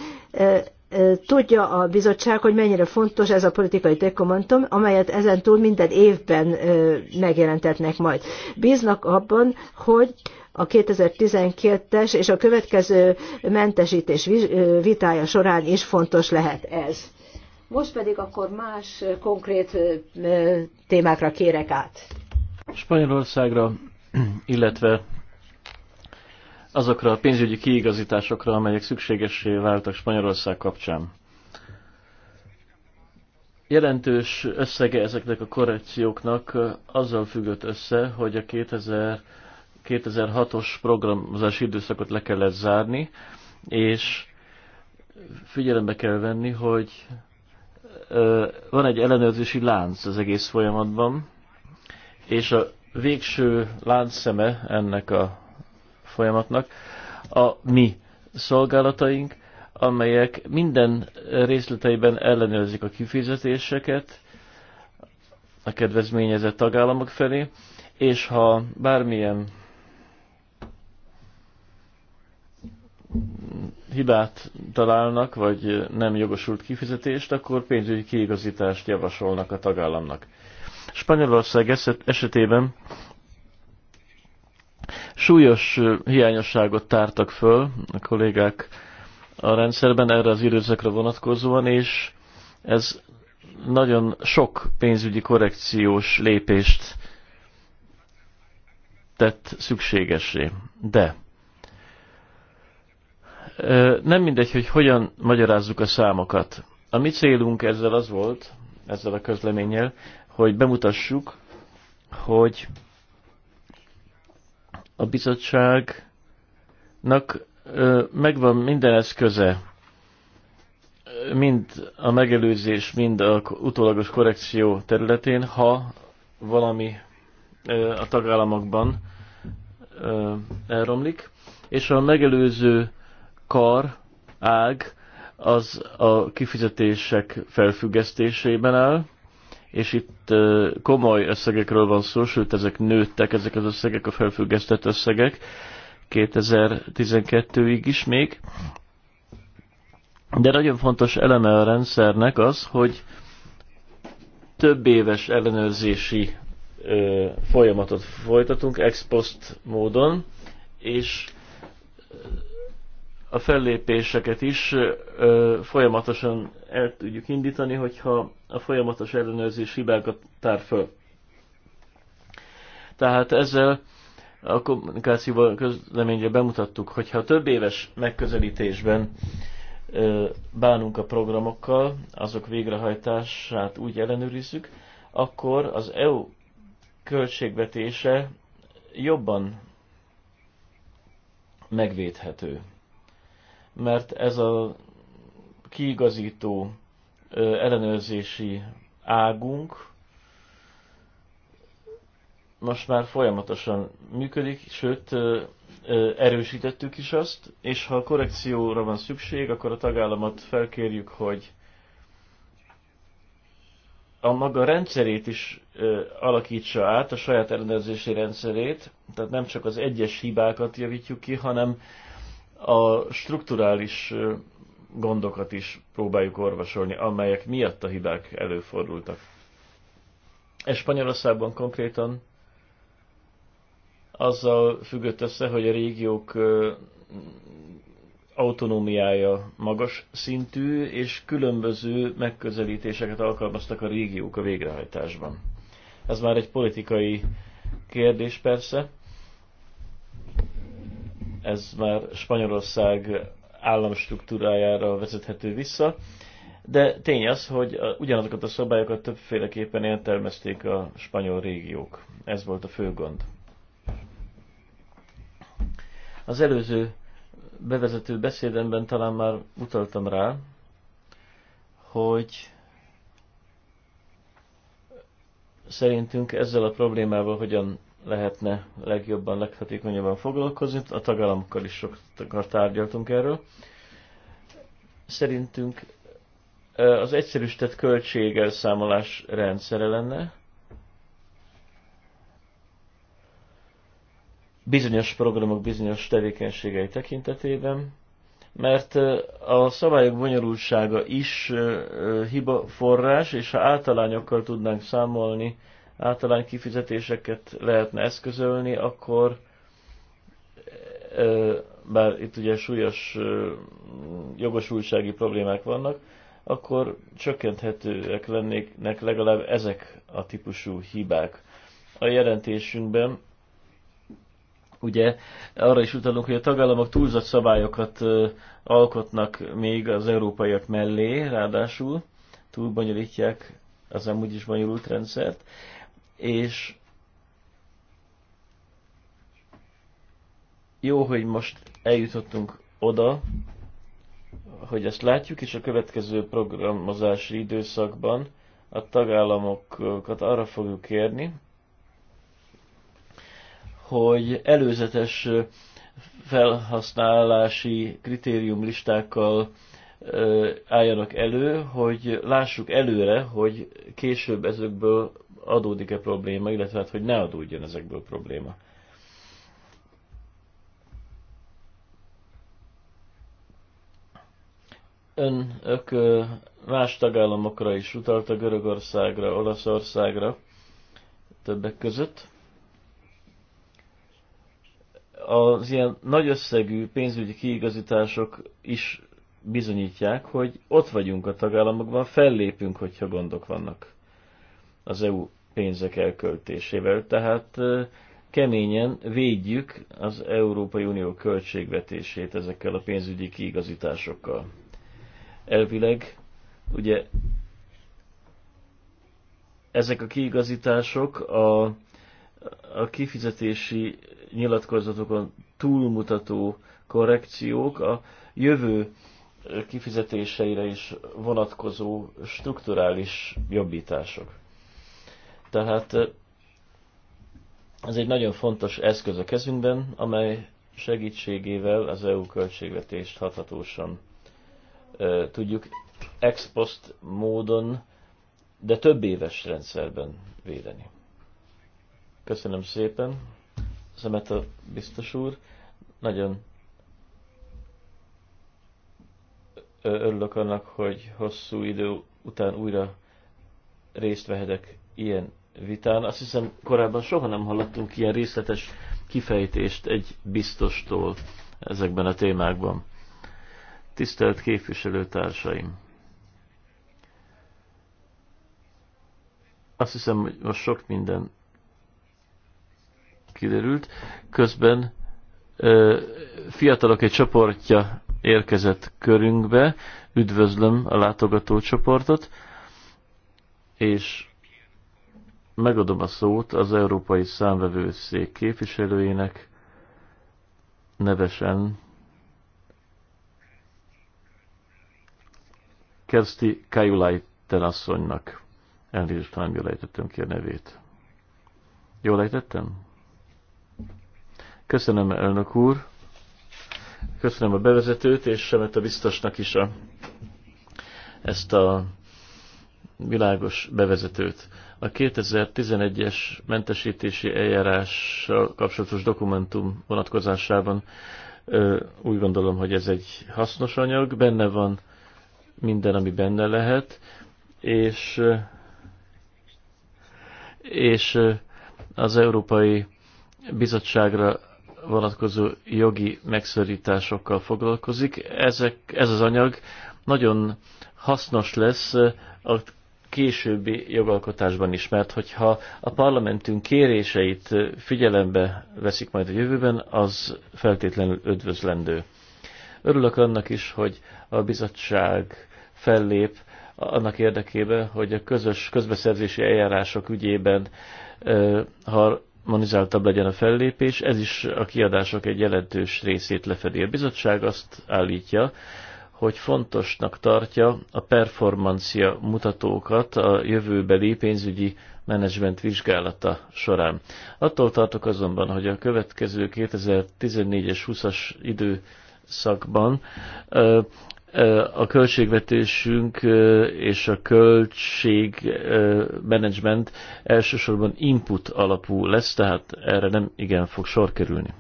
Tudja a bizottság, hogy mennyire fontos ez a politikai dokumentum, amelyet ezen túl minden évben megjelentetnek majd. Bíznak abban, hogy a 2012-es és a következő mentesítés vitája során is fontos lehet ez. Most pedig akkor más konkrét témákra kérek át. Spanyolországra, illetve azokra a pénzügyi kiigazításokra, amelyek szükségesé váltak Spanyolország kapcsán. Jelentős összege ezeknek a korrekcióknak azzal függött össze, hogy a 2000, 2006-os programozási időszakot le kellett zárni, és figyelembe kell venni, hogy van egy ellenőrzési lánc az egész folyamatban, és a végső láncszeme ennek a folyamatnak a mi szolgálataink, amelyek minden részleteiben ellenőrzik a kifizetéseket a kedvezményezett tagállamok felé, és ha bármilyen hibát találnak, vagy nem jogosult kifizetést, akkor pénzügyi kiigazítást javasolnak a tagállamnak. Spanyolország esetében Súlyos hiányosságot tártak föl a kollégák a rendszerben erre az időszakra vonatkozóan, és ez nagyon sok pénzügyi korrekciós lépést tett szükségesé. De nem mindegy, hogy hogyan magyarázzuk a számokat. A mi célunk ezzel az volt, ezzel a közleménnyel, hogy bemutassuk, hogy a bizottságnak megvan minden eszköze, mind a megelőzés, mind a utólagos korrekció területén, ha valami a tagállamokban elromlik, és a megelőző kar, ág az a kifizetések felfüggesztésében áll, és itt komoly összegekről van szó, sőt ezek nőttek, ezek az összegek, a felfüggesztett összegek 2012-ig is még. De nagyon fontos eleme a rendszernek az, hogy több éves ellenőrzési ö, folyamatot folytatunk ex post módon, és a fellépéseket is ö, folyamatosan el tudjuk indítani, hogyha a folyamatos ellenőrzés hibákat tár föl. Tehát ezzel a kommunikációban közleményre bemutattuk, hogyha több éves megközelítésben ö, bánunk a programokkal, azok végrehajtását úgy ellenőrizzük, akkor az EU költségvetése jobban megvédhető mert ez a kiigazító ellenőrzési águnk most már folyamatosan működik, sőt erősítettük is azt, és ha korrekcióra van szükség, akkor a tagállamot felkérjük, hogy a maga rendszerét is ö, alakítsa át, a saját ellenőrzési rendszerét, tehát nem csak az egyes hibákat javítjuk ki, hanem a strukturális gondokat is próbáljuk orvosolni, amelyek miatt a hibák előfordultak. E Spanyolországban konkrétan azzal függött össze, hogy a régiók autonómiája magas szintű, és különböző megközelítéseket alkalmaztak a régiók a végrehajtásban. Ez már egy politikai kérdés persze, ez már Spanyolország államstruktúrájára vezethető vissza, de tény az, hogy ugyanazokat a szabályokat többféleképpen értelmezték a spanyol régiók. Ez volt a fő gond. Az előző bevezető beszédemben talán már utaltam rá, hogy szerintünk ezzel a problémával hogyan lehetne legjobban, leghatékonyabban foglalkozni. A tagállamokkal is sokat tárgyaltunk erről. Szerintünk az egyszerűsített költségelszámolás rendszere lenne. Bizonyos programok bizonyos tevékenységei tekintetében, mert a szabályok bonyolultsága is hiba forrás, és ha általányokkal tudnánk számolni, általány kifizetéseket lehetne eszközölni, akkor bár itt ugye súlyos jogosultsági problémák vannak, akkor csökkenthetőek lennének legalább ezek a típusú hibák. A jelentésünkben ugye arra is utalunk, hogy a tagállamok túlzott szabályokat alkotnak még az európaiak mellé, ráadásul túlbonyolítják az amúgy is bonyolult rendszert és jó, hogy most eljutottunk oda, hogy ezt látjuk, és a következő programozási időszakban a tagállamokat arra fogjuk kérni, hogy előzetes felhasználási kritériumlistákkal álljanak elő, hogy lássuk előre, hogy később ezekből adódik-e probléma, illetve hát, hogy ne adódjon ezekből probléma. ök más tagállamokra is utalta, Görögországra, Olaszországra többek között. Az ilyen nagy összegű pénzügyi kiigazítások is bizonyítják, hogy ott vagyunk a tagállamokban, fellépünk, hogyha gondok vannak az EU pénzek elköltésével. Tehát keményen védjük az Európai Unió költségvetését ezekkel a pénzügyi kiigazításokkal. Elvileg ugye ezek a kiigazítások a, a kifizetési nyilatkozatokon túlmutató korrekciók a jövő kifizetéseire is vonatkozó strukturális jobbítások. Tehát ez egy nagyon fontos eszköz a kezünkben, amely segítségével az EU költségvetést hathatósan tudjuk ex post módon, de több éves rendszerben védeni. Köszönöm szépen, Szemeta biztos úr. Nagyon örülök annak, hogy hosszú idő után újra részt vehetek ilyen vitán. Azt hiszem korábban soha nem hallottunk ilyen részletes kifejtést egy biztostól ezekben a témákban. Tisztelt képviselőtársaim! Azt hiszem, hogy most sok minden kiderült. Közben ö, fiatalok egy csoportja érkezett körünkbe. Üdvözlöm a látogató csoportot, és megadom a szót az Európai Számvevőszék képviselőjének, nevesen Kersti Kajulaj asszonynak. Elnézést, ha nem jól ejtettem ki a nevét. Jól ejtettem? Köszönöm, elnök úr. Köszönöm a bevezetőt, és Semet a biztosnak is a, ezt a világos bevezetőt. A 2011-es mentesítési eljárással kapcsolatos dokumentum vonatkozásában úgy gondolom, hogy ez egy hasznos anyag, benne van minden, ami benne lehet, és, és az Európai Bizottságra vonatkozó jogi megszorításokkal foglalkozik. Ezek, ez az anyag nagyon hasznos lesz a későbbi jogalkotásban is, mert hogyha a parlamentünk kéréseit figyelembe veszik majd a jövőben, az feltétlenül ödvözlendő. Örülök annak is, hogy a bizottság fellép annak érdekében, hogy a közös közbeszerzési eljárások ügyében harmonizáltabb legyen a fellépés, ez is a kiadások egy jelentős részét lefedi. A bizottság azt állítja, hogy fontosnak tartja a performancia mutatókat a jövőbeli pénzügyi menedzsment vizsgálata során. Attól tartok azonban, hogy a következő 2014-es 20-as időszakban a költségvetésünk és a költségmenedzsment elsősorban input alapú lesz, tehát erre nem igen fog sor kerülni.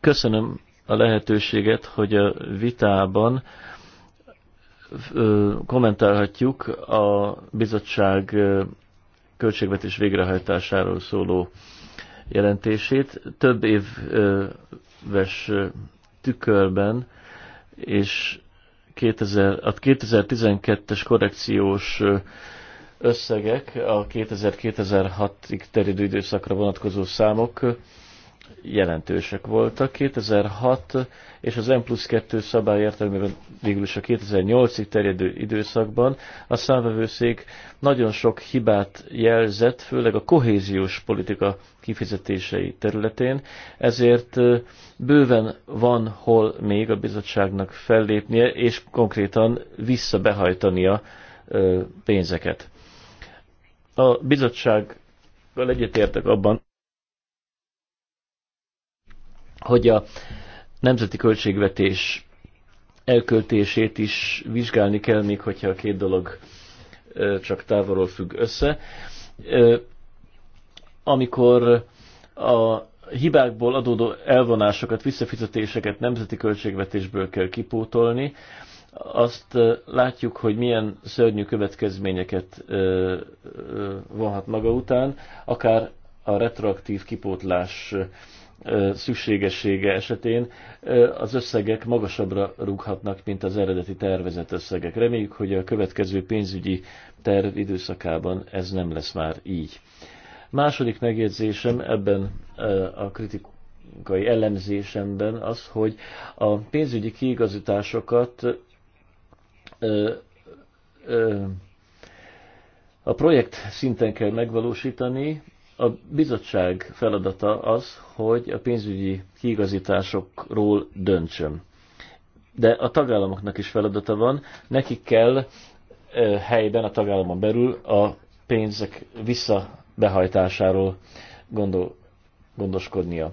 Köszönöm a lehetőséget, hogy a vitában kommentálhatjuk a bizottság költségvetés végrehajtásáról szóló jelentését. Több éves tükörben és 2000, a 2012-es korrekciós összegek, a 2000-2006-ig terjedő időszakra vonatkozó számok jelentősek voltak. 2006 és az M plusz 2 szabály értelmében végül is a 2008-ig terjedő időszakban a számvevőszék nagyon sok hibát jelzett, főleg a kohéziós politika kifizetései területén, ezért bőven van hol még a bizottságnak fellépnie, és konkrétan visszabehajtania pénzeket. A bizottsággal egyetértek abban, hogy a nemzeti költségvetés elköltését is vizsgálni kell, még hogyha a két dolog csak távolról függ össze. Amikor a hibákból adódó elvonásokat, visszafizetéseket nemzeti költségvetésből kell kipótolni, azt látjuk, hogy milyen szörnyű következményeket vonhat maga után, akár a retroaktív kipótlás szükségessége esetén az összegek magasabbra rúghatnak, mint az eredeti tervezett összegek. Reméljük, hogy a következő pénzügyi terv időszakában ez nem lesz már így. Második megjegyzésem ebben a kritikai elemzésemben az, hogy a pénzügyi kiigazításokat a projekt szinten kell megvalósítani, a bizottság feladata az, hogy a pénzügyi kiigazításokról döntsön. De a tagállamoknak is feladata van, nekik kell helyben, a tagállamon belül a pénzek visszabehajtásáról gondol, gondoskodnia.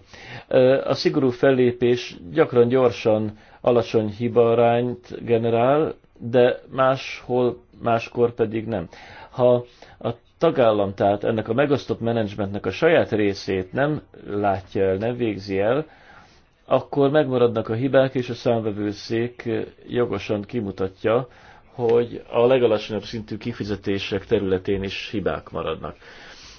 A szigorú fellépés gyakran gyorsan alacsony hibarányt generál, de máshol, máskor pedig nem. Ha a tagállam tehát ennek a megosztott menedzsmentnek a saját részét nem látja el, nem végzi el, akkor megmaradnak a hibák, és a számvevőszék jogosan kimutatja, hogy a legalacsonyabb szintű kifizetések területén is hibák maradnak.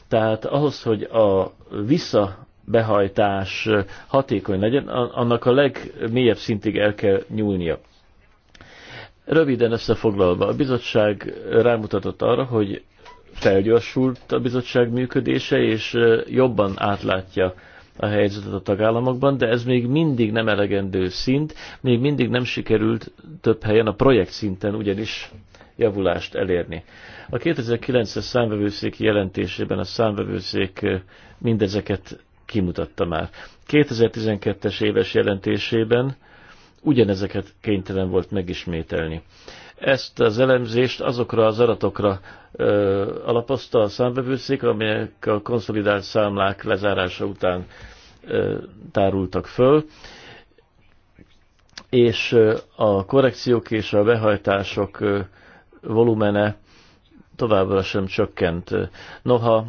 Tehát ahhoz, hogy a visszabehajtás hatékony legyen, annak a legmélyebb szintig el kell nyúlnia. Röviden összefoglalva, a bizottság rámutatott arra, hogy felgyorsult a bizottság működése, és jobban átlátja a helyzetet a tagállamokban, de ez még mindig nem elegendő szint, még mindig nem sikerült több helyen a projekt szinten ugyanis javulást elérni. A 2009-es számvevőszéki jelentésében a számvevőszék mindezeket kimutatta már. 2012-es éves jelentésében ugyanezeket kénytelen volt megismételni ezt az elemzést azokra az adatokra ö, alapozta a számbevőszék, amelyek a konszolidált számlák lezárása után ö, tárultak föl, és a korrekciók és a behajtások ö, volumene továbbra sem csökkent. Noha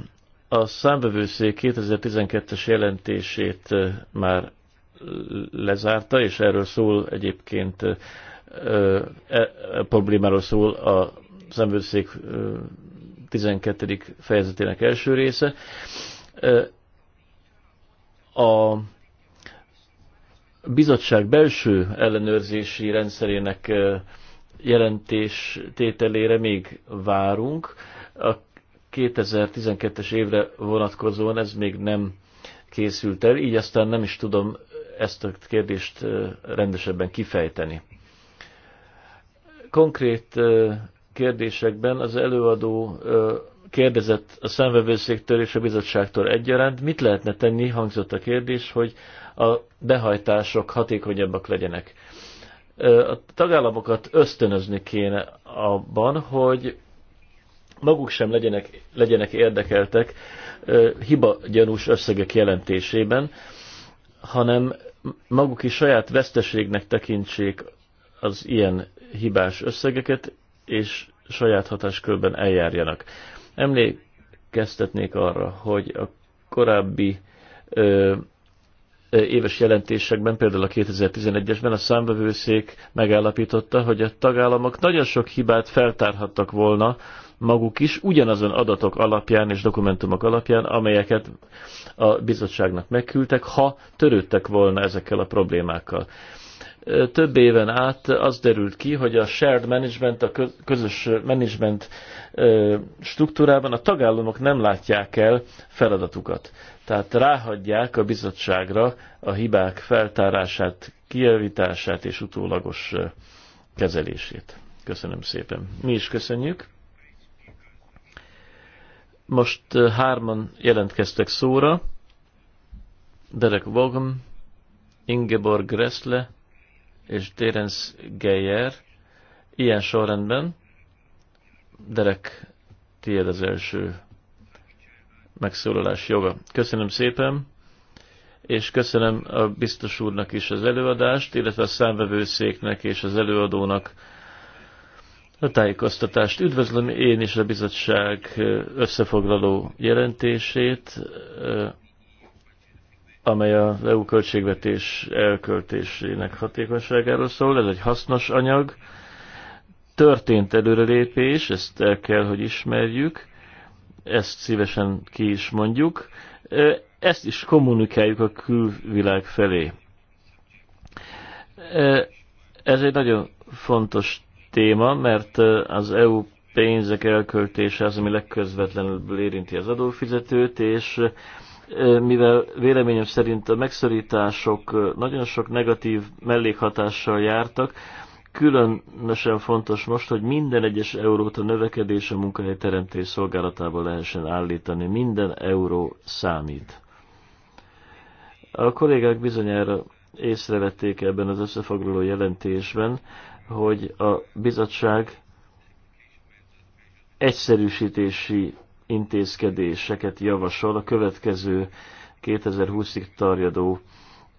a számbevőszék 2012-es jelentését már lezárta, és erről szól egyébként e, e problémáról szól a szemvőszék 12. fejezetének első része. A bizottság belső ellenőrzési rendszerének jelentés tételére még várunk. A 2012-es évre vonatkozóan ez még nem készült el, így aztán nem is tudom ezt a kérdést rendesebben kifejteni konkrét kérdésekben az előadó kérdezett a számvevőszéktől és a bizottságtól egyaránt, mit lehetne tenni, hangzott a kérdés, hogy a behajtások hatékonyabbak legyenek. A tagállamokat ösztönözni kéne abban, hogy maguk sem legyenek, legyenek érdekeltek hiba gyanús összegek jelentésében, hanem maguk is saját veszteségnek tekintsék az ilyen hibás összegeket, és saját hatáskörben eljárjanak. Emlékeztetnék arra, hogy a korábbi ö, éves jelentésekben, például a 2011-esben a számvevőszék megállapította, hogy a tagállamok nagyon sok hibát feltárhattak volna maguk is, ugyanazon adatok alapján és dokumentumok alapján, amelyeket a bizottságnak megküldtek, ha törődtek volna ezekkel a problémákkal több éven át az derült ki, hogy a shared management, a közös management struktúrában a tagállamok nem látják el feladatukat. Tehát ráhagyják a bizottságra a hibák feltárását, kijavítását és utólagos kezelését. Köszönöm szépen. Mi is köszönjük. Most hárman jelentkeztek szóra. Derek Vaughan, Ingeborg Gressle, és Terence Geyer ilyen sorrendben. Derek, tiéd az első megszólalás joga. Köszönöm szépen, és köszönöm a biztos úrnak is az előadást, illetve a számvevőszéknek és az előadónak a tájékoztatást. Üdvözlöm én is a bizottság összefoglaló jelentését, amely az EU költségvetés elköltésének hatékonyságáról szól. Ez egy hasznos anyag. Történt előrelépés, ezt el kell, hogy ismerjük. Ezt szívesen ki is mondjuk. Ezt is kommunikáljuk a külvilág felé. Ez egy nagyon fontos téma, mert az EU pénzek elköltése az, ami legközvetlenül érinti az adófizetőt, és mivel véleményem szerint a megszorítások nagyon sok negatív mellékhatással jártak, különösen fontos most, hogy minden egyes eurót a növekedés a munkahelyteremtés szolgálatába lehessen állítani. Minden euró számít. A kollégák bizonyára észrevették ebben az összefoglaló jelentésben, hogy a bizottság egyszerűsítési intézkedéseket javasol a következő 2020-ig tarjadó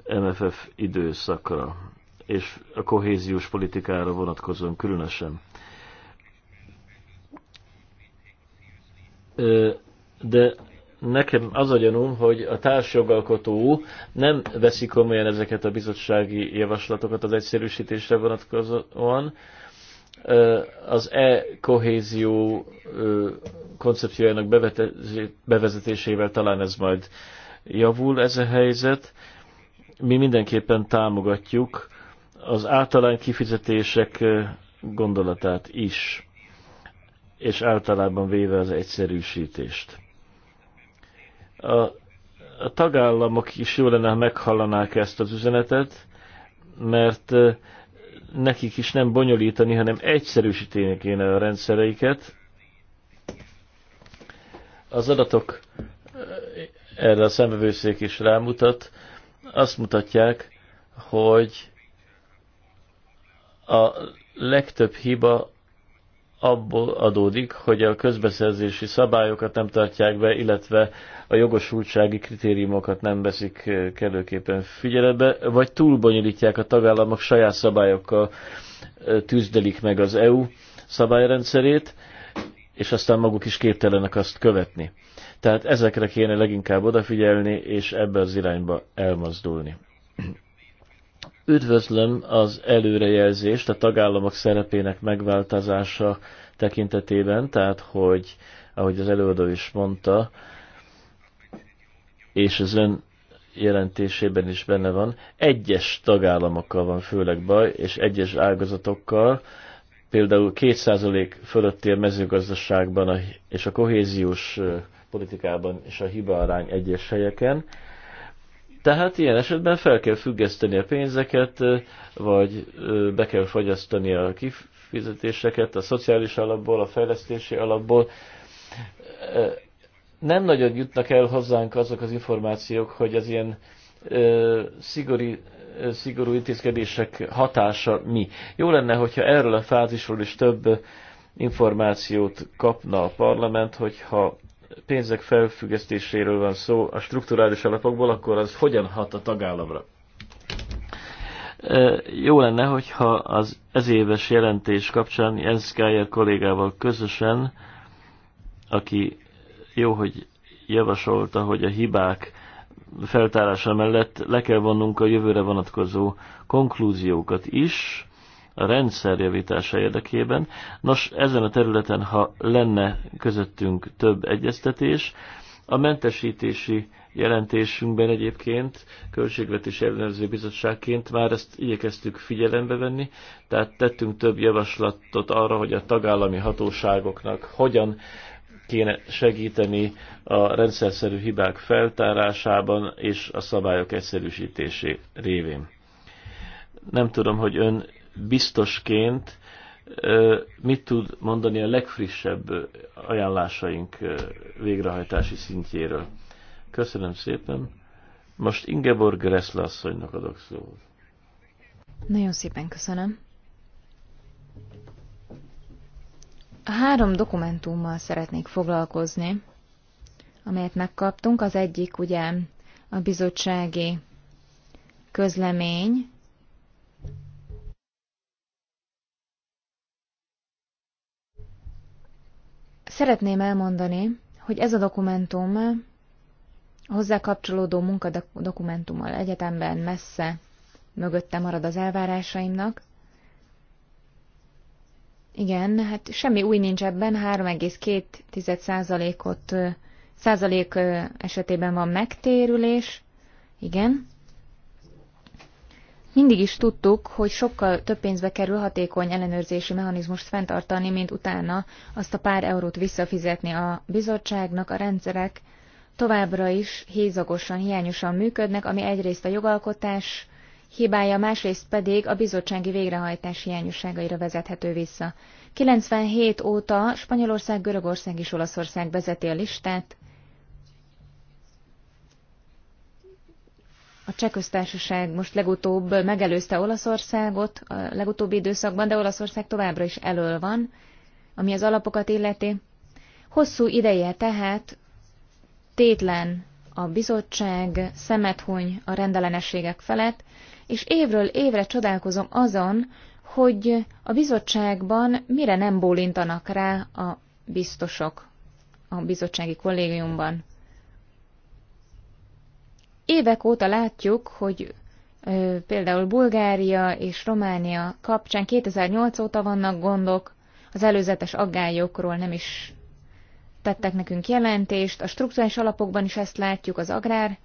MFF időszakra, és a kohéziós politikára vonatkozóan különösen. De nekem az a gyanúm, hogy a társjogalkotó nem veszi komolyan ezeket a bizottsági javaslatokat az egyszerűsítésre vonatkozóan, az e-kohézió koncepciójának bevezetésével talán ez majd javul ez a helyzet. Mi mindenképpen támogatjuk az általány kifizetések gondolatát is, és általában véve az egyszerűsítést. A, a tagállamok is jó lenne, ha meghallanák ezt az üzenetet, mert nekik is nem bonyolítani, hanem egyszerűsíteni kéne a rendszereiket. Az adatok eh, erre a szembevőszék is rámutat, azt mutatják, hogy a legtöbb hiba abból adódik, hogy a közbeszerzési szabályokat nem tartják be, illetve a jogosultsági kritériumokat nem veszik eh, kellőképpen figyelembe, vagy túlbonyolítják a tagállamok saját szabályokkal, eh, tűzdelik meg az EU szabályrendszerét, és aztán maguk is képtelenek azt követni. Tehát ezekre kéne leginkább odafigyelni, és ebbe az irányba elmozdulni. Üdvözlöm az előrejelzést a tagállamok szerepének megváltozása tekintetében, tehát hogy, ahogy az előadó is mondta, és az ön jelentésében is benne van, egyes tagállamokkal van főleg baj, és egyes ágazatokkal, például 2% fölötti a mezőgazdaságban és a kohéziós politikában és a hiba arány egyes helyeken, tehát ilyen esetben fel kell függeszteni a pénzeket, vagy be kell fagyasztani a kifizetéseket a szociális alapból, a fejlesztési alapból. Nem nagyon jutnak el hozzánk azok az információk, hogy az ilyen szigori, szigorú intézkedések hatása mi. Jó lenne, hogyha erről a fázisról is több információt kapna a parlament, hogyha pénzek felfüggesztéséről van szó a strukturális alapokból, akkor az hogyan hat a tagállamra? Jó lenne, hogyha az ezéves jelentés kapcsán Jens Geyer kollégával közösen, aki jó, hogy javasolta, hogy a hibák feltárása mellett le kell vonnunk a jövőre vonatkozó konklúziókat is, a rendszer javítása érdekében. Nos, ezen a területen, ha lenne közöttünk több egyeztetés, a mentesítési jelentésünkben egyébként Költségvetési Ellenőrző Bizottságként már ezt igyekeztük figyelembe venni, tehát tettünk több javaslatot arra, hogy a tagállami hatóságoknak hogyan kéne segíteni a rendszerszerű hibák feltárásában és a szabályok egyszerűsítésé révén. Nem tudom, hogy ön biztosként mit tud mondani a legfrissebb ajánlásaink végrehajtási szintjéről. Köszönöm szépen. Most Ingeborg Gressle asszonynak adok szót. Nagyon szépen köszönöm. A három dokumentummal szeretnék foglalkozni, amelyet megkaptunk. Az egyik ugye a bizottsági közlemény, Szeretném elmondani, hogy ez a dokumentum hozzá kapcsolódó munkadokumentummal egyetemben messze mögötte marad az elvárásaimnak. Igen, hát semmi új nincs ebben, 3,2 ot százalék esetében van megtérülés, igen, mindig is tudtuk, hogy sokkal több pénzbe kerül hatékony ellenőrzési mechanizmust fenntartani, mint utána azt a pár eurót visszafizetni a bizottságnak, a rendszerek továbbra is hézagosan, hiányosan működnek, ami egyrészt a jogalkotás hibája, másrészt pedig a bizottsági végrehajtás hiányosságaira vezethető vissza. 97 óta Spanyolország, Görögország és Olaszország vezeti a listát, A Csehköztársaság most legutóbb megelőzte Olaszországot a legutóbbi időszakban, de Olaszország továbbra is elől van, ami az alapokat illeti. Hosszú ideje tehát tétlen a bizottság, szemethuny a rendellenességek felett, és évről évre csodálkozom azon, hogy a bizottságban mire nem bólintanak rá a biztosok a bizottsági kollégiumban. Évek óta látjuk, hogy ö, például Bulgária és Románia kapcsán 2008 óta vannak gondok, az előzetes aggályokról nem is tettek nekünk jelentést, a struktúrális alapokban is ezt látjuk, az agrár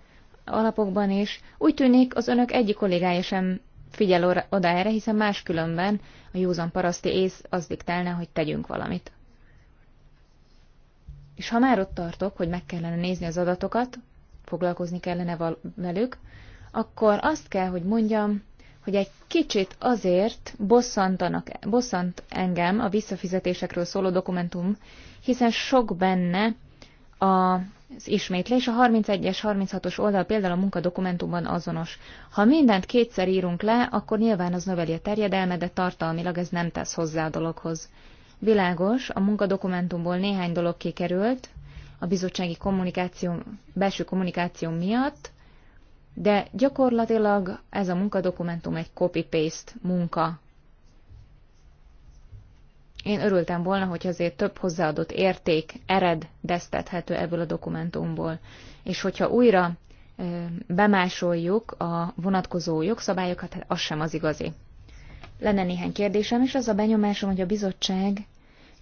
alapokban is. Úgy tűnik, az önök egyik kollégája sem figyel oda erre, hiszen máskülönben a józan paraszti ész az diktálná, hogy tegyünk valamit. És ha már ott tartok, hogy meg kellene nézni az adatokat, foglalkozni kellene velük, akkor azt kell, hogy mondjam, hogy egy kicsit azért bosszantanak, bosszant engem a visszafizetésekről szóló dokumentum, hiszen sok benne a az ismétlés a 31-es, 36-os oldal például a munkadokumentumban azonos. Ha mindent kétszer írunk le, akkor nyilván az növeli a terjedelme, de tartalmilag ez nem tesz hozzá a dologhoz. Világos, a munkadokumentumból néhány dolog kikerült, a bizottsági kommunikáció, belső kommunikáció miatt, de gyakorlatilag ez a munkadokumentum egy copy-paste munka. Én örültem volna, hogy azért több hozzáadott érték ered desztethető ebből a dokumentumból. És hogyha újra bemásoljuk a vonatkozó jogszabályokat, hát az sem az igazi. Lenne néhány kérdésem, és az a benyomásom, hogy a bizottság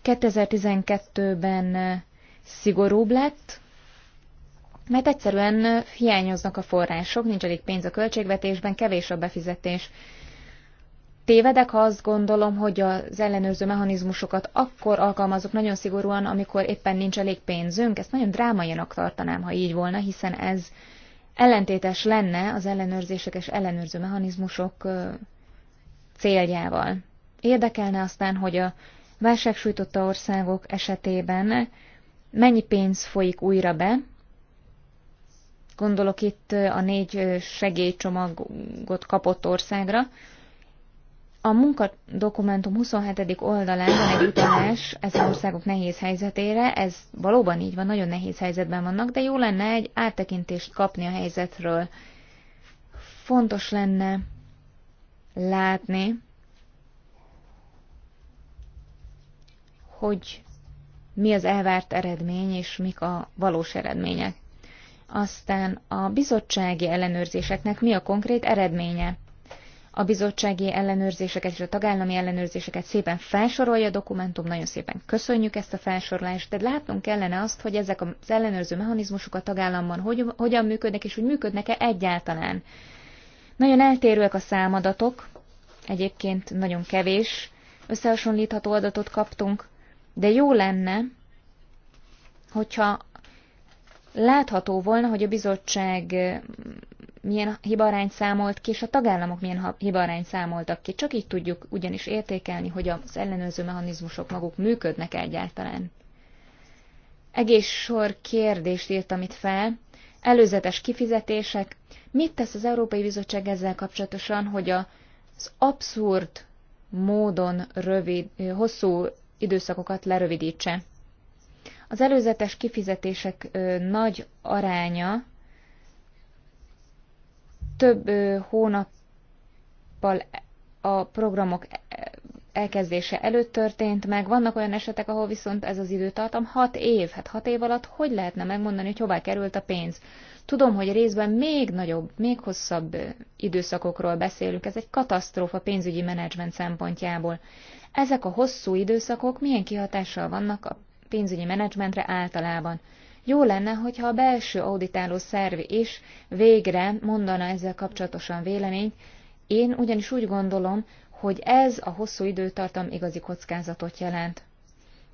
2012-ben szigorúbb lett, mert egyszerűen hiányoznak a források, nincs elég pénz a költségvetésben, kevés a befizetés. Tévedek, ha azt gondolom, hogy az ellenőrző mechanizmusokat akkor alkalmazok nagyon szigorúan, amikor éppen nincs elég pénzünk. Ezt nagyon drámaianak tartanám, ha így volna, hiszen ez ellentétes lenne az ellenőrzések és ellenőrző mechanizmusok céljával. Érdekelne aztán, hogy a válság sújtotta országok esetében mennyi pénz folyik újra be, gondolok itt a négy segélycsomagot kapott országra. A munkadokumentum 27. oldalán van egy utalás ezen országok nehéz helyzetére, ez valóban így van, nagyon nehéz helyzetben vannak, de jó lenne egy áttekintést kapni a helyzetről. Fontos lenne látni, hogy mi az elvárt eredmény, és mik a valós eredmények. Aztán a bizottsági ellenőrzéseknek mi a konkrét eredménye? A bizottsági ellenőrzéseket és a tagállami ellenőrzéseket szépen felsorolja a dokumentum, nagyon szépen köszönjük ezt a felsorolást, de látnunk kellene azt, hogy ezek az ellenőrző mechanizmusok a tagállamban hogy, hogyan működnek, és hogy működnek-e egyáltalán. Nagyon eltérőek a számadatok, egyébként nagyon kevés összehasonlítható adatot kaptunk, de jó lenne, hogyha látható volna, hogy a bizottság milyen hibarányt számolt ki, és a tagállamok milyen hibarányt számoltak ki. Csak így tudjuk ugyanis értékelni, hogy az ellenőrző mechanizmusok maguk működnek -e egyáltalán. Egész sor kérdést írtam itt fel. Előzetes kifizetések. Mit tesz az Európai Bizottság ezzel kapcsolatosan, hogy az abszurd módon rövid, hosszú időszakokat lerövidítse. Az előzetes kifizetések nagy aránya több hónappal a programok e, elkezdése előtt történt meg. Vannak olyan esetek, ahol viszont ez az időtartam 6 év. Hát 6 év alatt hogy lehetne megmondani, hogy hová került a pénz? Tudom, hogy részben még nagyobb, még hosszabb időszakokról beszélünk. Ez egy katasztrófa pénzügyi menedzsment szempontjából. Ezek a hosszú időszakok milyen kihatással vannak a pénzügyi menedzsmentre általában. Jó lenne, hogyha a belső auditáló szerv is végre mondana ezzel kapcsolatosan véleményt. Én ugyanis úgy gondolom, hogy ez a hosszú időtartam igazi kockázatot jelent.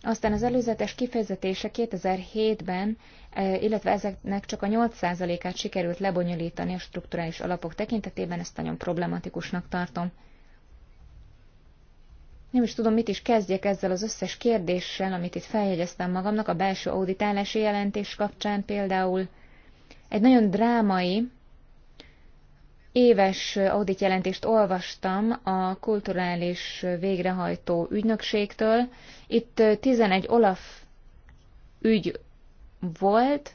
Aztán az előzetes kifejezetése 2007-ben, eh, illetve ezeknek csak a 8%-át sikerült lebonyolítani a strukturális alapok tekintetében, ezt nagyon problematikusnak tartom. Nem is tudom, mit is kezdjek ezzel az összes kérdéssel, amit itt feljegyeztem magamnak a belső auditálási jelentés kapcsán például. Egy nagyon drámai éves auditjelentést olvastam a kulturális végrehajtó ügynökségtől. Itt 11 Olaf ügy volt,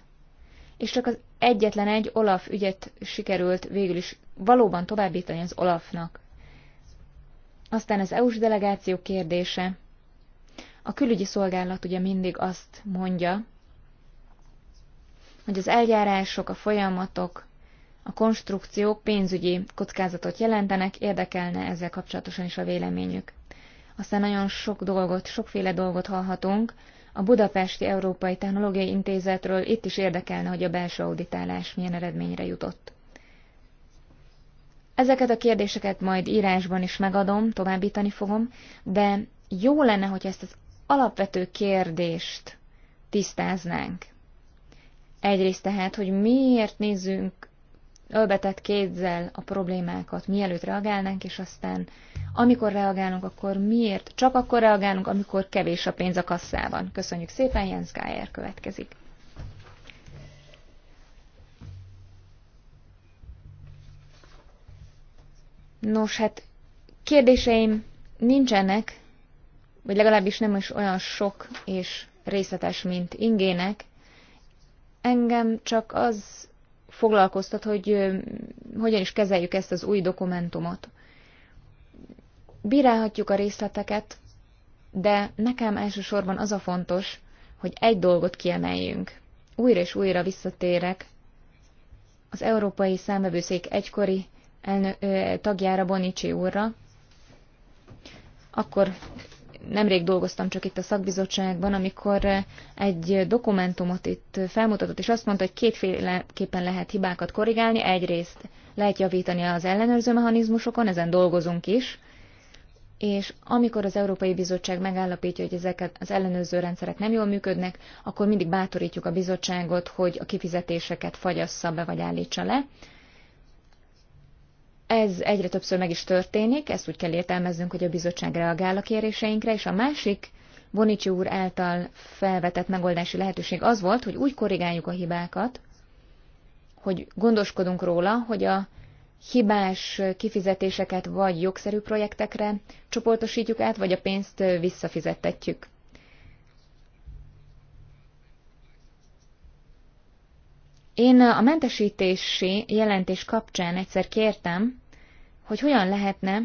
és csak az egyetlen egy Olaf ügyet sikerült végül is valóban továbbítani az Olafnak. Aztán az EU-s delegáció kérdése. A külügyi szolgálat ugye mindig azt mondja, hogy az eljárások, a folyamatok, a konstrukciók pénzügyi kockázatot jelentenek, érdekelne ezzel kapcsolatosan is a véleményük. Aztán nagyon sok dolgot, sokféle dolgot hallhatunk. A Budapesti Európai Technológiai Intézetről itt is érdekelne, hogy a belső auditálás milyen eredményre jutott. Ezeket a kérdéseket majd írásban is megadom, továbbítani fogom, de jó lenne, hogy ezt az alapvető kérdést tisztáznánk. Egyrészt tehát, hogy miért nézzünk ölbetett kézzel a problémákat, mielőtt reagálnánk, és aztán amikor reagálunk, akkor miért? Csak akkor reagálunk, amikor kevés a pénz a kasszában. Köszönjük szépen, Jens Gájer következik. Nos, hát kérdéseim nincsenek, vagy legalábbis nem is olyan sok és részletes, mint ingének. Engem csak az foglalkoztat, hogy hogyan is kezeljük ezt az új dokumentumot. Bírálhatjuk a részleteket, de nekem elsősorban az a fontos, hogy egy dolgot kiemeljünk. Újra és újra visszatérek az Európai Számvevőszék egykori elnök, tagjára, Bonicsi úrra. Akkor nemrég dolgoztam csak itt a szakbizottságban, amikor egy dokumentumot itt felmutatott, és azt mondta, hogy kétféleképpen lehet hibákat korrigálni. Egyrészt lehet javítani az ellenőrző mechanizmusokon, ezen dolgozunk is, és amikor az Európai Bizottság megállapítja, hogy ezeket az ellenőrző rendszerek nem jól működnek, akkor mindig bátorítjuk a bizottságot, hogy a kifizetéseket fagyassza be vagy állítsa le. Ez egyre többször meg is történik, ezt úgy kell értelmeznünk, hogy a bizottság reagál a kéréseinkre, és a másik Bonicsi úr által felvetett megoldási lehetőség az volt, hogy úgy korrigáljuk a hibákat, hogy gondoskodunk róla, hogy a hibás kifizetéseket vagy jogszerű projektekre csoportosítjuk át, vagy a pénzt visszafizettetjük. Én a mentesítési jelentés kapcsán egyszer kértem, hogy hogyan lehetne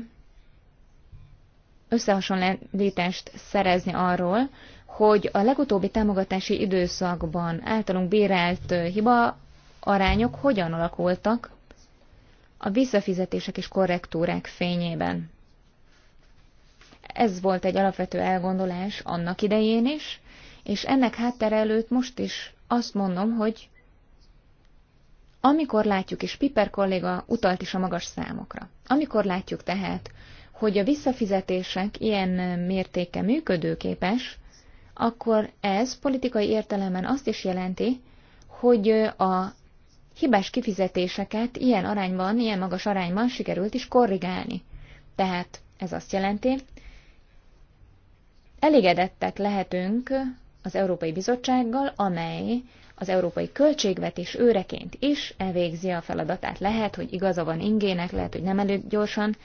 összehasonlítást szerezni arról, hogy a legutóbbi támogatási időszakban általunk bérelt hiba arányok hogyan alakultak a visszafizetések és korrektúrák fényében. Ez volt egy alapvető elgondolás annak idején is, és ennek háttere előtt most is azt mondom, hogy amikor látjuk, és Piper kolléga utalt is a magas számokra, amikor látjuk tehát, hogy a visszafizetések ilyen mértéke működőképes, akkor ez politikai értelemben azt is jelenti, hogy a hibás kifizetéseket ilyen arányban, ilyen magas arányban sikerült is korrigálni. Tehát ez azt jelenti, elégedettek lehetünk az Európai Bizottsággal, amely az európai költségvetés őreként is elvégzi a feladatát. Lehet, hogy igaza van ingének, lehet, hogy nem elég gyorsan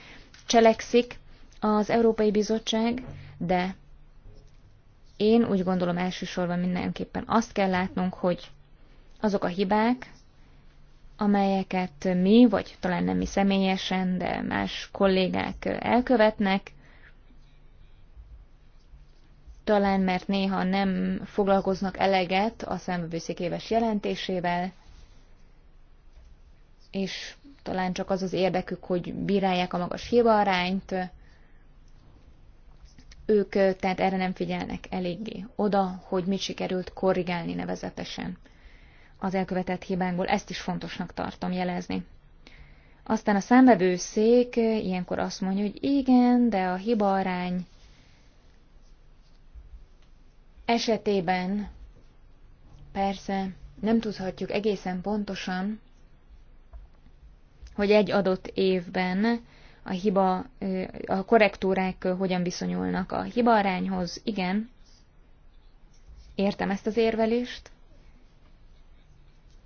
cselekszik az Európai Bizottság, de én úgy gondolom elsősorban mindenképpen azt kell látnunk, hogy azok a hibák, amelyeket mi, vagy talán nem mi személyesen, de más kollégák elkövetnek, talán mert néha nem foglalkoznak eleget a szemvőszék éves jelentésével, és talán csak az az érdekük, hogy bírálják a magas hibaarányt, ők tehát erre nem figyelnek eléggé oda, hogy mit sikerült korrigálni nevezetesen az elkövetett hibánkból. Ezt is fontosnak tartom jelezni. Aztán a számbevőszék ilyenkor azt mondja, hogy igen, de a hibaarány esetében persze nem tudhatjuk egészen pontosan, hogy egy adott évben a hiba, a korrektúrák hogyan viszonyulnak a hibaarányhoz. Igen, értem ezt az érvelést.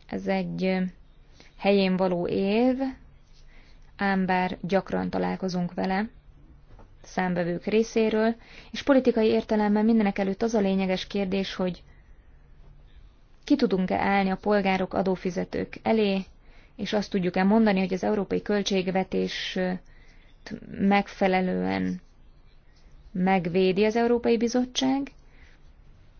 Ez egy helyén való év, ám bár gyakran találkozunk vele számbevők részéről, és politikai értelemben mindenek előtt az a lényeges kérdés, hogy ki tudunk-e állni a polgárok adófizetők elé, és azt tudjuk-e mondani, hogy az európai költségvetés megfelelően megvédi az Európai Bizottság,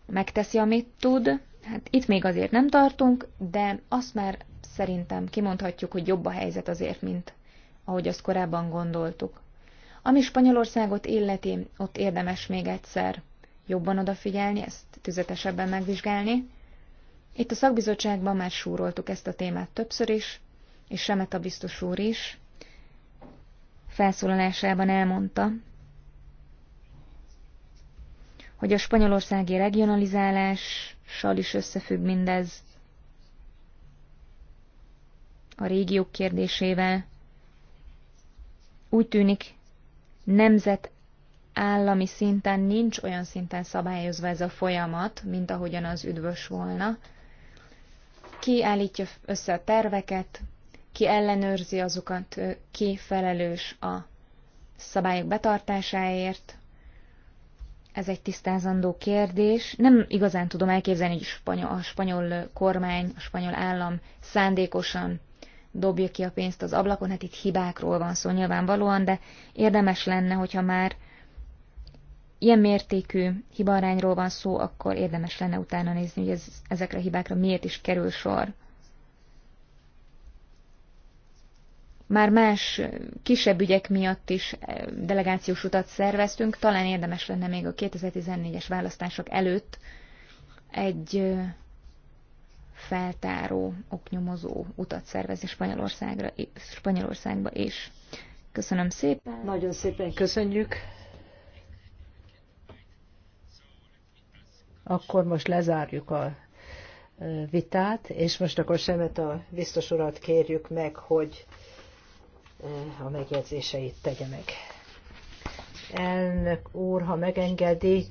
megteszi, amit tud. Hát itt még azért nem tartunk, de azt már szerintem kimondhatjuk, hogy jobb a helyzet azért, mint ahogy azt korábban gondoltuk. Ami Spanyolországot illeti, ott érdemes még egyszer jobban odafigyelni, ezt tüzetesebben megvizsgálni. Itt a szakbizottságban már súroltuk ezt a témát többször is, és Semeta biztos úr is felszólalásában elmondta, hogy a spanyolországi regionalizálással is összefügg mindez, a régiók kérdésével. Úgy tűnik, nemzet állami szinten nincs olyan szinten szabályozva ez a folyamat, mint ahogyan az üdvös volna. Ki állítja össze a terveket, ki ellenőrzi azokat, ki felelős a szabályok betartásáért. Ez egy tisztázandó kérdés. Nem igazán tudom elképzelni, hogy a spanyol, a spanyol kormány, a spanyol állam szándékosan dobja ki a pénzt az ablakon, hát itt hibákról van szó nyilvánvalóan, de érdemes lenne, hogyha már ilyen mértékű hibarányról van szó, akkor érdemes lenne utána nézni, hogy ez, ezekre a hibákra miért is kerül sor. Már más kisebb ügyek miatt is eh, delegációs utat szerveztünk, talán érdemes lenne még a 2014-es választások előtt egy eh, feltáró, oknyomozó utat szervezni Spanyolországra, Spanyolországba is. Köszönöm szépen. Nagyon szépen köszönjük. Akkor most lezárjuk a vitát, és most akkor Semet a biztos urat kérjük meg, hogy a megjegyzéseit tegye meg. Elnök úr, ha megengedi,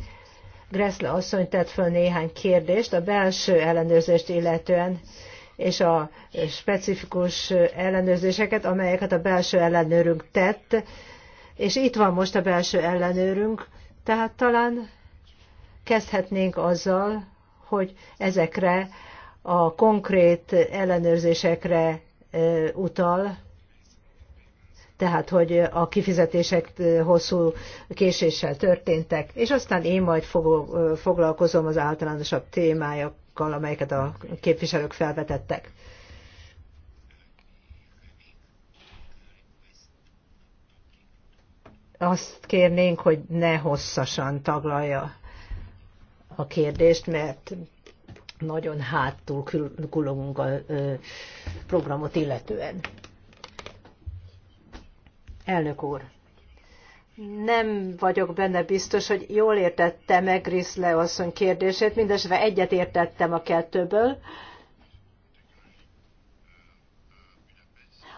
Gressle asszony tett föl néhány kérdést a belső ellenőrzést illetően, és a specifikus ellenőrzéseket, amelyeket a belső ellenőrünk tett, és itt van most a belső ellenőrünk, tehát talán kezdhetnénk azzal, hogy ezekre a konkrét ellenőrzésekre utal, tehát hogy a kifizetések hosszú késéssel történtek, és aztán én majd foglalkozom az általánosabb témájakkal, amelyeket a képviselők felvetettek. Azt kérnénk, hogy ne hosszasan taglalja a kérdést, mert nagyon hátul kulogunk a programot illetően. Elnök úr, nem vagyok benne biztos, hogy jól értette meg Griszle asszony kérdését, mindesetre egyet értettem a kettőből,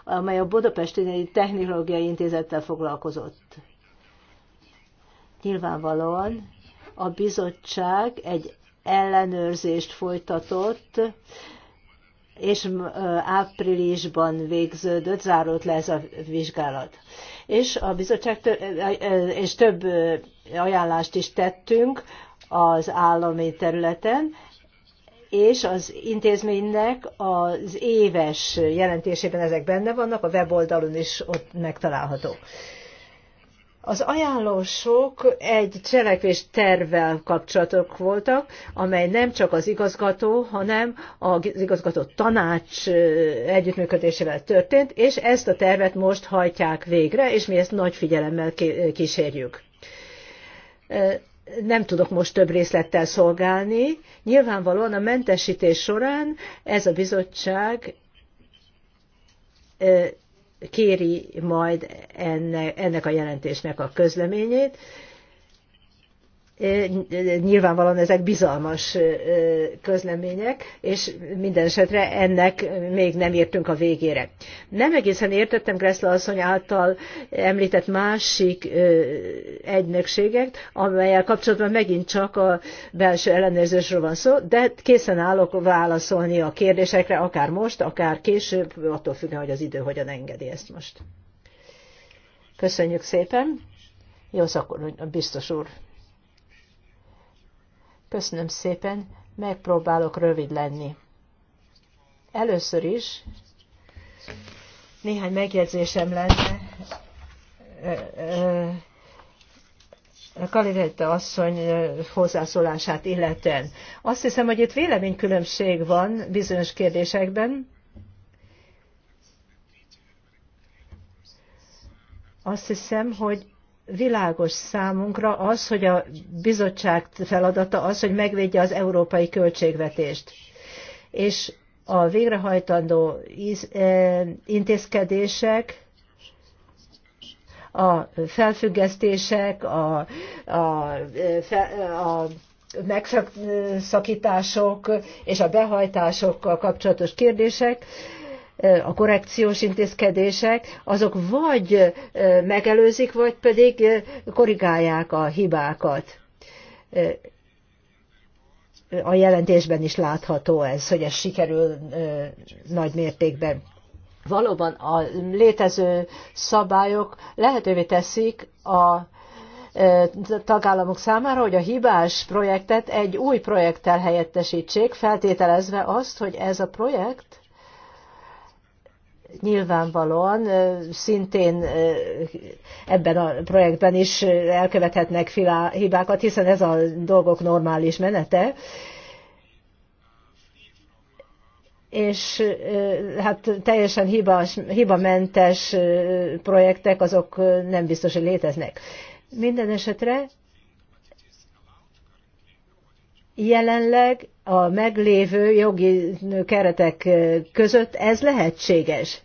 amely a Budapesti Technológiai Intézettel foglalkozott. Nyilvánvalóan a bizottság egy ellenőrzést folytatott és áprilisban végződött, zárult le ez a vizsgálat. És a bizottság több, és több ajánlást is tettünk az állami területen, és az intézménynek az éves jelentésében ezek benne vannak, a weboldalon is ott megtalálhatók. Az ajánlósok egy cselekvés tervvel kapcsolatok voltak, amely nem csak az igazgató, hanem az igazgató tanács együttműködésével történt, és ezt a tervet most hajtják végre, és mi ezt nagy figyelemmel kísérjük. Nem tudok most több részlettel szolgálni. Nyilvánvalóan a mentesítés során ez a bizottság kéri majd enne, ennek a jelentésnek a közleményét, nyilvánvalóan ezek bizalmas közlemények, és minden esetre ennek még nem értünk a végére. Nem egészen értettem Greszla asszony által említett másik egynökséget, amelyel kapcsolatban megint csak a belső ellenőrzésről van szó, de készen állok válaszolni a kérdésekre, akár most, akár később, attól függően, hogy az idő hogyan engedi ezt most. Köszönjük szépen! Jó szakor, szóval, biztos úr! Köszönöm szépen, megpróbálok rövid lenni. Először is néhány megjegyzésem lenne. Kalidette asszony hozzászólását illetően. Azt hiszem, hogy itt véleménykülönbség van bizonyos kérdésekben. Azt hiszem, hogy világos számunkra az, hogy a bizottság feladata az, hogy megvédje az európai költségvetést. És a végrehajtandó e, intézkedések, a felfüggesztések, a, a, e, a megszakítások és a behajtásokkal kapcsolatos kérdések a korrekciós intézkedések, azok vagy megelőzik, vagy pedig korrigálják a hibákat. A jelentésben is látható ez, hogy ez sikerül nagy mértékben. Valóban a létező szabályok lehetővé teszik a tagállamok számára, hogy a hibás projektet egy új projekttel helyettesítsék, feltételezve azt, hogy ez a projekt nyilvánvalóan szintén ebben a projektben is elkövethetnek hibákat, hiszen ez a dolgok normális menete. És hát teljesen hibás, hibamentes projektek azok nem biztos, hogy léteznek. Minden esetre jelenleg a meglévő jogi keretek között ez lehetséges.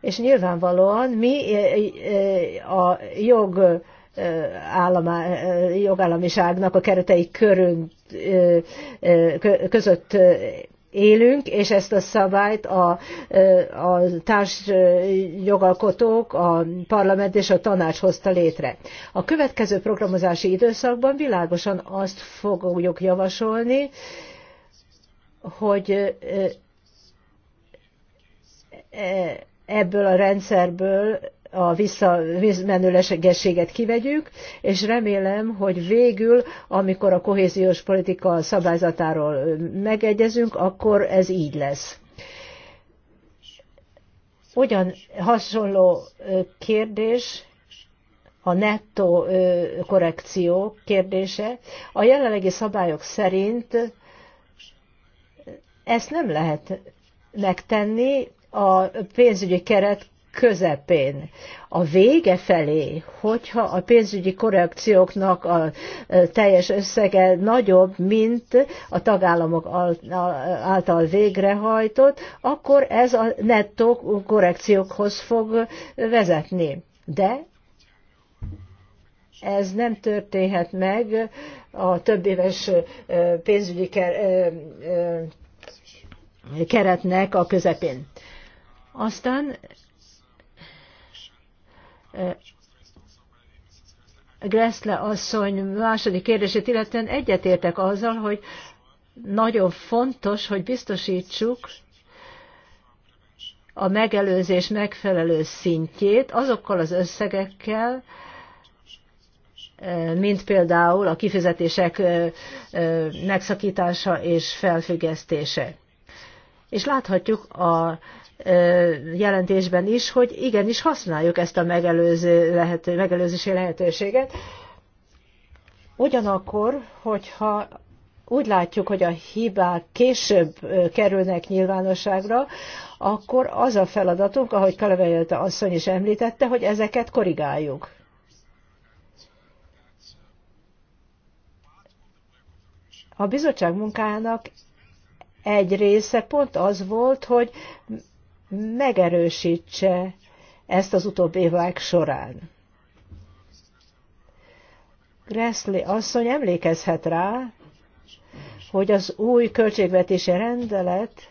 És nyilvánvalóan mi e, e, a jog e, állama, jogállamiságnak a keretei körön, között élünk, és ezt a szabályt a, a társjogalkotók, a parlament és a tanács hozta létre. A következő programozási időszakban világosan azt fogjuk javasolni, hogy e, ebből a rendszerből a visszamenőlegességet kivegyük, és remélem, hogy végül, amikor a kohéziós politika szabályzatáról megegyezünk, akkor ez így lesz. Ugyan hasonló kérdés a nettó korrekció kérdése. A jelenlegi szabályok szerint ezt nem lehet megtenni, a pénzügyi keret közepén. A vége felé, hogyha a pénzügyi korrekcióknak a teljes összege nagyobb, mint a tagállamok által végrehajtott, akkor ez a nettó korrekciókhoz fog vezetni. De ez nem történhet meg a több éves pénzügyi keretnek a közepén. Aztán Gressle asszony második kérdését illetően egyetértek azzal, hogy nagyon fontos, hogy biztosítsuk a megelőzés megfelelő szintjét azokkal az összegekkel, mint például a kifizetések megszakítása és felfüggesztése. És láthatjuk a jelentésben is, hogy igenis használjuk ezt a megelőző lehető, megelőzési lehetőséget. Ugyanakkor, hogyha úgy látjuk, hogy a hibák később kerülnek nyilvánosságra, akkor az a feladatunk, ahogy Kalevejelte asszony is említette, hogy ezeket korrigáljuk. A bizottság munkájának egy része pont az volt, hogy megerősítse ezt az utóbbi évek során. Gressley asszony emlékezhet rá, hogy az új költségvetési rendelet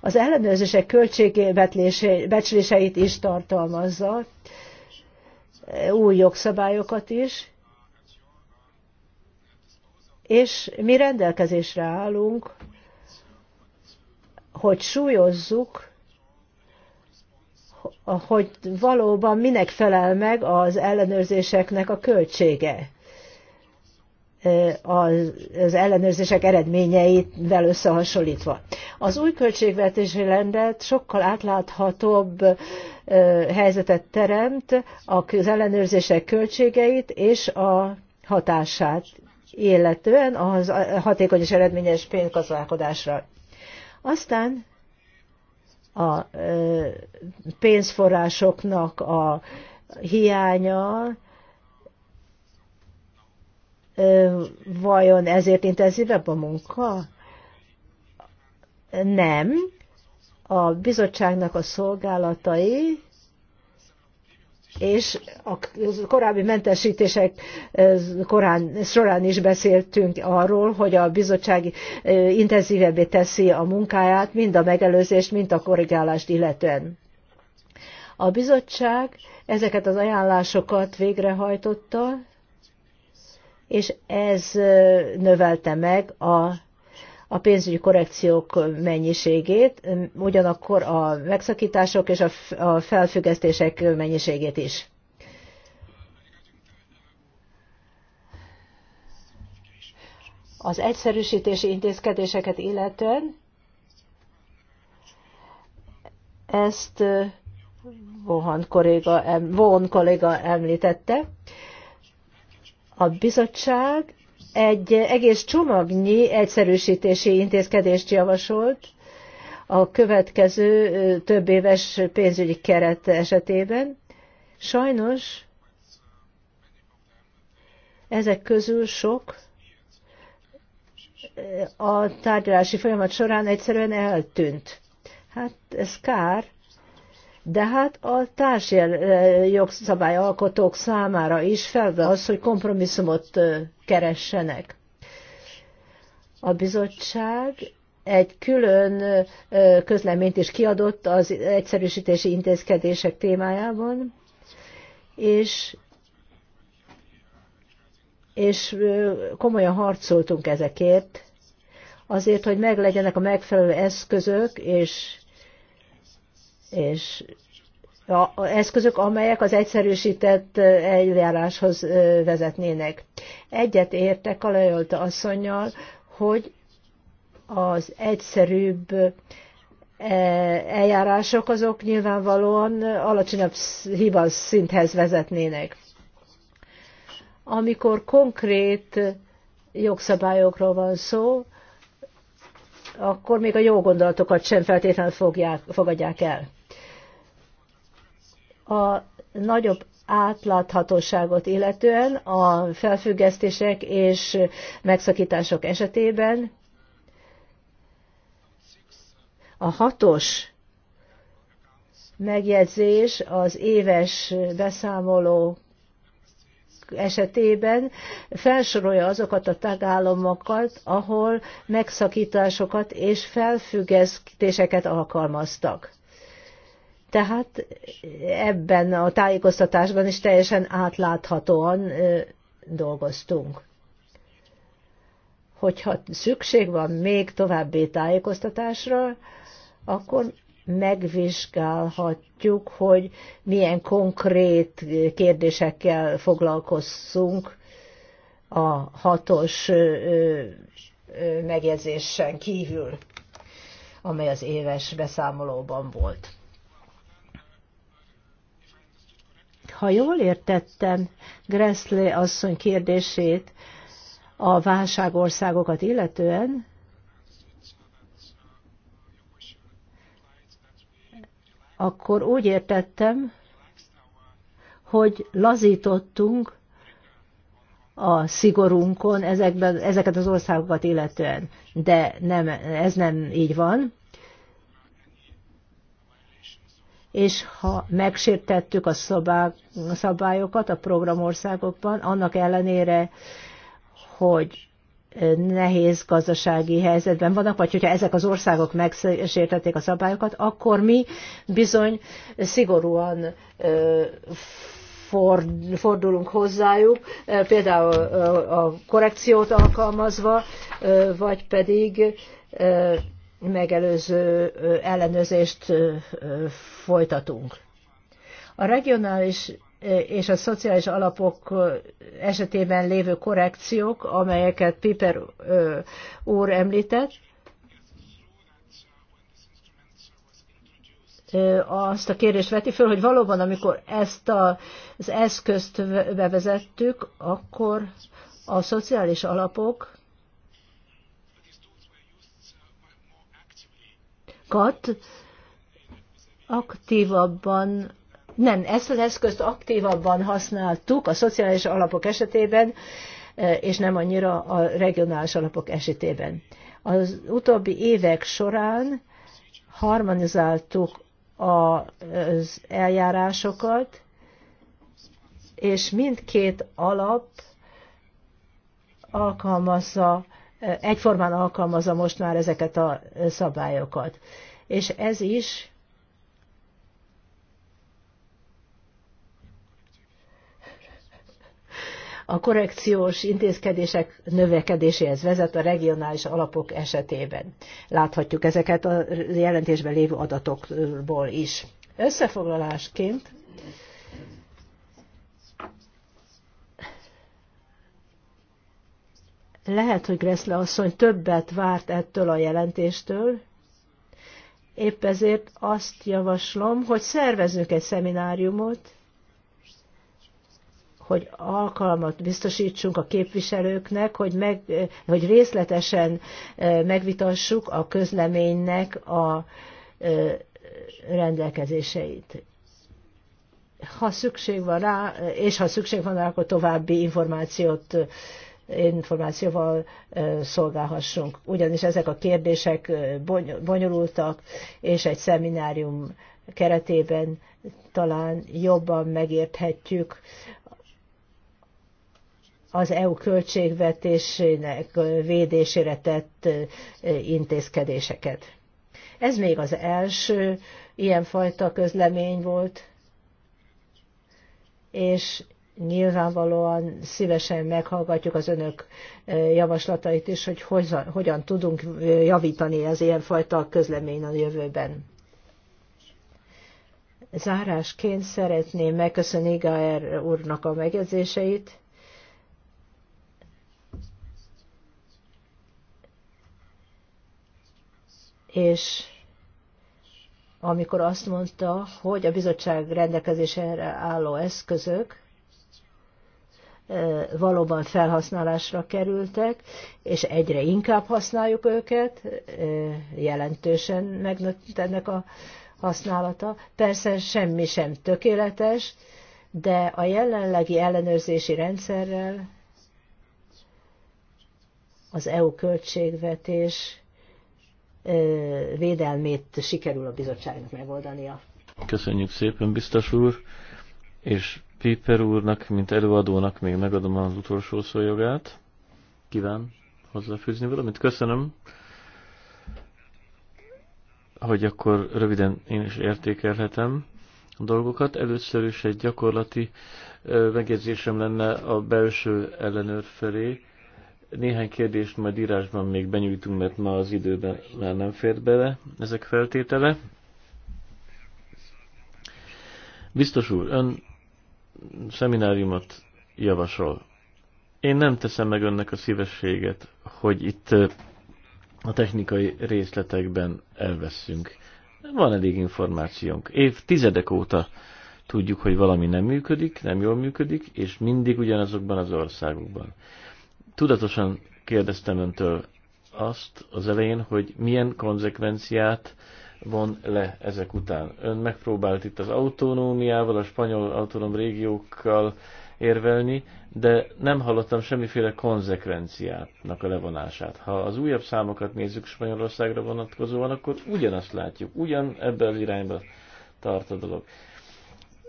az ellenőrzések költségvetéseit is tartalmazza, új jogszabályokat is, és mi rendelkezésre állunk, hogy súlyozzuk, hogy valóban minek felel meg az ellenőrzéseknek a költsége az ellenőrzések eredményeivel összehasonlítva. Az új költségvetési rendet sokkal átláthatóbb helyzetet teremt az ellenőrzések költségeit és a hatását illetően az hatékony és eredményes pénzgazdálkodásra. Aztán a pénzforrásoknak a hiánya vajon ezért intenzívebb a munka? Nem. A bizottságnak a szolgálatai és a korábbi mentesítések eh, korán, során is beszéltünk arról, hogy a bizottság eh, intenzívebbé teszi a munkáját, mind a megelőzést, mind a korrigálást illetően. A bizottság ezeket az ajánlásokat végrehajtotta, és ez eh, növelte meg a a pénzügyi korrekciók mennyiségét, ugyanakkor a megszakítások és a felfüggesztések mennyiségét is. Az egyszerűsítési intézkedéseket illetően ezt Vohan kolléga, Vohan kolléga említette. A bizottság egy egész csomagnyi egyszerűsítési intézkedést javasolt a következő több éves pénzügyi keret esetében. Sajnos ezek közül sok a tárgyalási folyamat során egyszerűen eltűnt. Hát ez kár, de hát a eh, jogszabályalkotók számára is felve az, hogy kompromisszumot eh, keressenek. A bizottság egy külön eh, közleményt is kiadott az egyszerűsítési intézkedések témájában, és, és komolyan harcoltunk ezekért, azért, hogy meglegyenek a megfelelő eszközök és és a eszközök, amelyek az egyszerűsített eljáráshoz vezetnének. Egyet értek a Lajolta asszonynal, hogy az egyszerűbb eljárások azok nyilvánvalóan alacsonyabb hiba szinthez vezetnének. Amikor konkrét jogszabályokról van szó, akkor még a jó gondolatokat sem feltétlenül fogják, fogadják el a nagyobb átláthatóságot illetően a felfüggesztések és megszakítások esetében a hatos megjegyzés az éves beszámoló esetében felsorolja azokat a tagállamokat, ahol megszakításokat és felfüggesztéseket alkalmaztak. Tehát ebben a tájékoztatásban is teljesen átláthatóan dolgoztunk. Hogyha szükség van még további tájékoztatásra, akkor megvizsgálhatjuk, hogy milyen konkrét kérdésekkel foglalkozzunk a hatos megjegyzésen kívül, amely az éves beszámolóban volt. Ha jól értettem Gressley asszony kérdését a válságországokat illetően, akkor úgy értettem, hogy lazítottunk a szigorunkon ezekben, ezeket az országokat illetően. De nem, ez nem így van. és ha megsértettük a szabályokat a programországokban, annak ellenére, hogy nehéz gazdasági helyzetben vannak, vagy hogyha ezek az országok megsértették a szabályokat, akkor mi bizony szigorúan fordulunk hozzájuk, például a korrekciót alkalmazva, vagy pedig megelőző ellenőrzést folytatunk. A regionális és a szociális alapok esetében lévő korrekciók, amelyeket Piper úr említett, azt a kérdést veti föl, hogy valóban, amikor ezt az eszközt bevezettük, akkor a szociális alapok eszközökat aktívabban nem, ezt az eszközt aktívabban használtuk a szociális alapok esetében, eh, és nem annyira a regionális alapok esetében. Az utóbbi évek során harmonizáltuk az eljárásokat, és mindkét alap alkalmazza egyformán alkalmazza most már ezeket a szabályokat. És ez is a korrekciós intézkedések növekedéséhez vezet a regionális alapok esetében. Láthatjuk ezeket a jelentésben lévő adatokból is. Összefoglalásként Lehet, hogy Gressle asszony többet várt ettől a jelentéstől, épp ezért azt javaslom, hogy szervezzünk egy szemináriumot, hogy alkalmat biztosítsunk a képviselőknek, hogy, meg, hogy részletesen e, megvitassuk a közleménynek a e, rendelkezéseit. Ha szükség van rá, és ha szükség van rá, akkor további információt információval szolgálhassunk. Ugyanis ezek a kérdések bonyolultak, és egy szeminárium keretében talán jobban megérthetjük az EU költségvetésének védésére tett intézkedéseket. Ez még az első ilyenfajta közlemény volt, és nyilvánvalóan szívesen meghallgatjuk az önök e, javaslatait is, hogy hogyan, hogyan tudunk e, javítani az ilyenfajta közlemény a jövőben. Zárásként szeretném megköszönni Gáer úrnak a megjegyzéseit. És amikor azt mondta, hogy a bizottság rendelkezésére álló eszközök, valóban felhasználásra kerültek, és egyre inkább használjuk őket, jelentősen megnőtt ennek a használata. Persze semmi sem tökéletes, de a jelenlegi ellenőrzési rendszerrel az EU költségvetés védelmét sikerül a bizottságnak megoldania. Köszönjük szépen, biztos úr, és Piper úrnak, mint előadónak még megadom az utolsó szójogát. Kíván hozzáfűzni valamit. Köszönöm, hogy akkor röviden én is értékelhetem a dolgokat. Először is egy gyakorlati megjegyzésem lenne a belső ellenőr felé. Néhány kérdést majd írásban még benyújtunk, mert ma az időben már nem fér bele ezek feltétele. Biztos úr, ön szemináriumot javasol. Én nem teszem meg önnek a szívességet, hogy itt a technikai részletekben elveszünk. Van elég információnk. tizedek óta tudjuk, hogy valami nem működik, nem jól működik, és mindig ugyanazokban az országokban. Tudatosan kérdeztem öntől azt az elején, hogy milyen konzekvenciát von le ezek után. Ön megpróbált itt az autonómiával, a spanyol autonóm régiókkal érvelni, de nem hallottam semmiféle konzekvenciának a levonását. Ha az újabb számokat nézzük Spanyolországra vonatkozóan, akkor ugyanazt látjuk, ugyan ebben az irányba tart a dolog.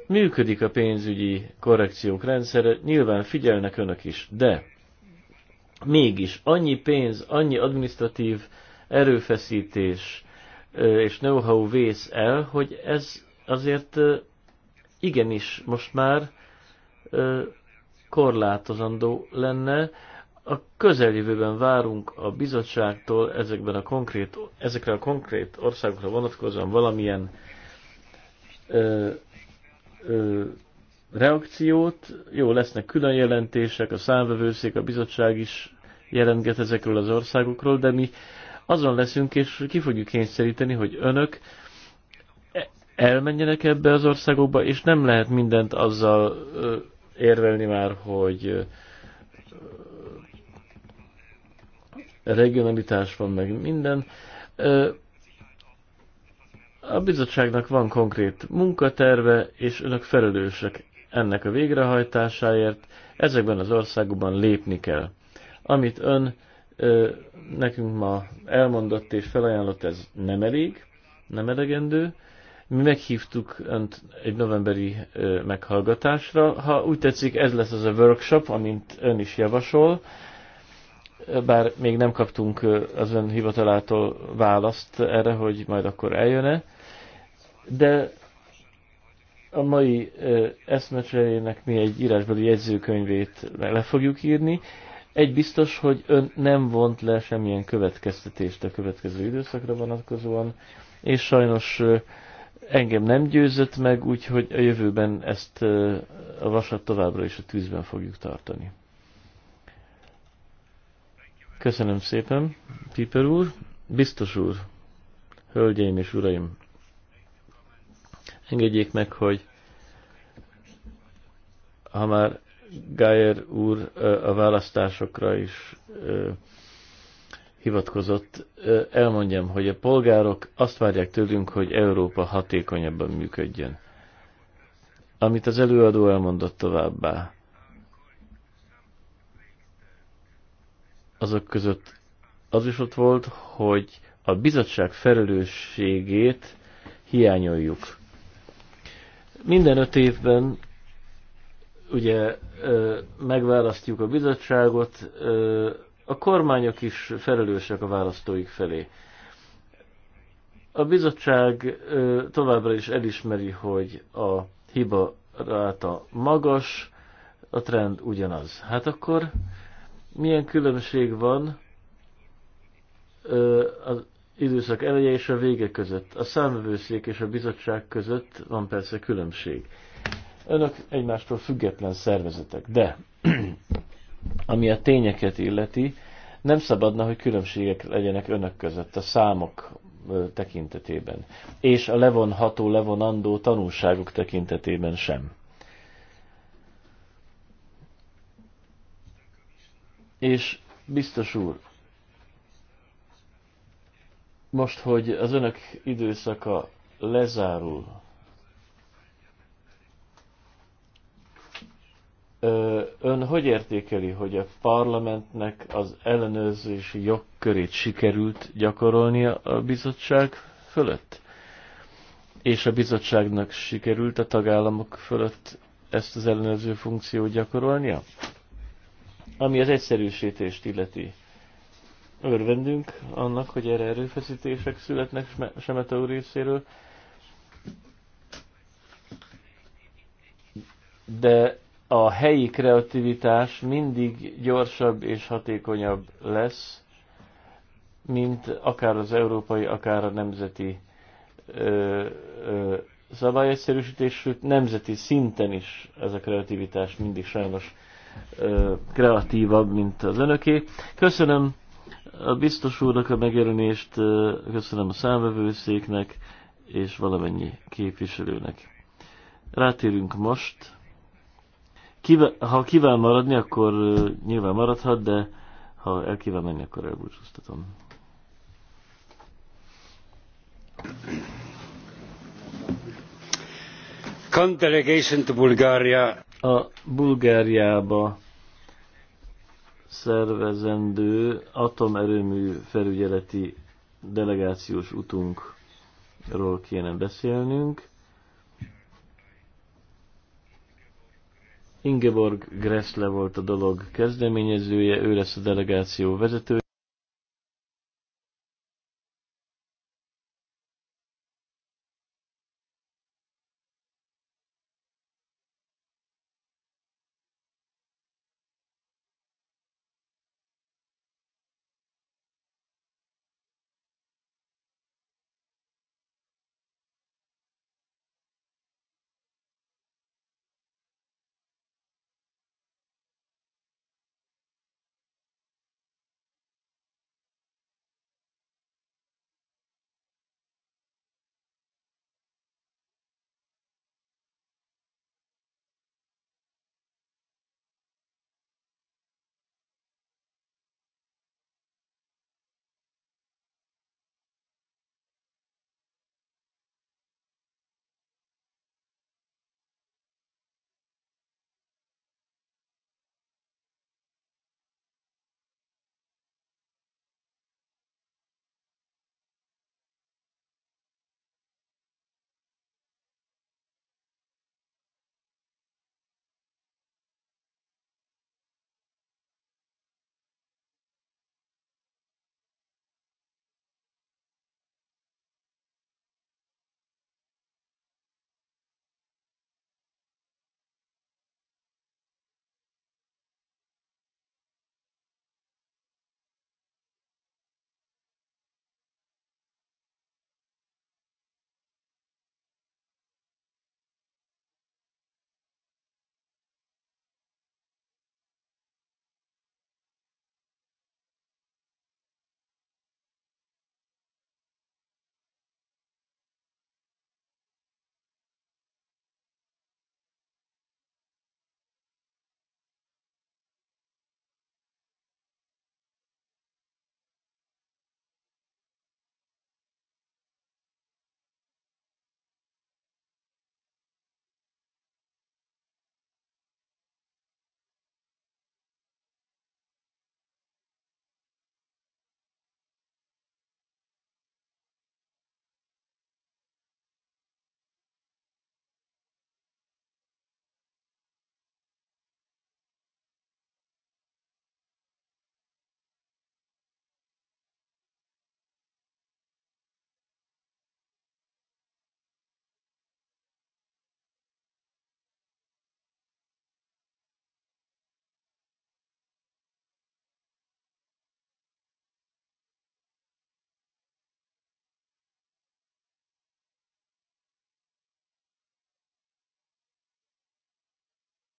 Működik a pénzügyi korrekciók rendszere, nyilván figyelnek önök is, de mégis annyi pénz, annyi administratív erőfeszítés, és know-how vész el, hogy ez azért igenis most már korlátozandó lenne. A közeljövőben várunk a bizottságtól ezekben a konkrét, ezekre a konkrét országokra vonatkozóan valamilyen ö, ö, reakciót. Jó, lesznek külön jelentések, a számvevőszék, a bizottság is jelentget ezekről az országokról, de mi azon leszünk, és ki fogjuk kényszeríteni, hogy önök elmenjenek ebbe az országokba, és nem lehet mindent azzal érvelni már, hogy regionalitás van meg minden. A bizottságnak van konkrét munkaterve, és önök felelősek ennek a végrehajtásáért. Ezekben az országokban lépni kell. Amit ön nekünk ma elmondott és felajánlott ez nem elég, nem elegendő. Mi meghívtuk Önt egy novemberi meghallgatásra. Ha úgy tetszik, ez lesz az a workshop, amint Ön is javasol, bár még nem kaptunk az Ön hivatalától választ erre, hogy majd akkor eljön-e. De a mai eszmecserének mi egy írásbeli jegyzőkönyvét le fogjuk írni, egy biztos, hogy ön nem vont le semmilyen következtetést a következő időszakra vonatkozóan, és sajnos engem nem győzött meg, úgyhogy a jövőben ezt a vasat továbbra is a tűzben fogjuk tartani. Köszönöm szépen, Piper úr, biztos úr, hölgyeim és uraim. Engedjék meg, hogy ha már Geyer úr a választásokra is hivatkozott. Elmondjam, hogy a polgárok azt várják tőlünk, hogy Európa hatékonyabban működjön. Amit az előadó elmondott továbbá, azok között az is ott volt, hogy a bizottság felelősségét hiányoljuk. Minden öt évben ugye megválasztjuk a bizottságot, a kormányok is felelősek a választóik felé. A bizottság továbbra is elismeri, hogy a hiba ráta magas, a trend ugyanaz. Hát akkor milyen különbség van az időszak eleje és a vége között? A számvevőszék és a bizottság között van persze különbség Önök egymástól független szervezetek, de ami a tényeket illeti, nem szabadna, hogy különbségek legyenek önök között a számok tekintetében, és a levonható, levonandó tanulságok tekintetében sem. És biztos úr, most, hogy az önök időszaka lezárul, Ön hogy értékeli, hogy a parlamentnek az ellenőrzési jogkörét sikerült gyakorolnia a bizottság fölött? És a bizottságnak sikerült a tagállamok fölött ezt az ellenőrző funkciót gyakorolnia? Ami az egyszerűsítést illeti. Örvendünk annak, hogy erre erőfeszítések születnek Semete úr részéről, de a helyi kreativitás mindig gyorsabb és hatékonyabb lesz, mint akár az európai, akár a nemzeti szabályegyszerűsítés, sőt nemzeti szinten is ez a kreativitás mindig sajnos ö, kreatívabb, mint az önöké. Köszönöm a biztos úrnak a megjelenést, köszönöm a számvevőszéknek és valamennyi képviselőnek. Rátérünk most Kíván, ha kíván maradni, akkor nyilván maradhat, de ha el kíván menni, akkor elbúcsúztatom. Delegation to Bulgaria. A Bulgáriába szervezendő atomerőmű felügyeleti delegációs utunkról kéne beszélnünk. Ingeborg Gressle volt a dolog kezdeményezője, ő lesz a delegáció vezető.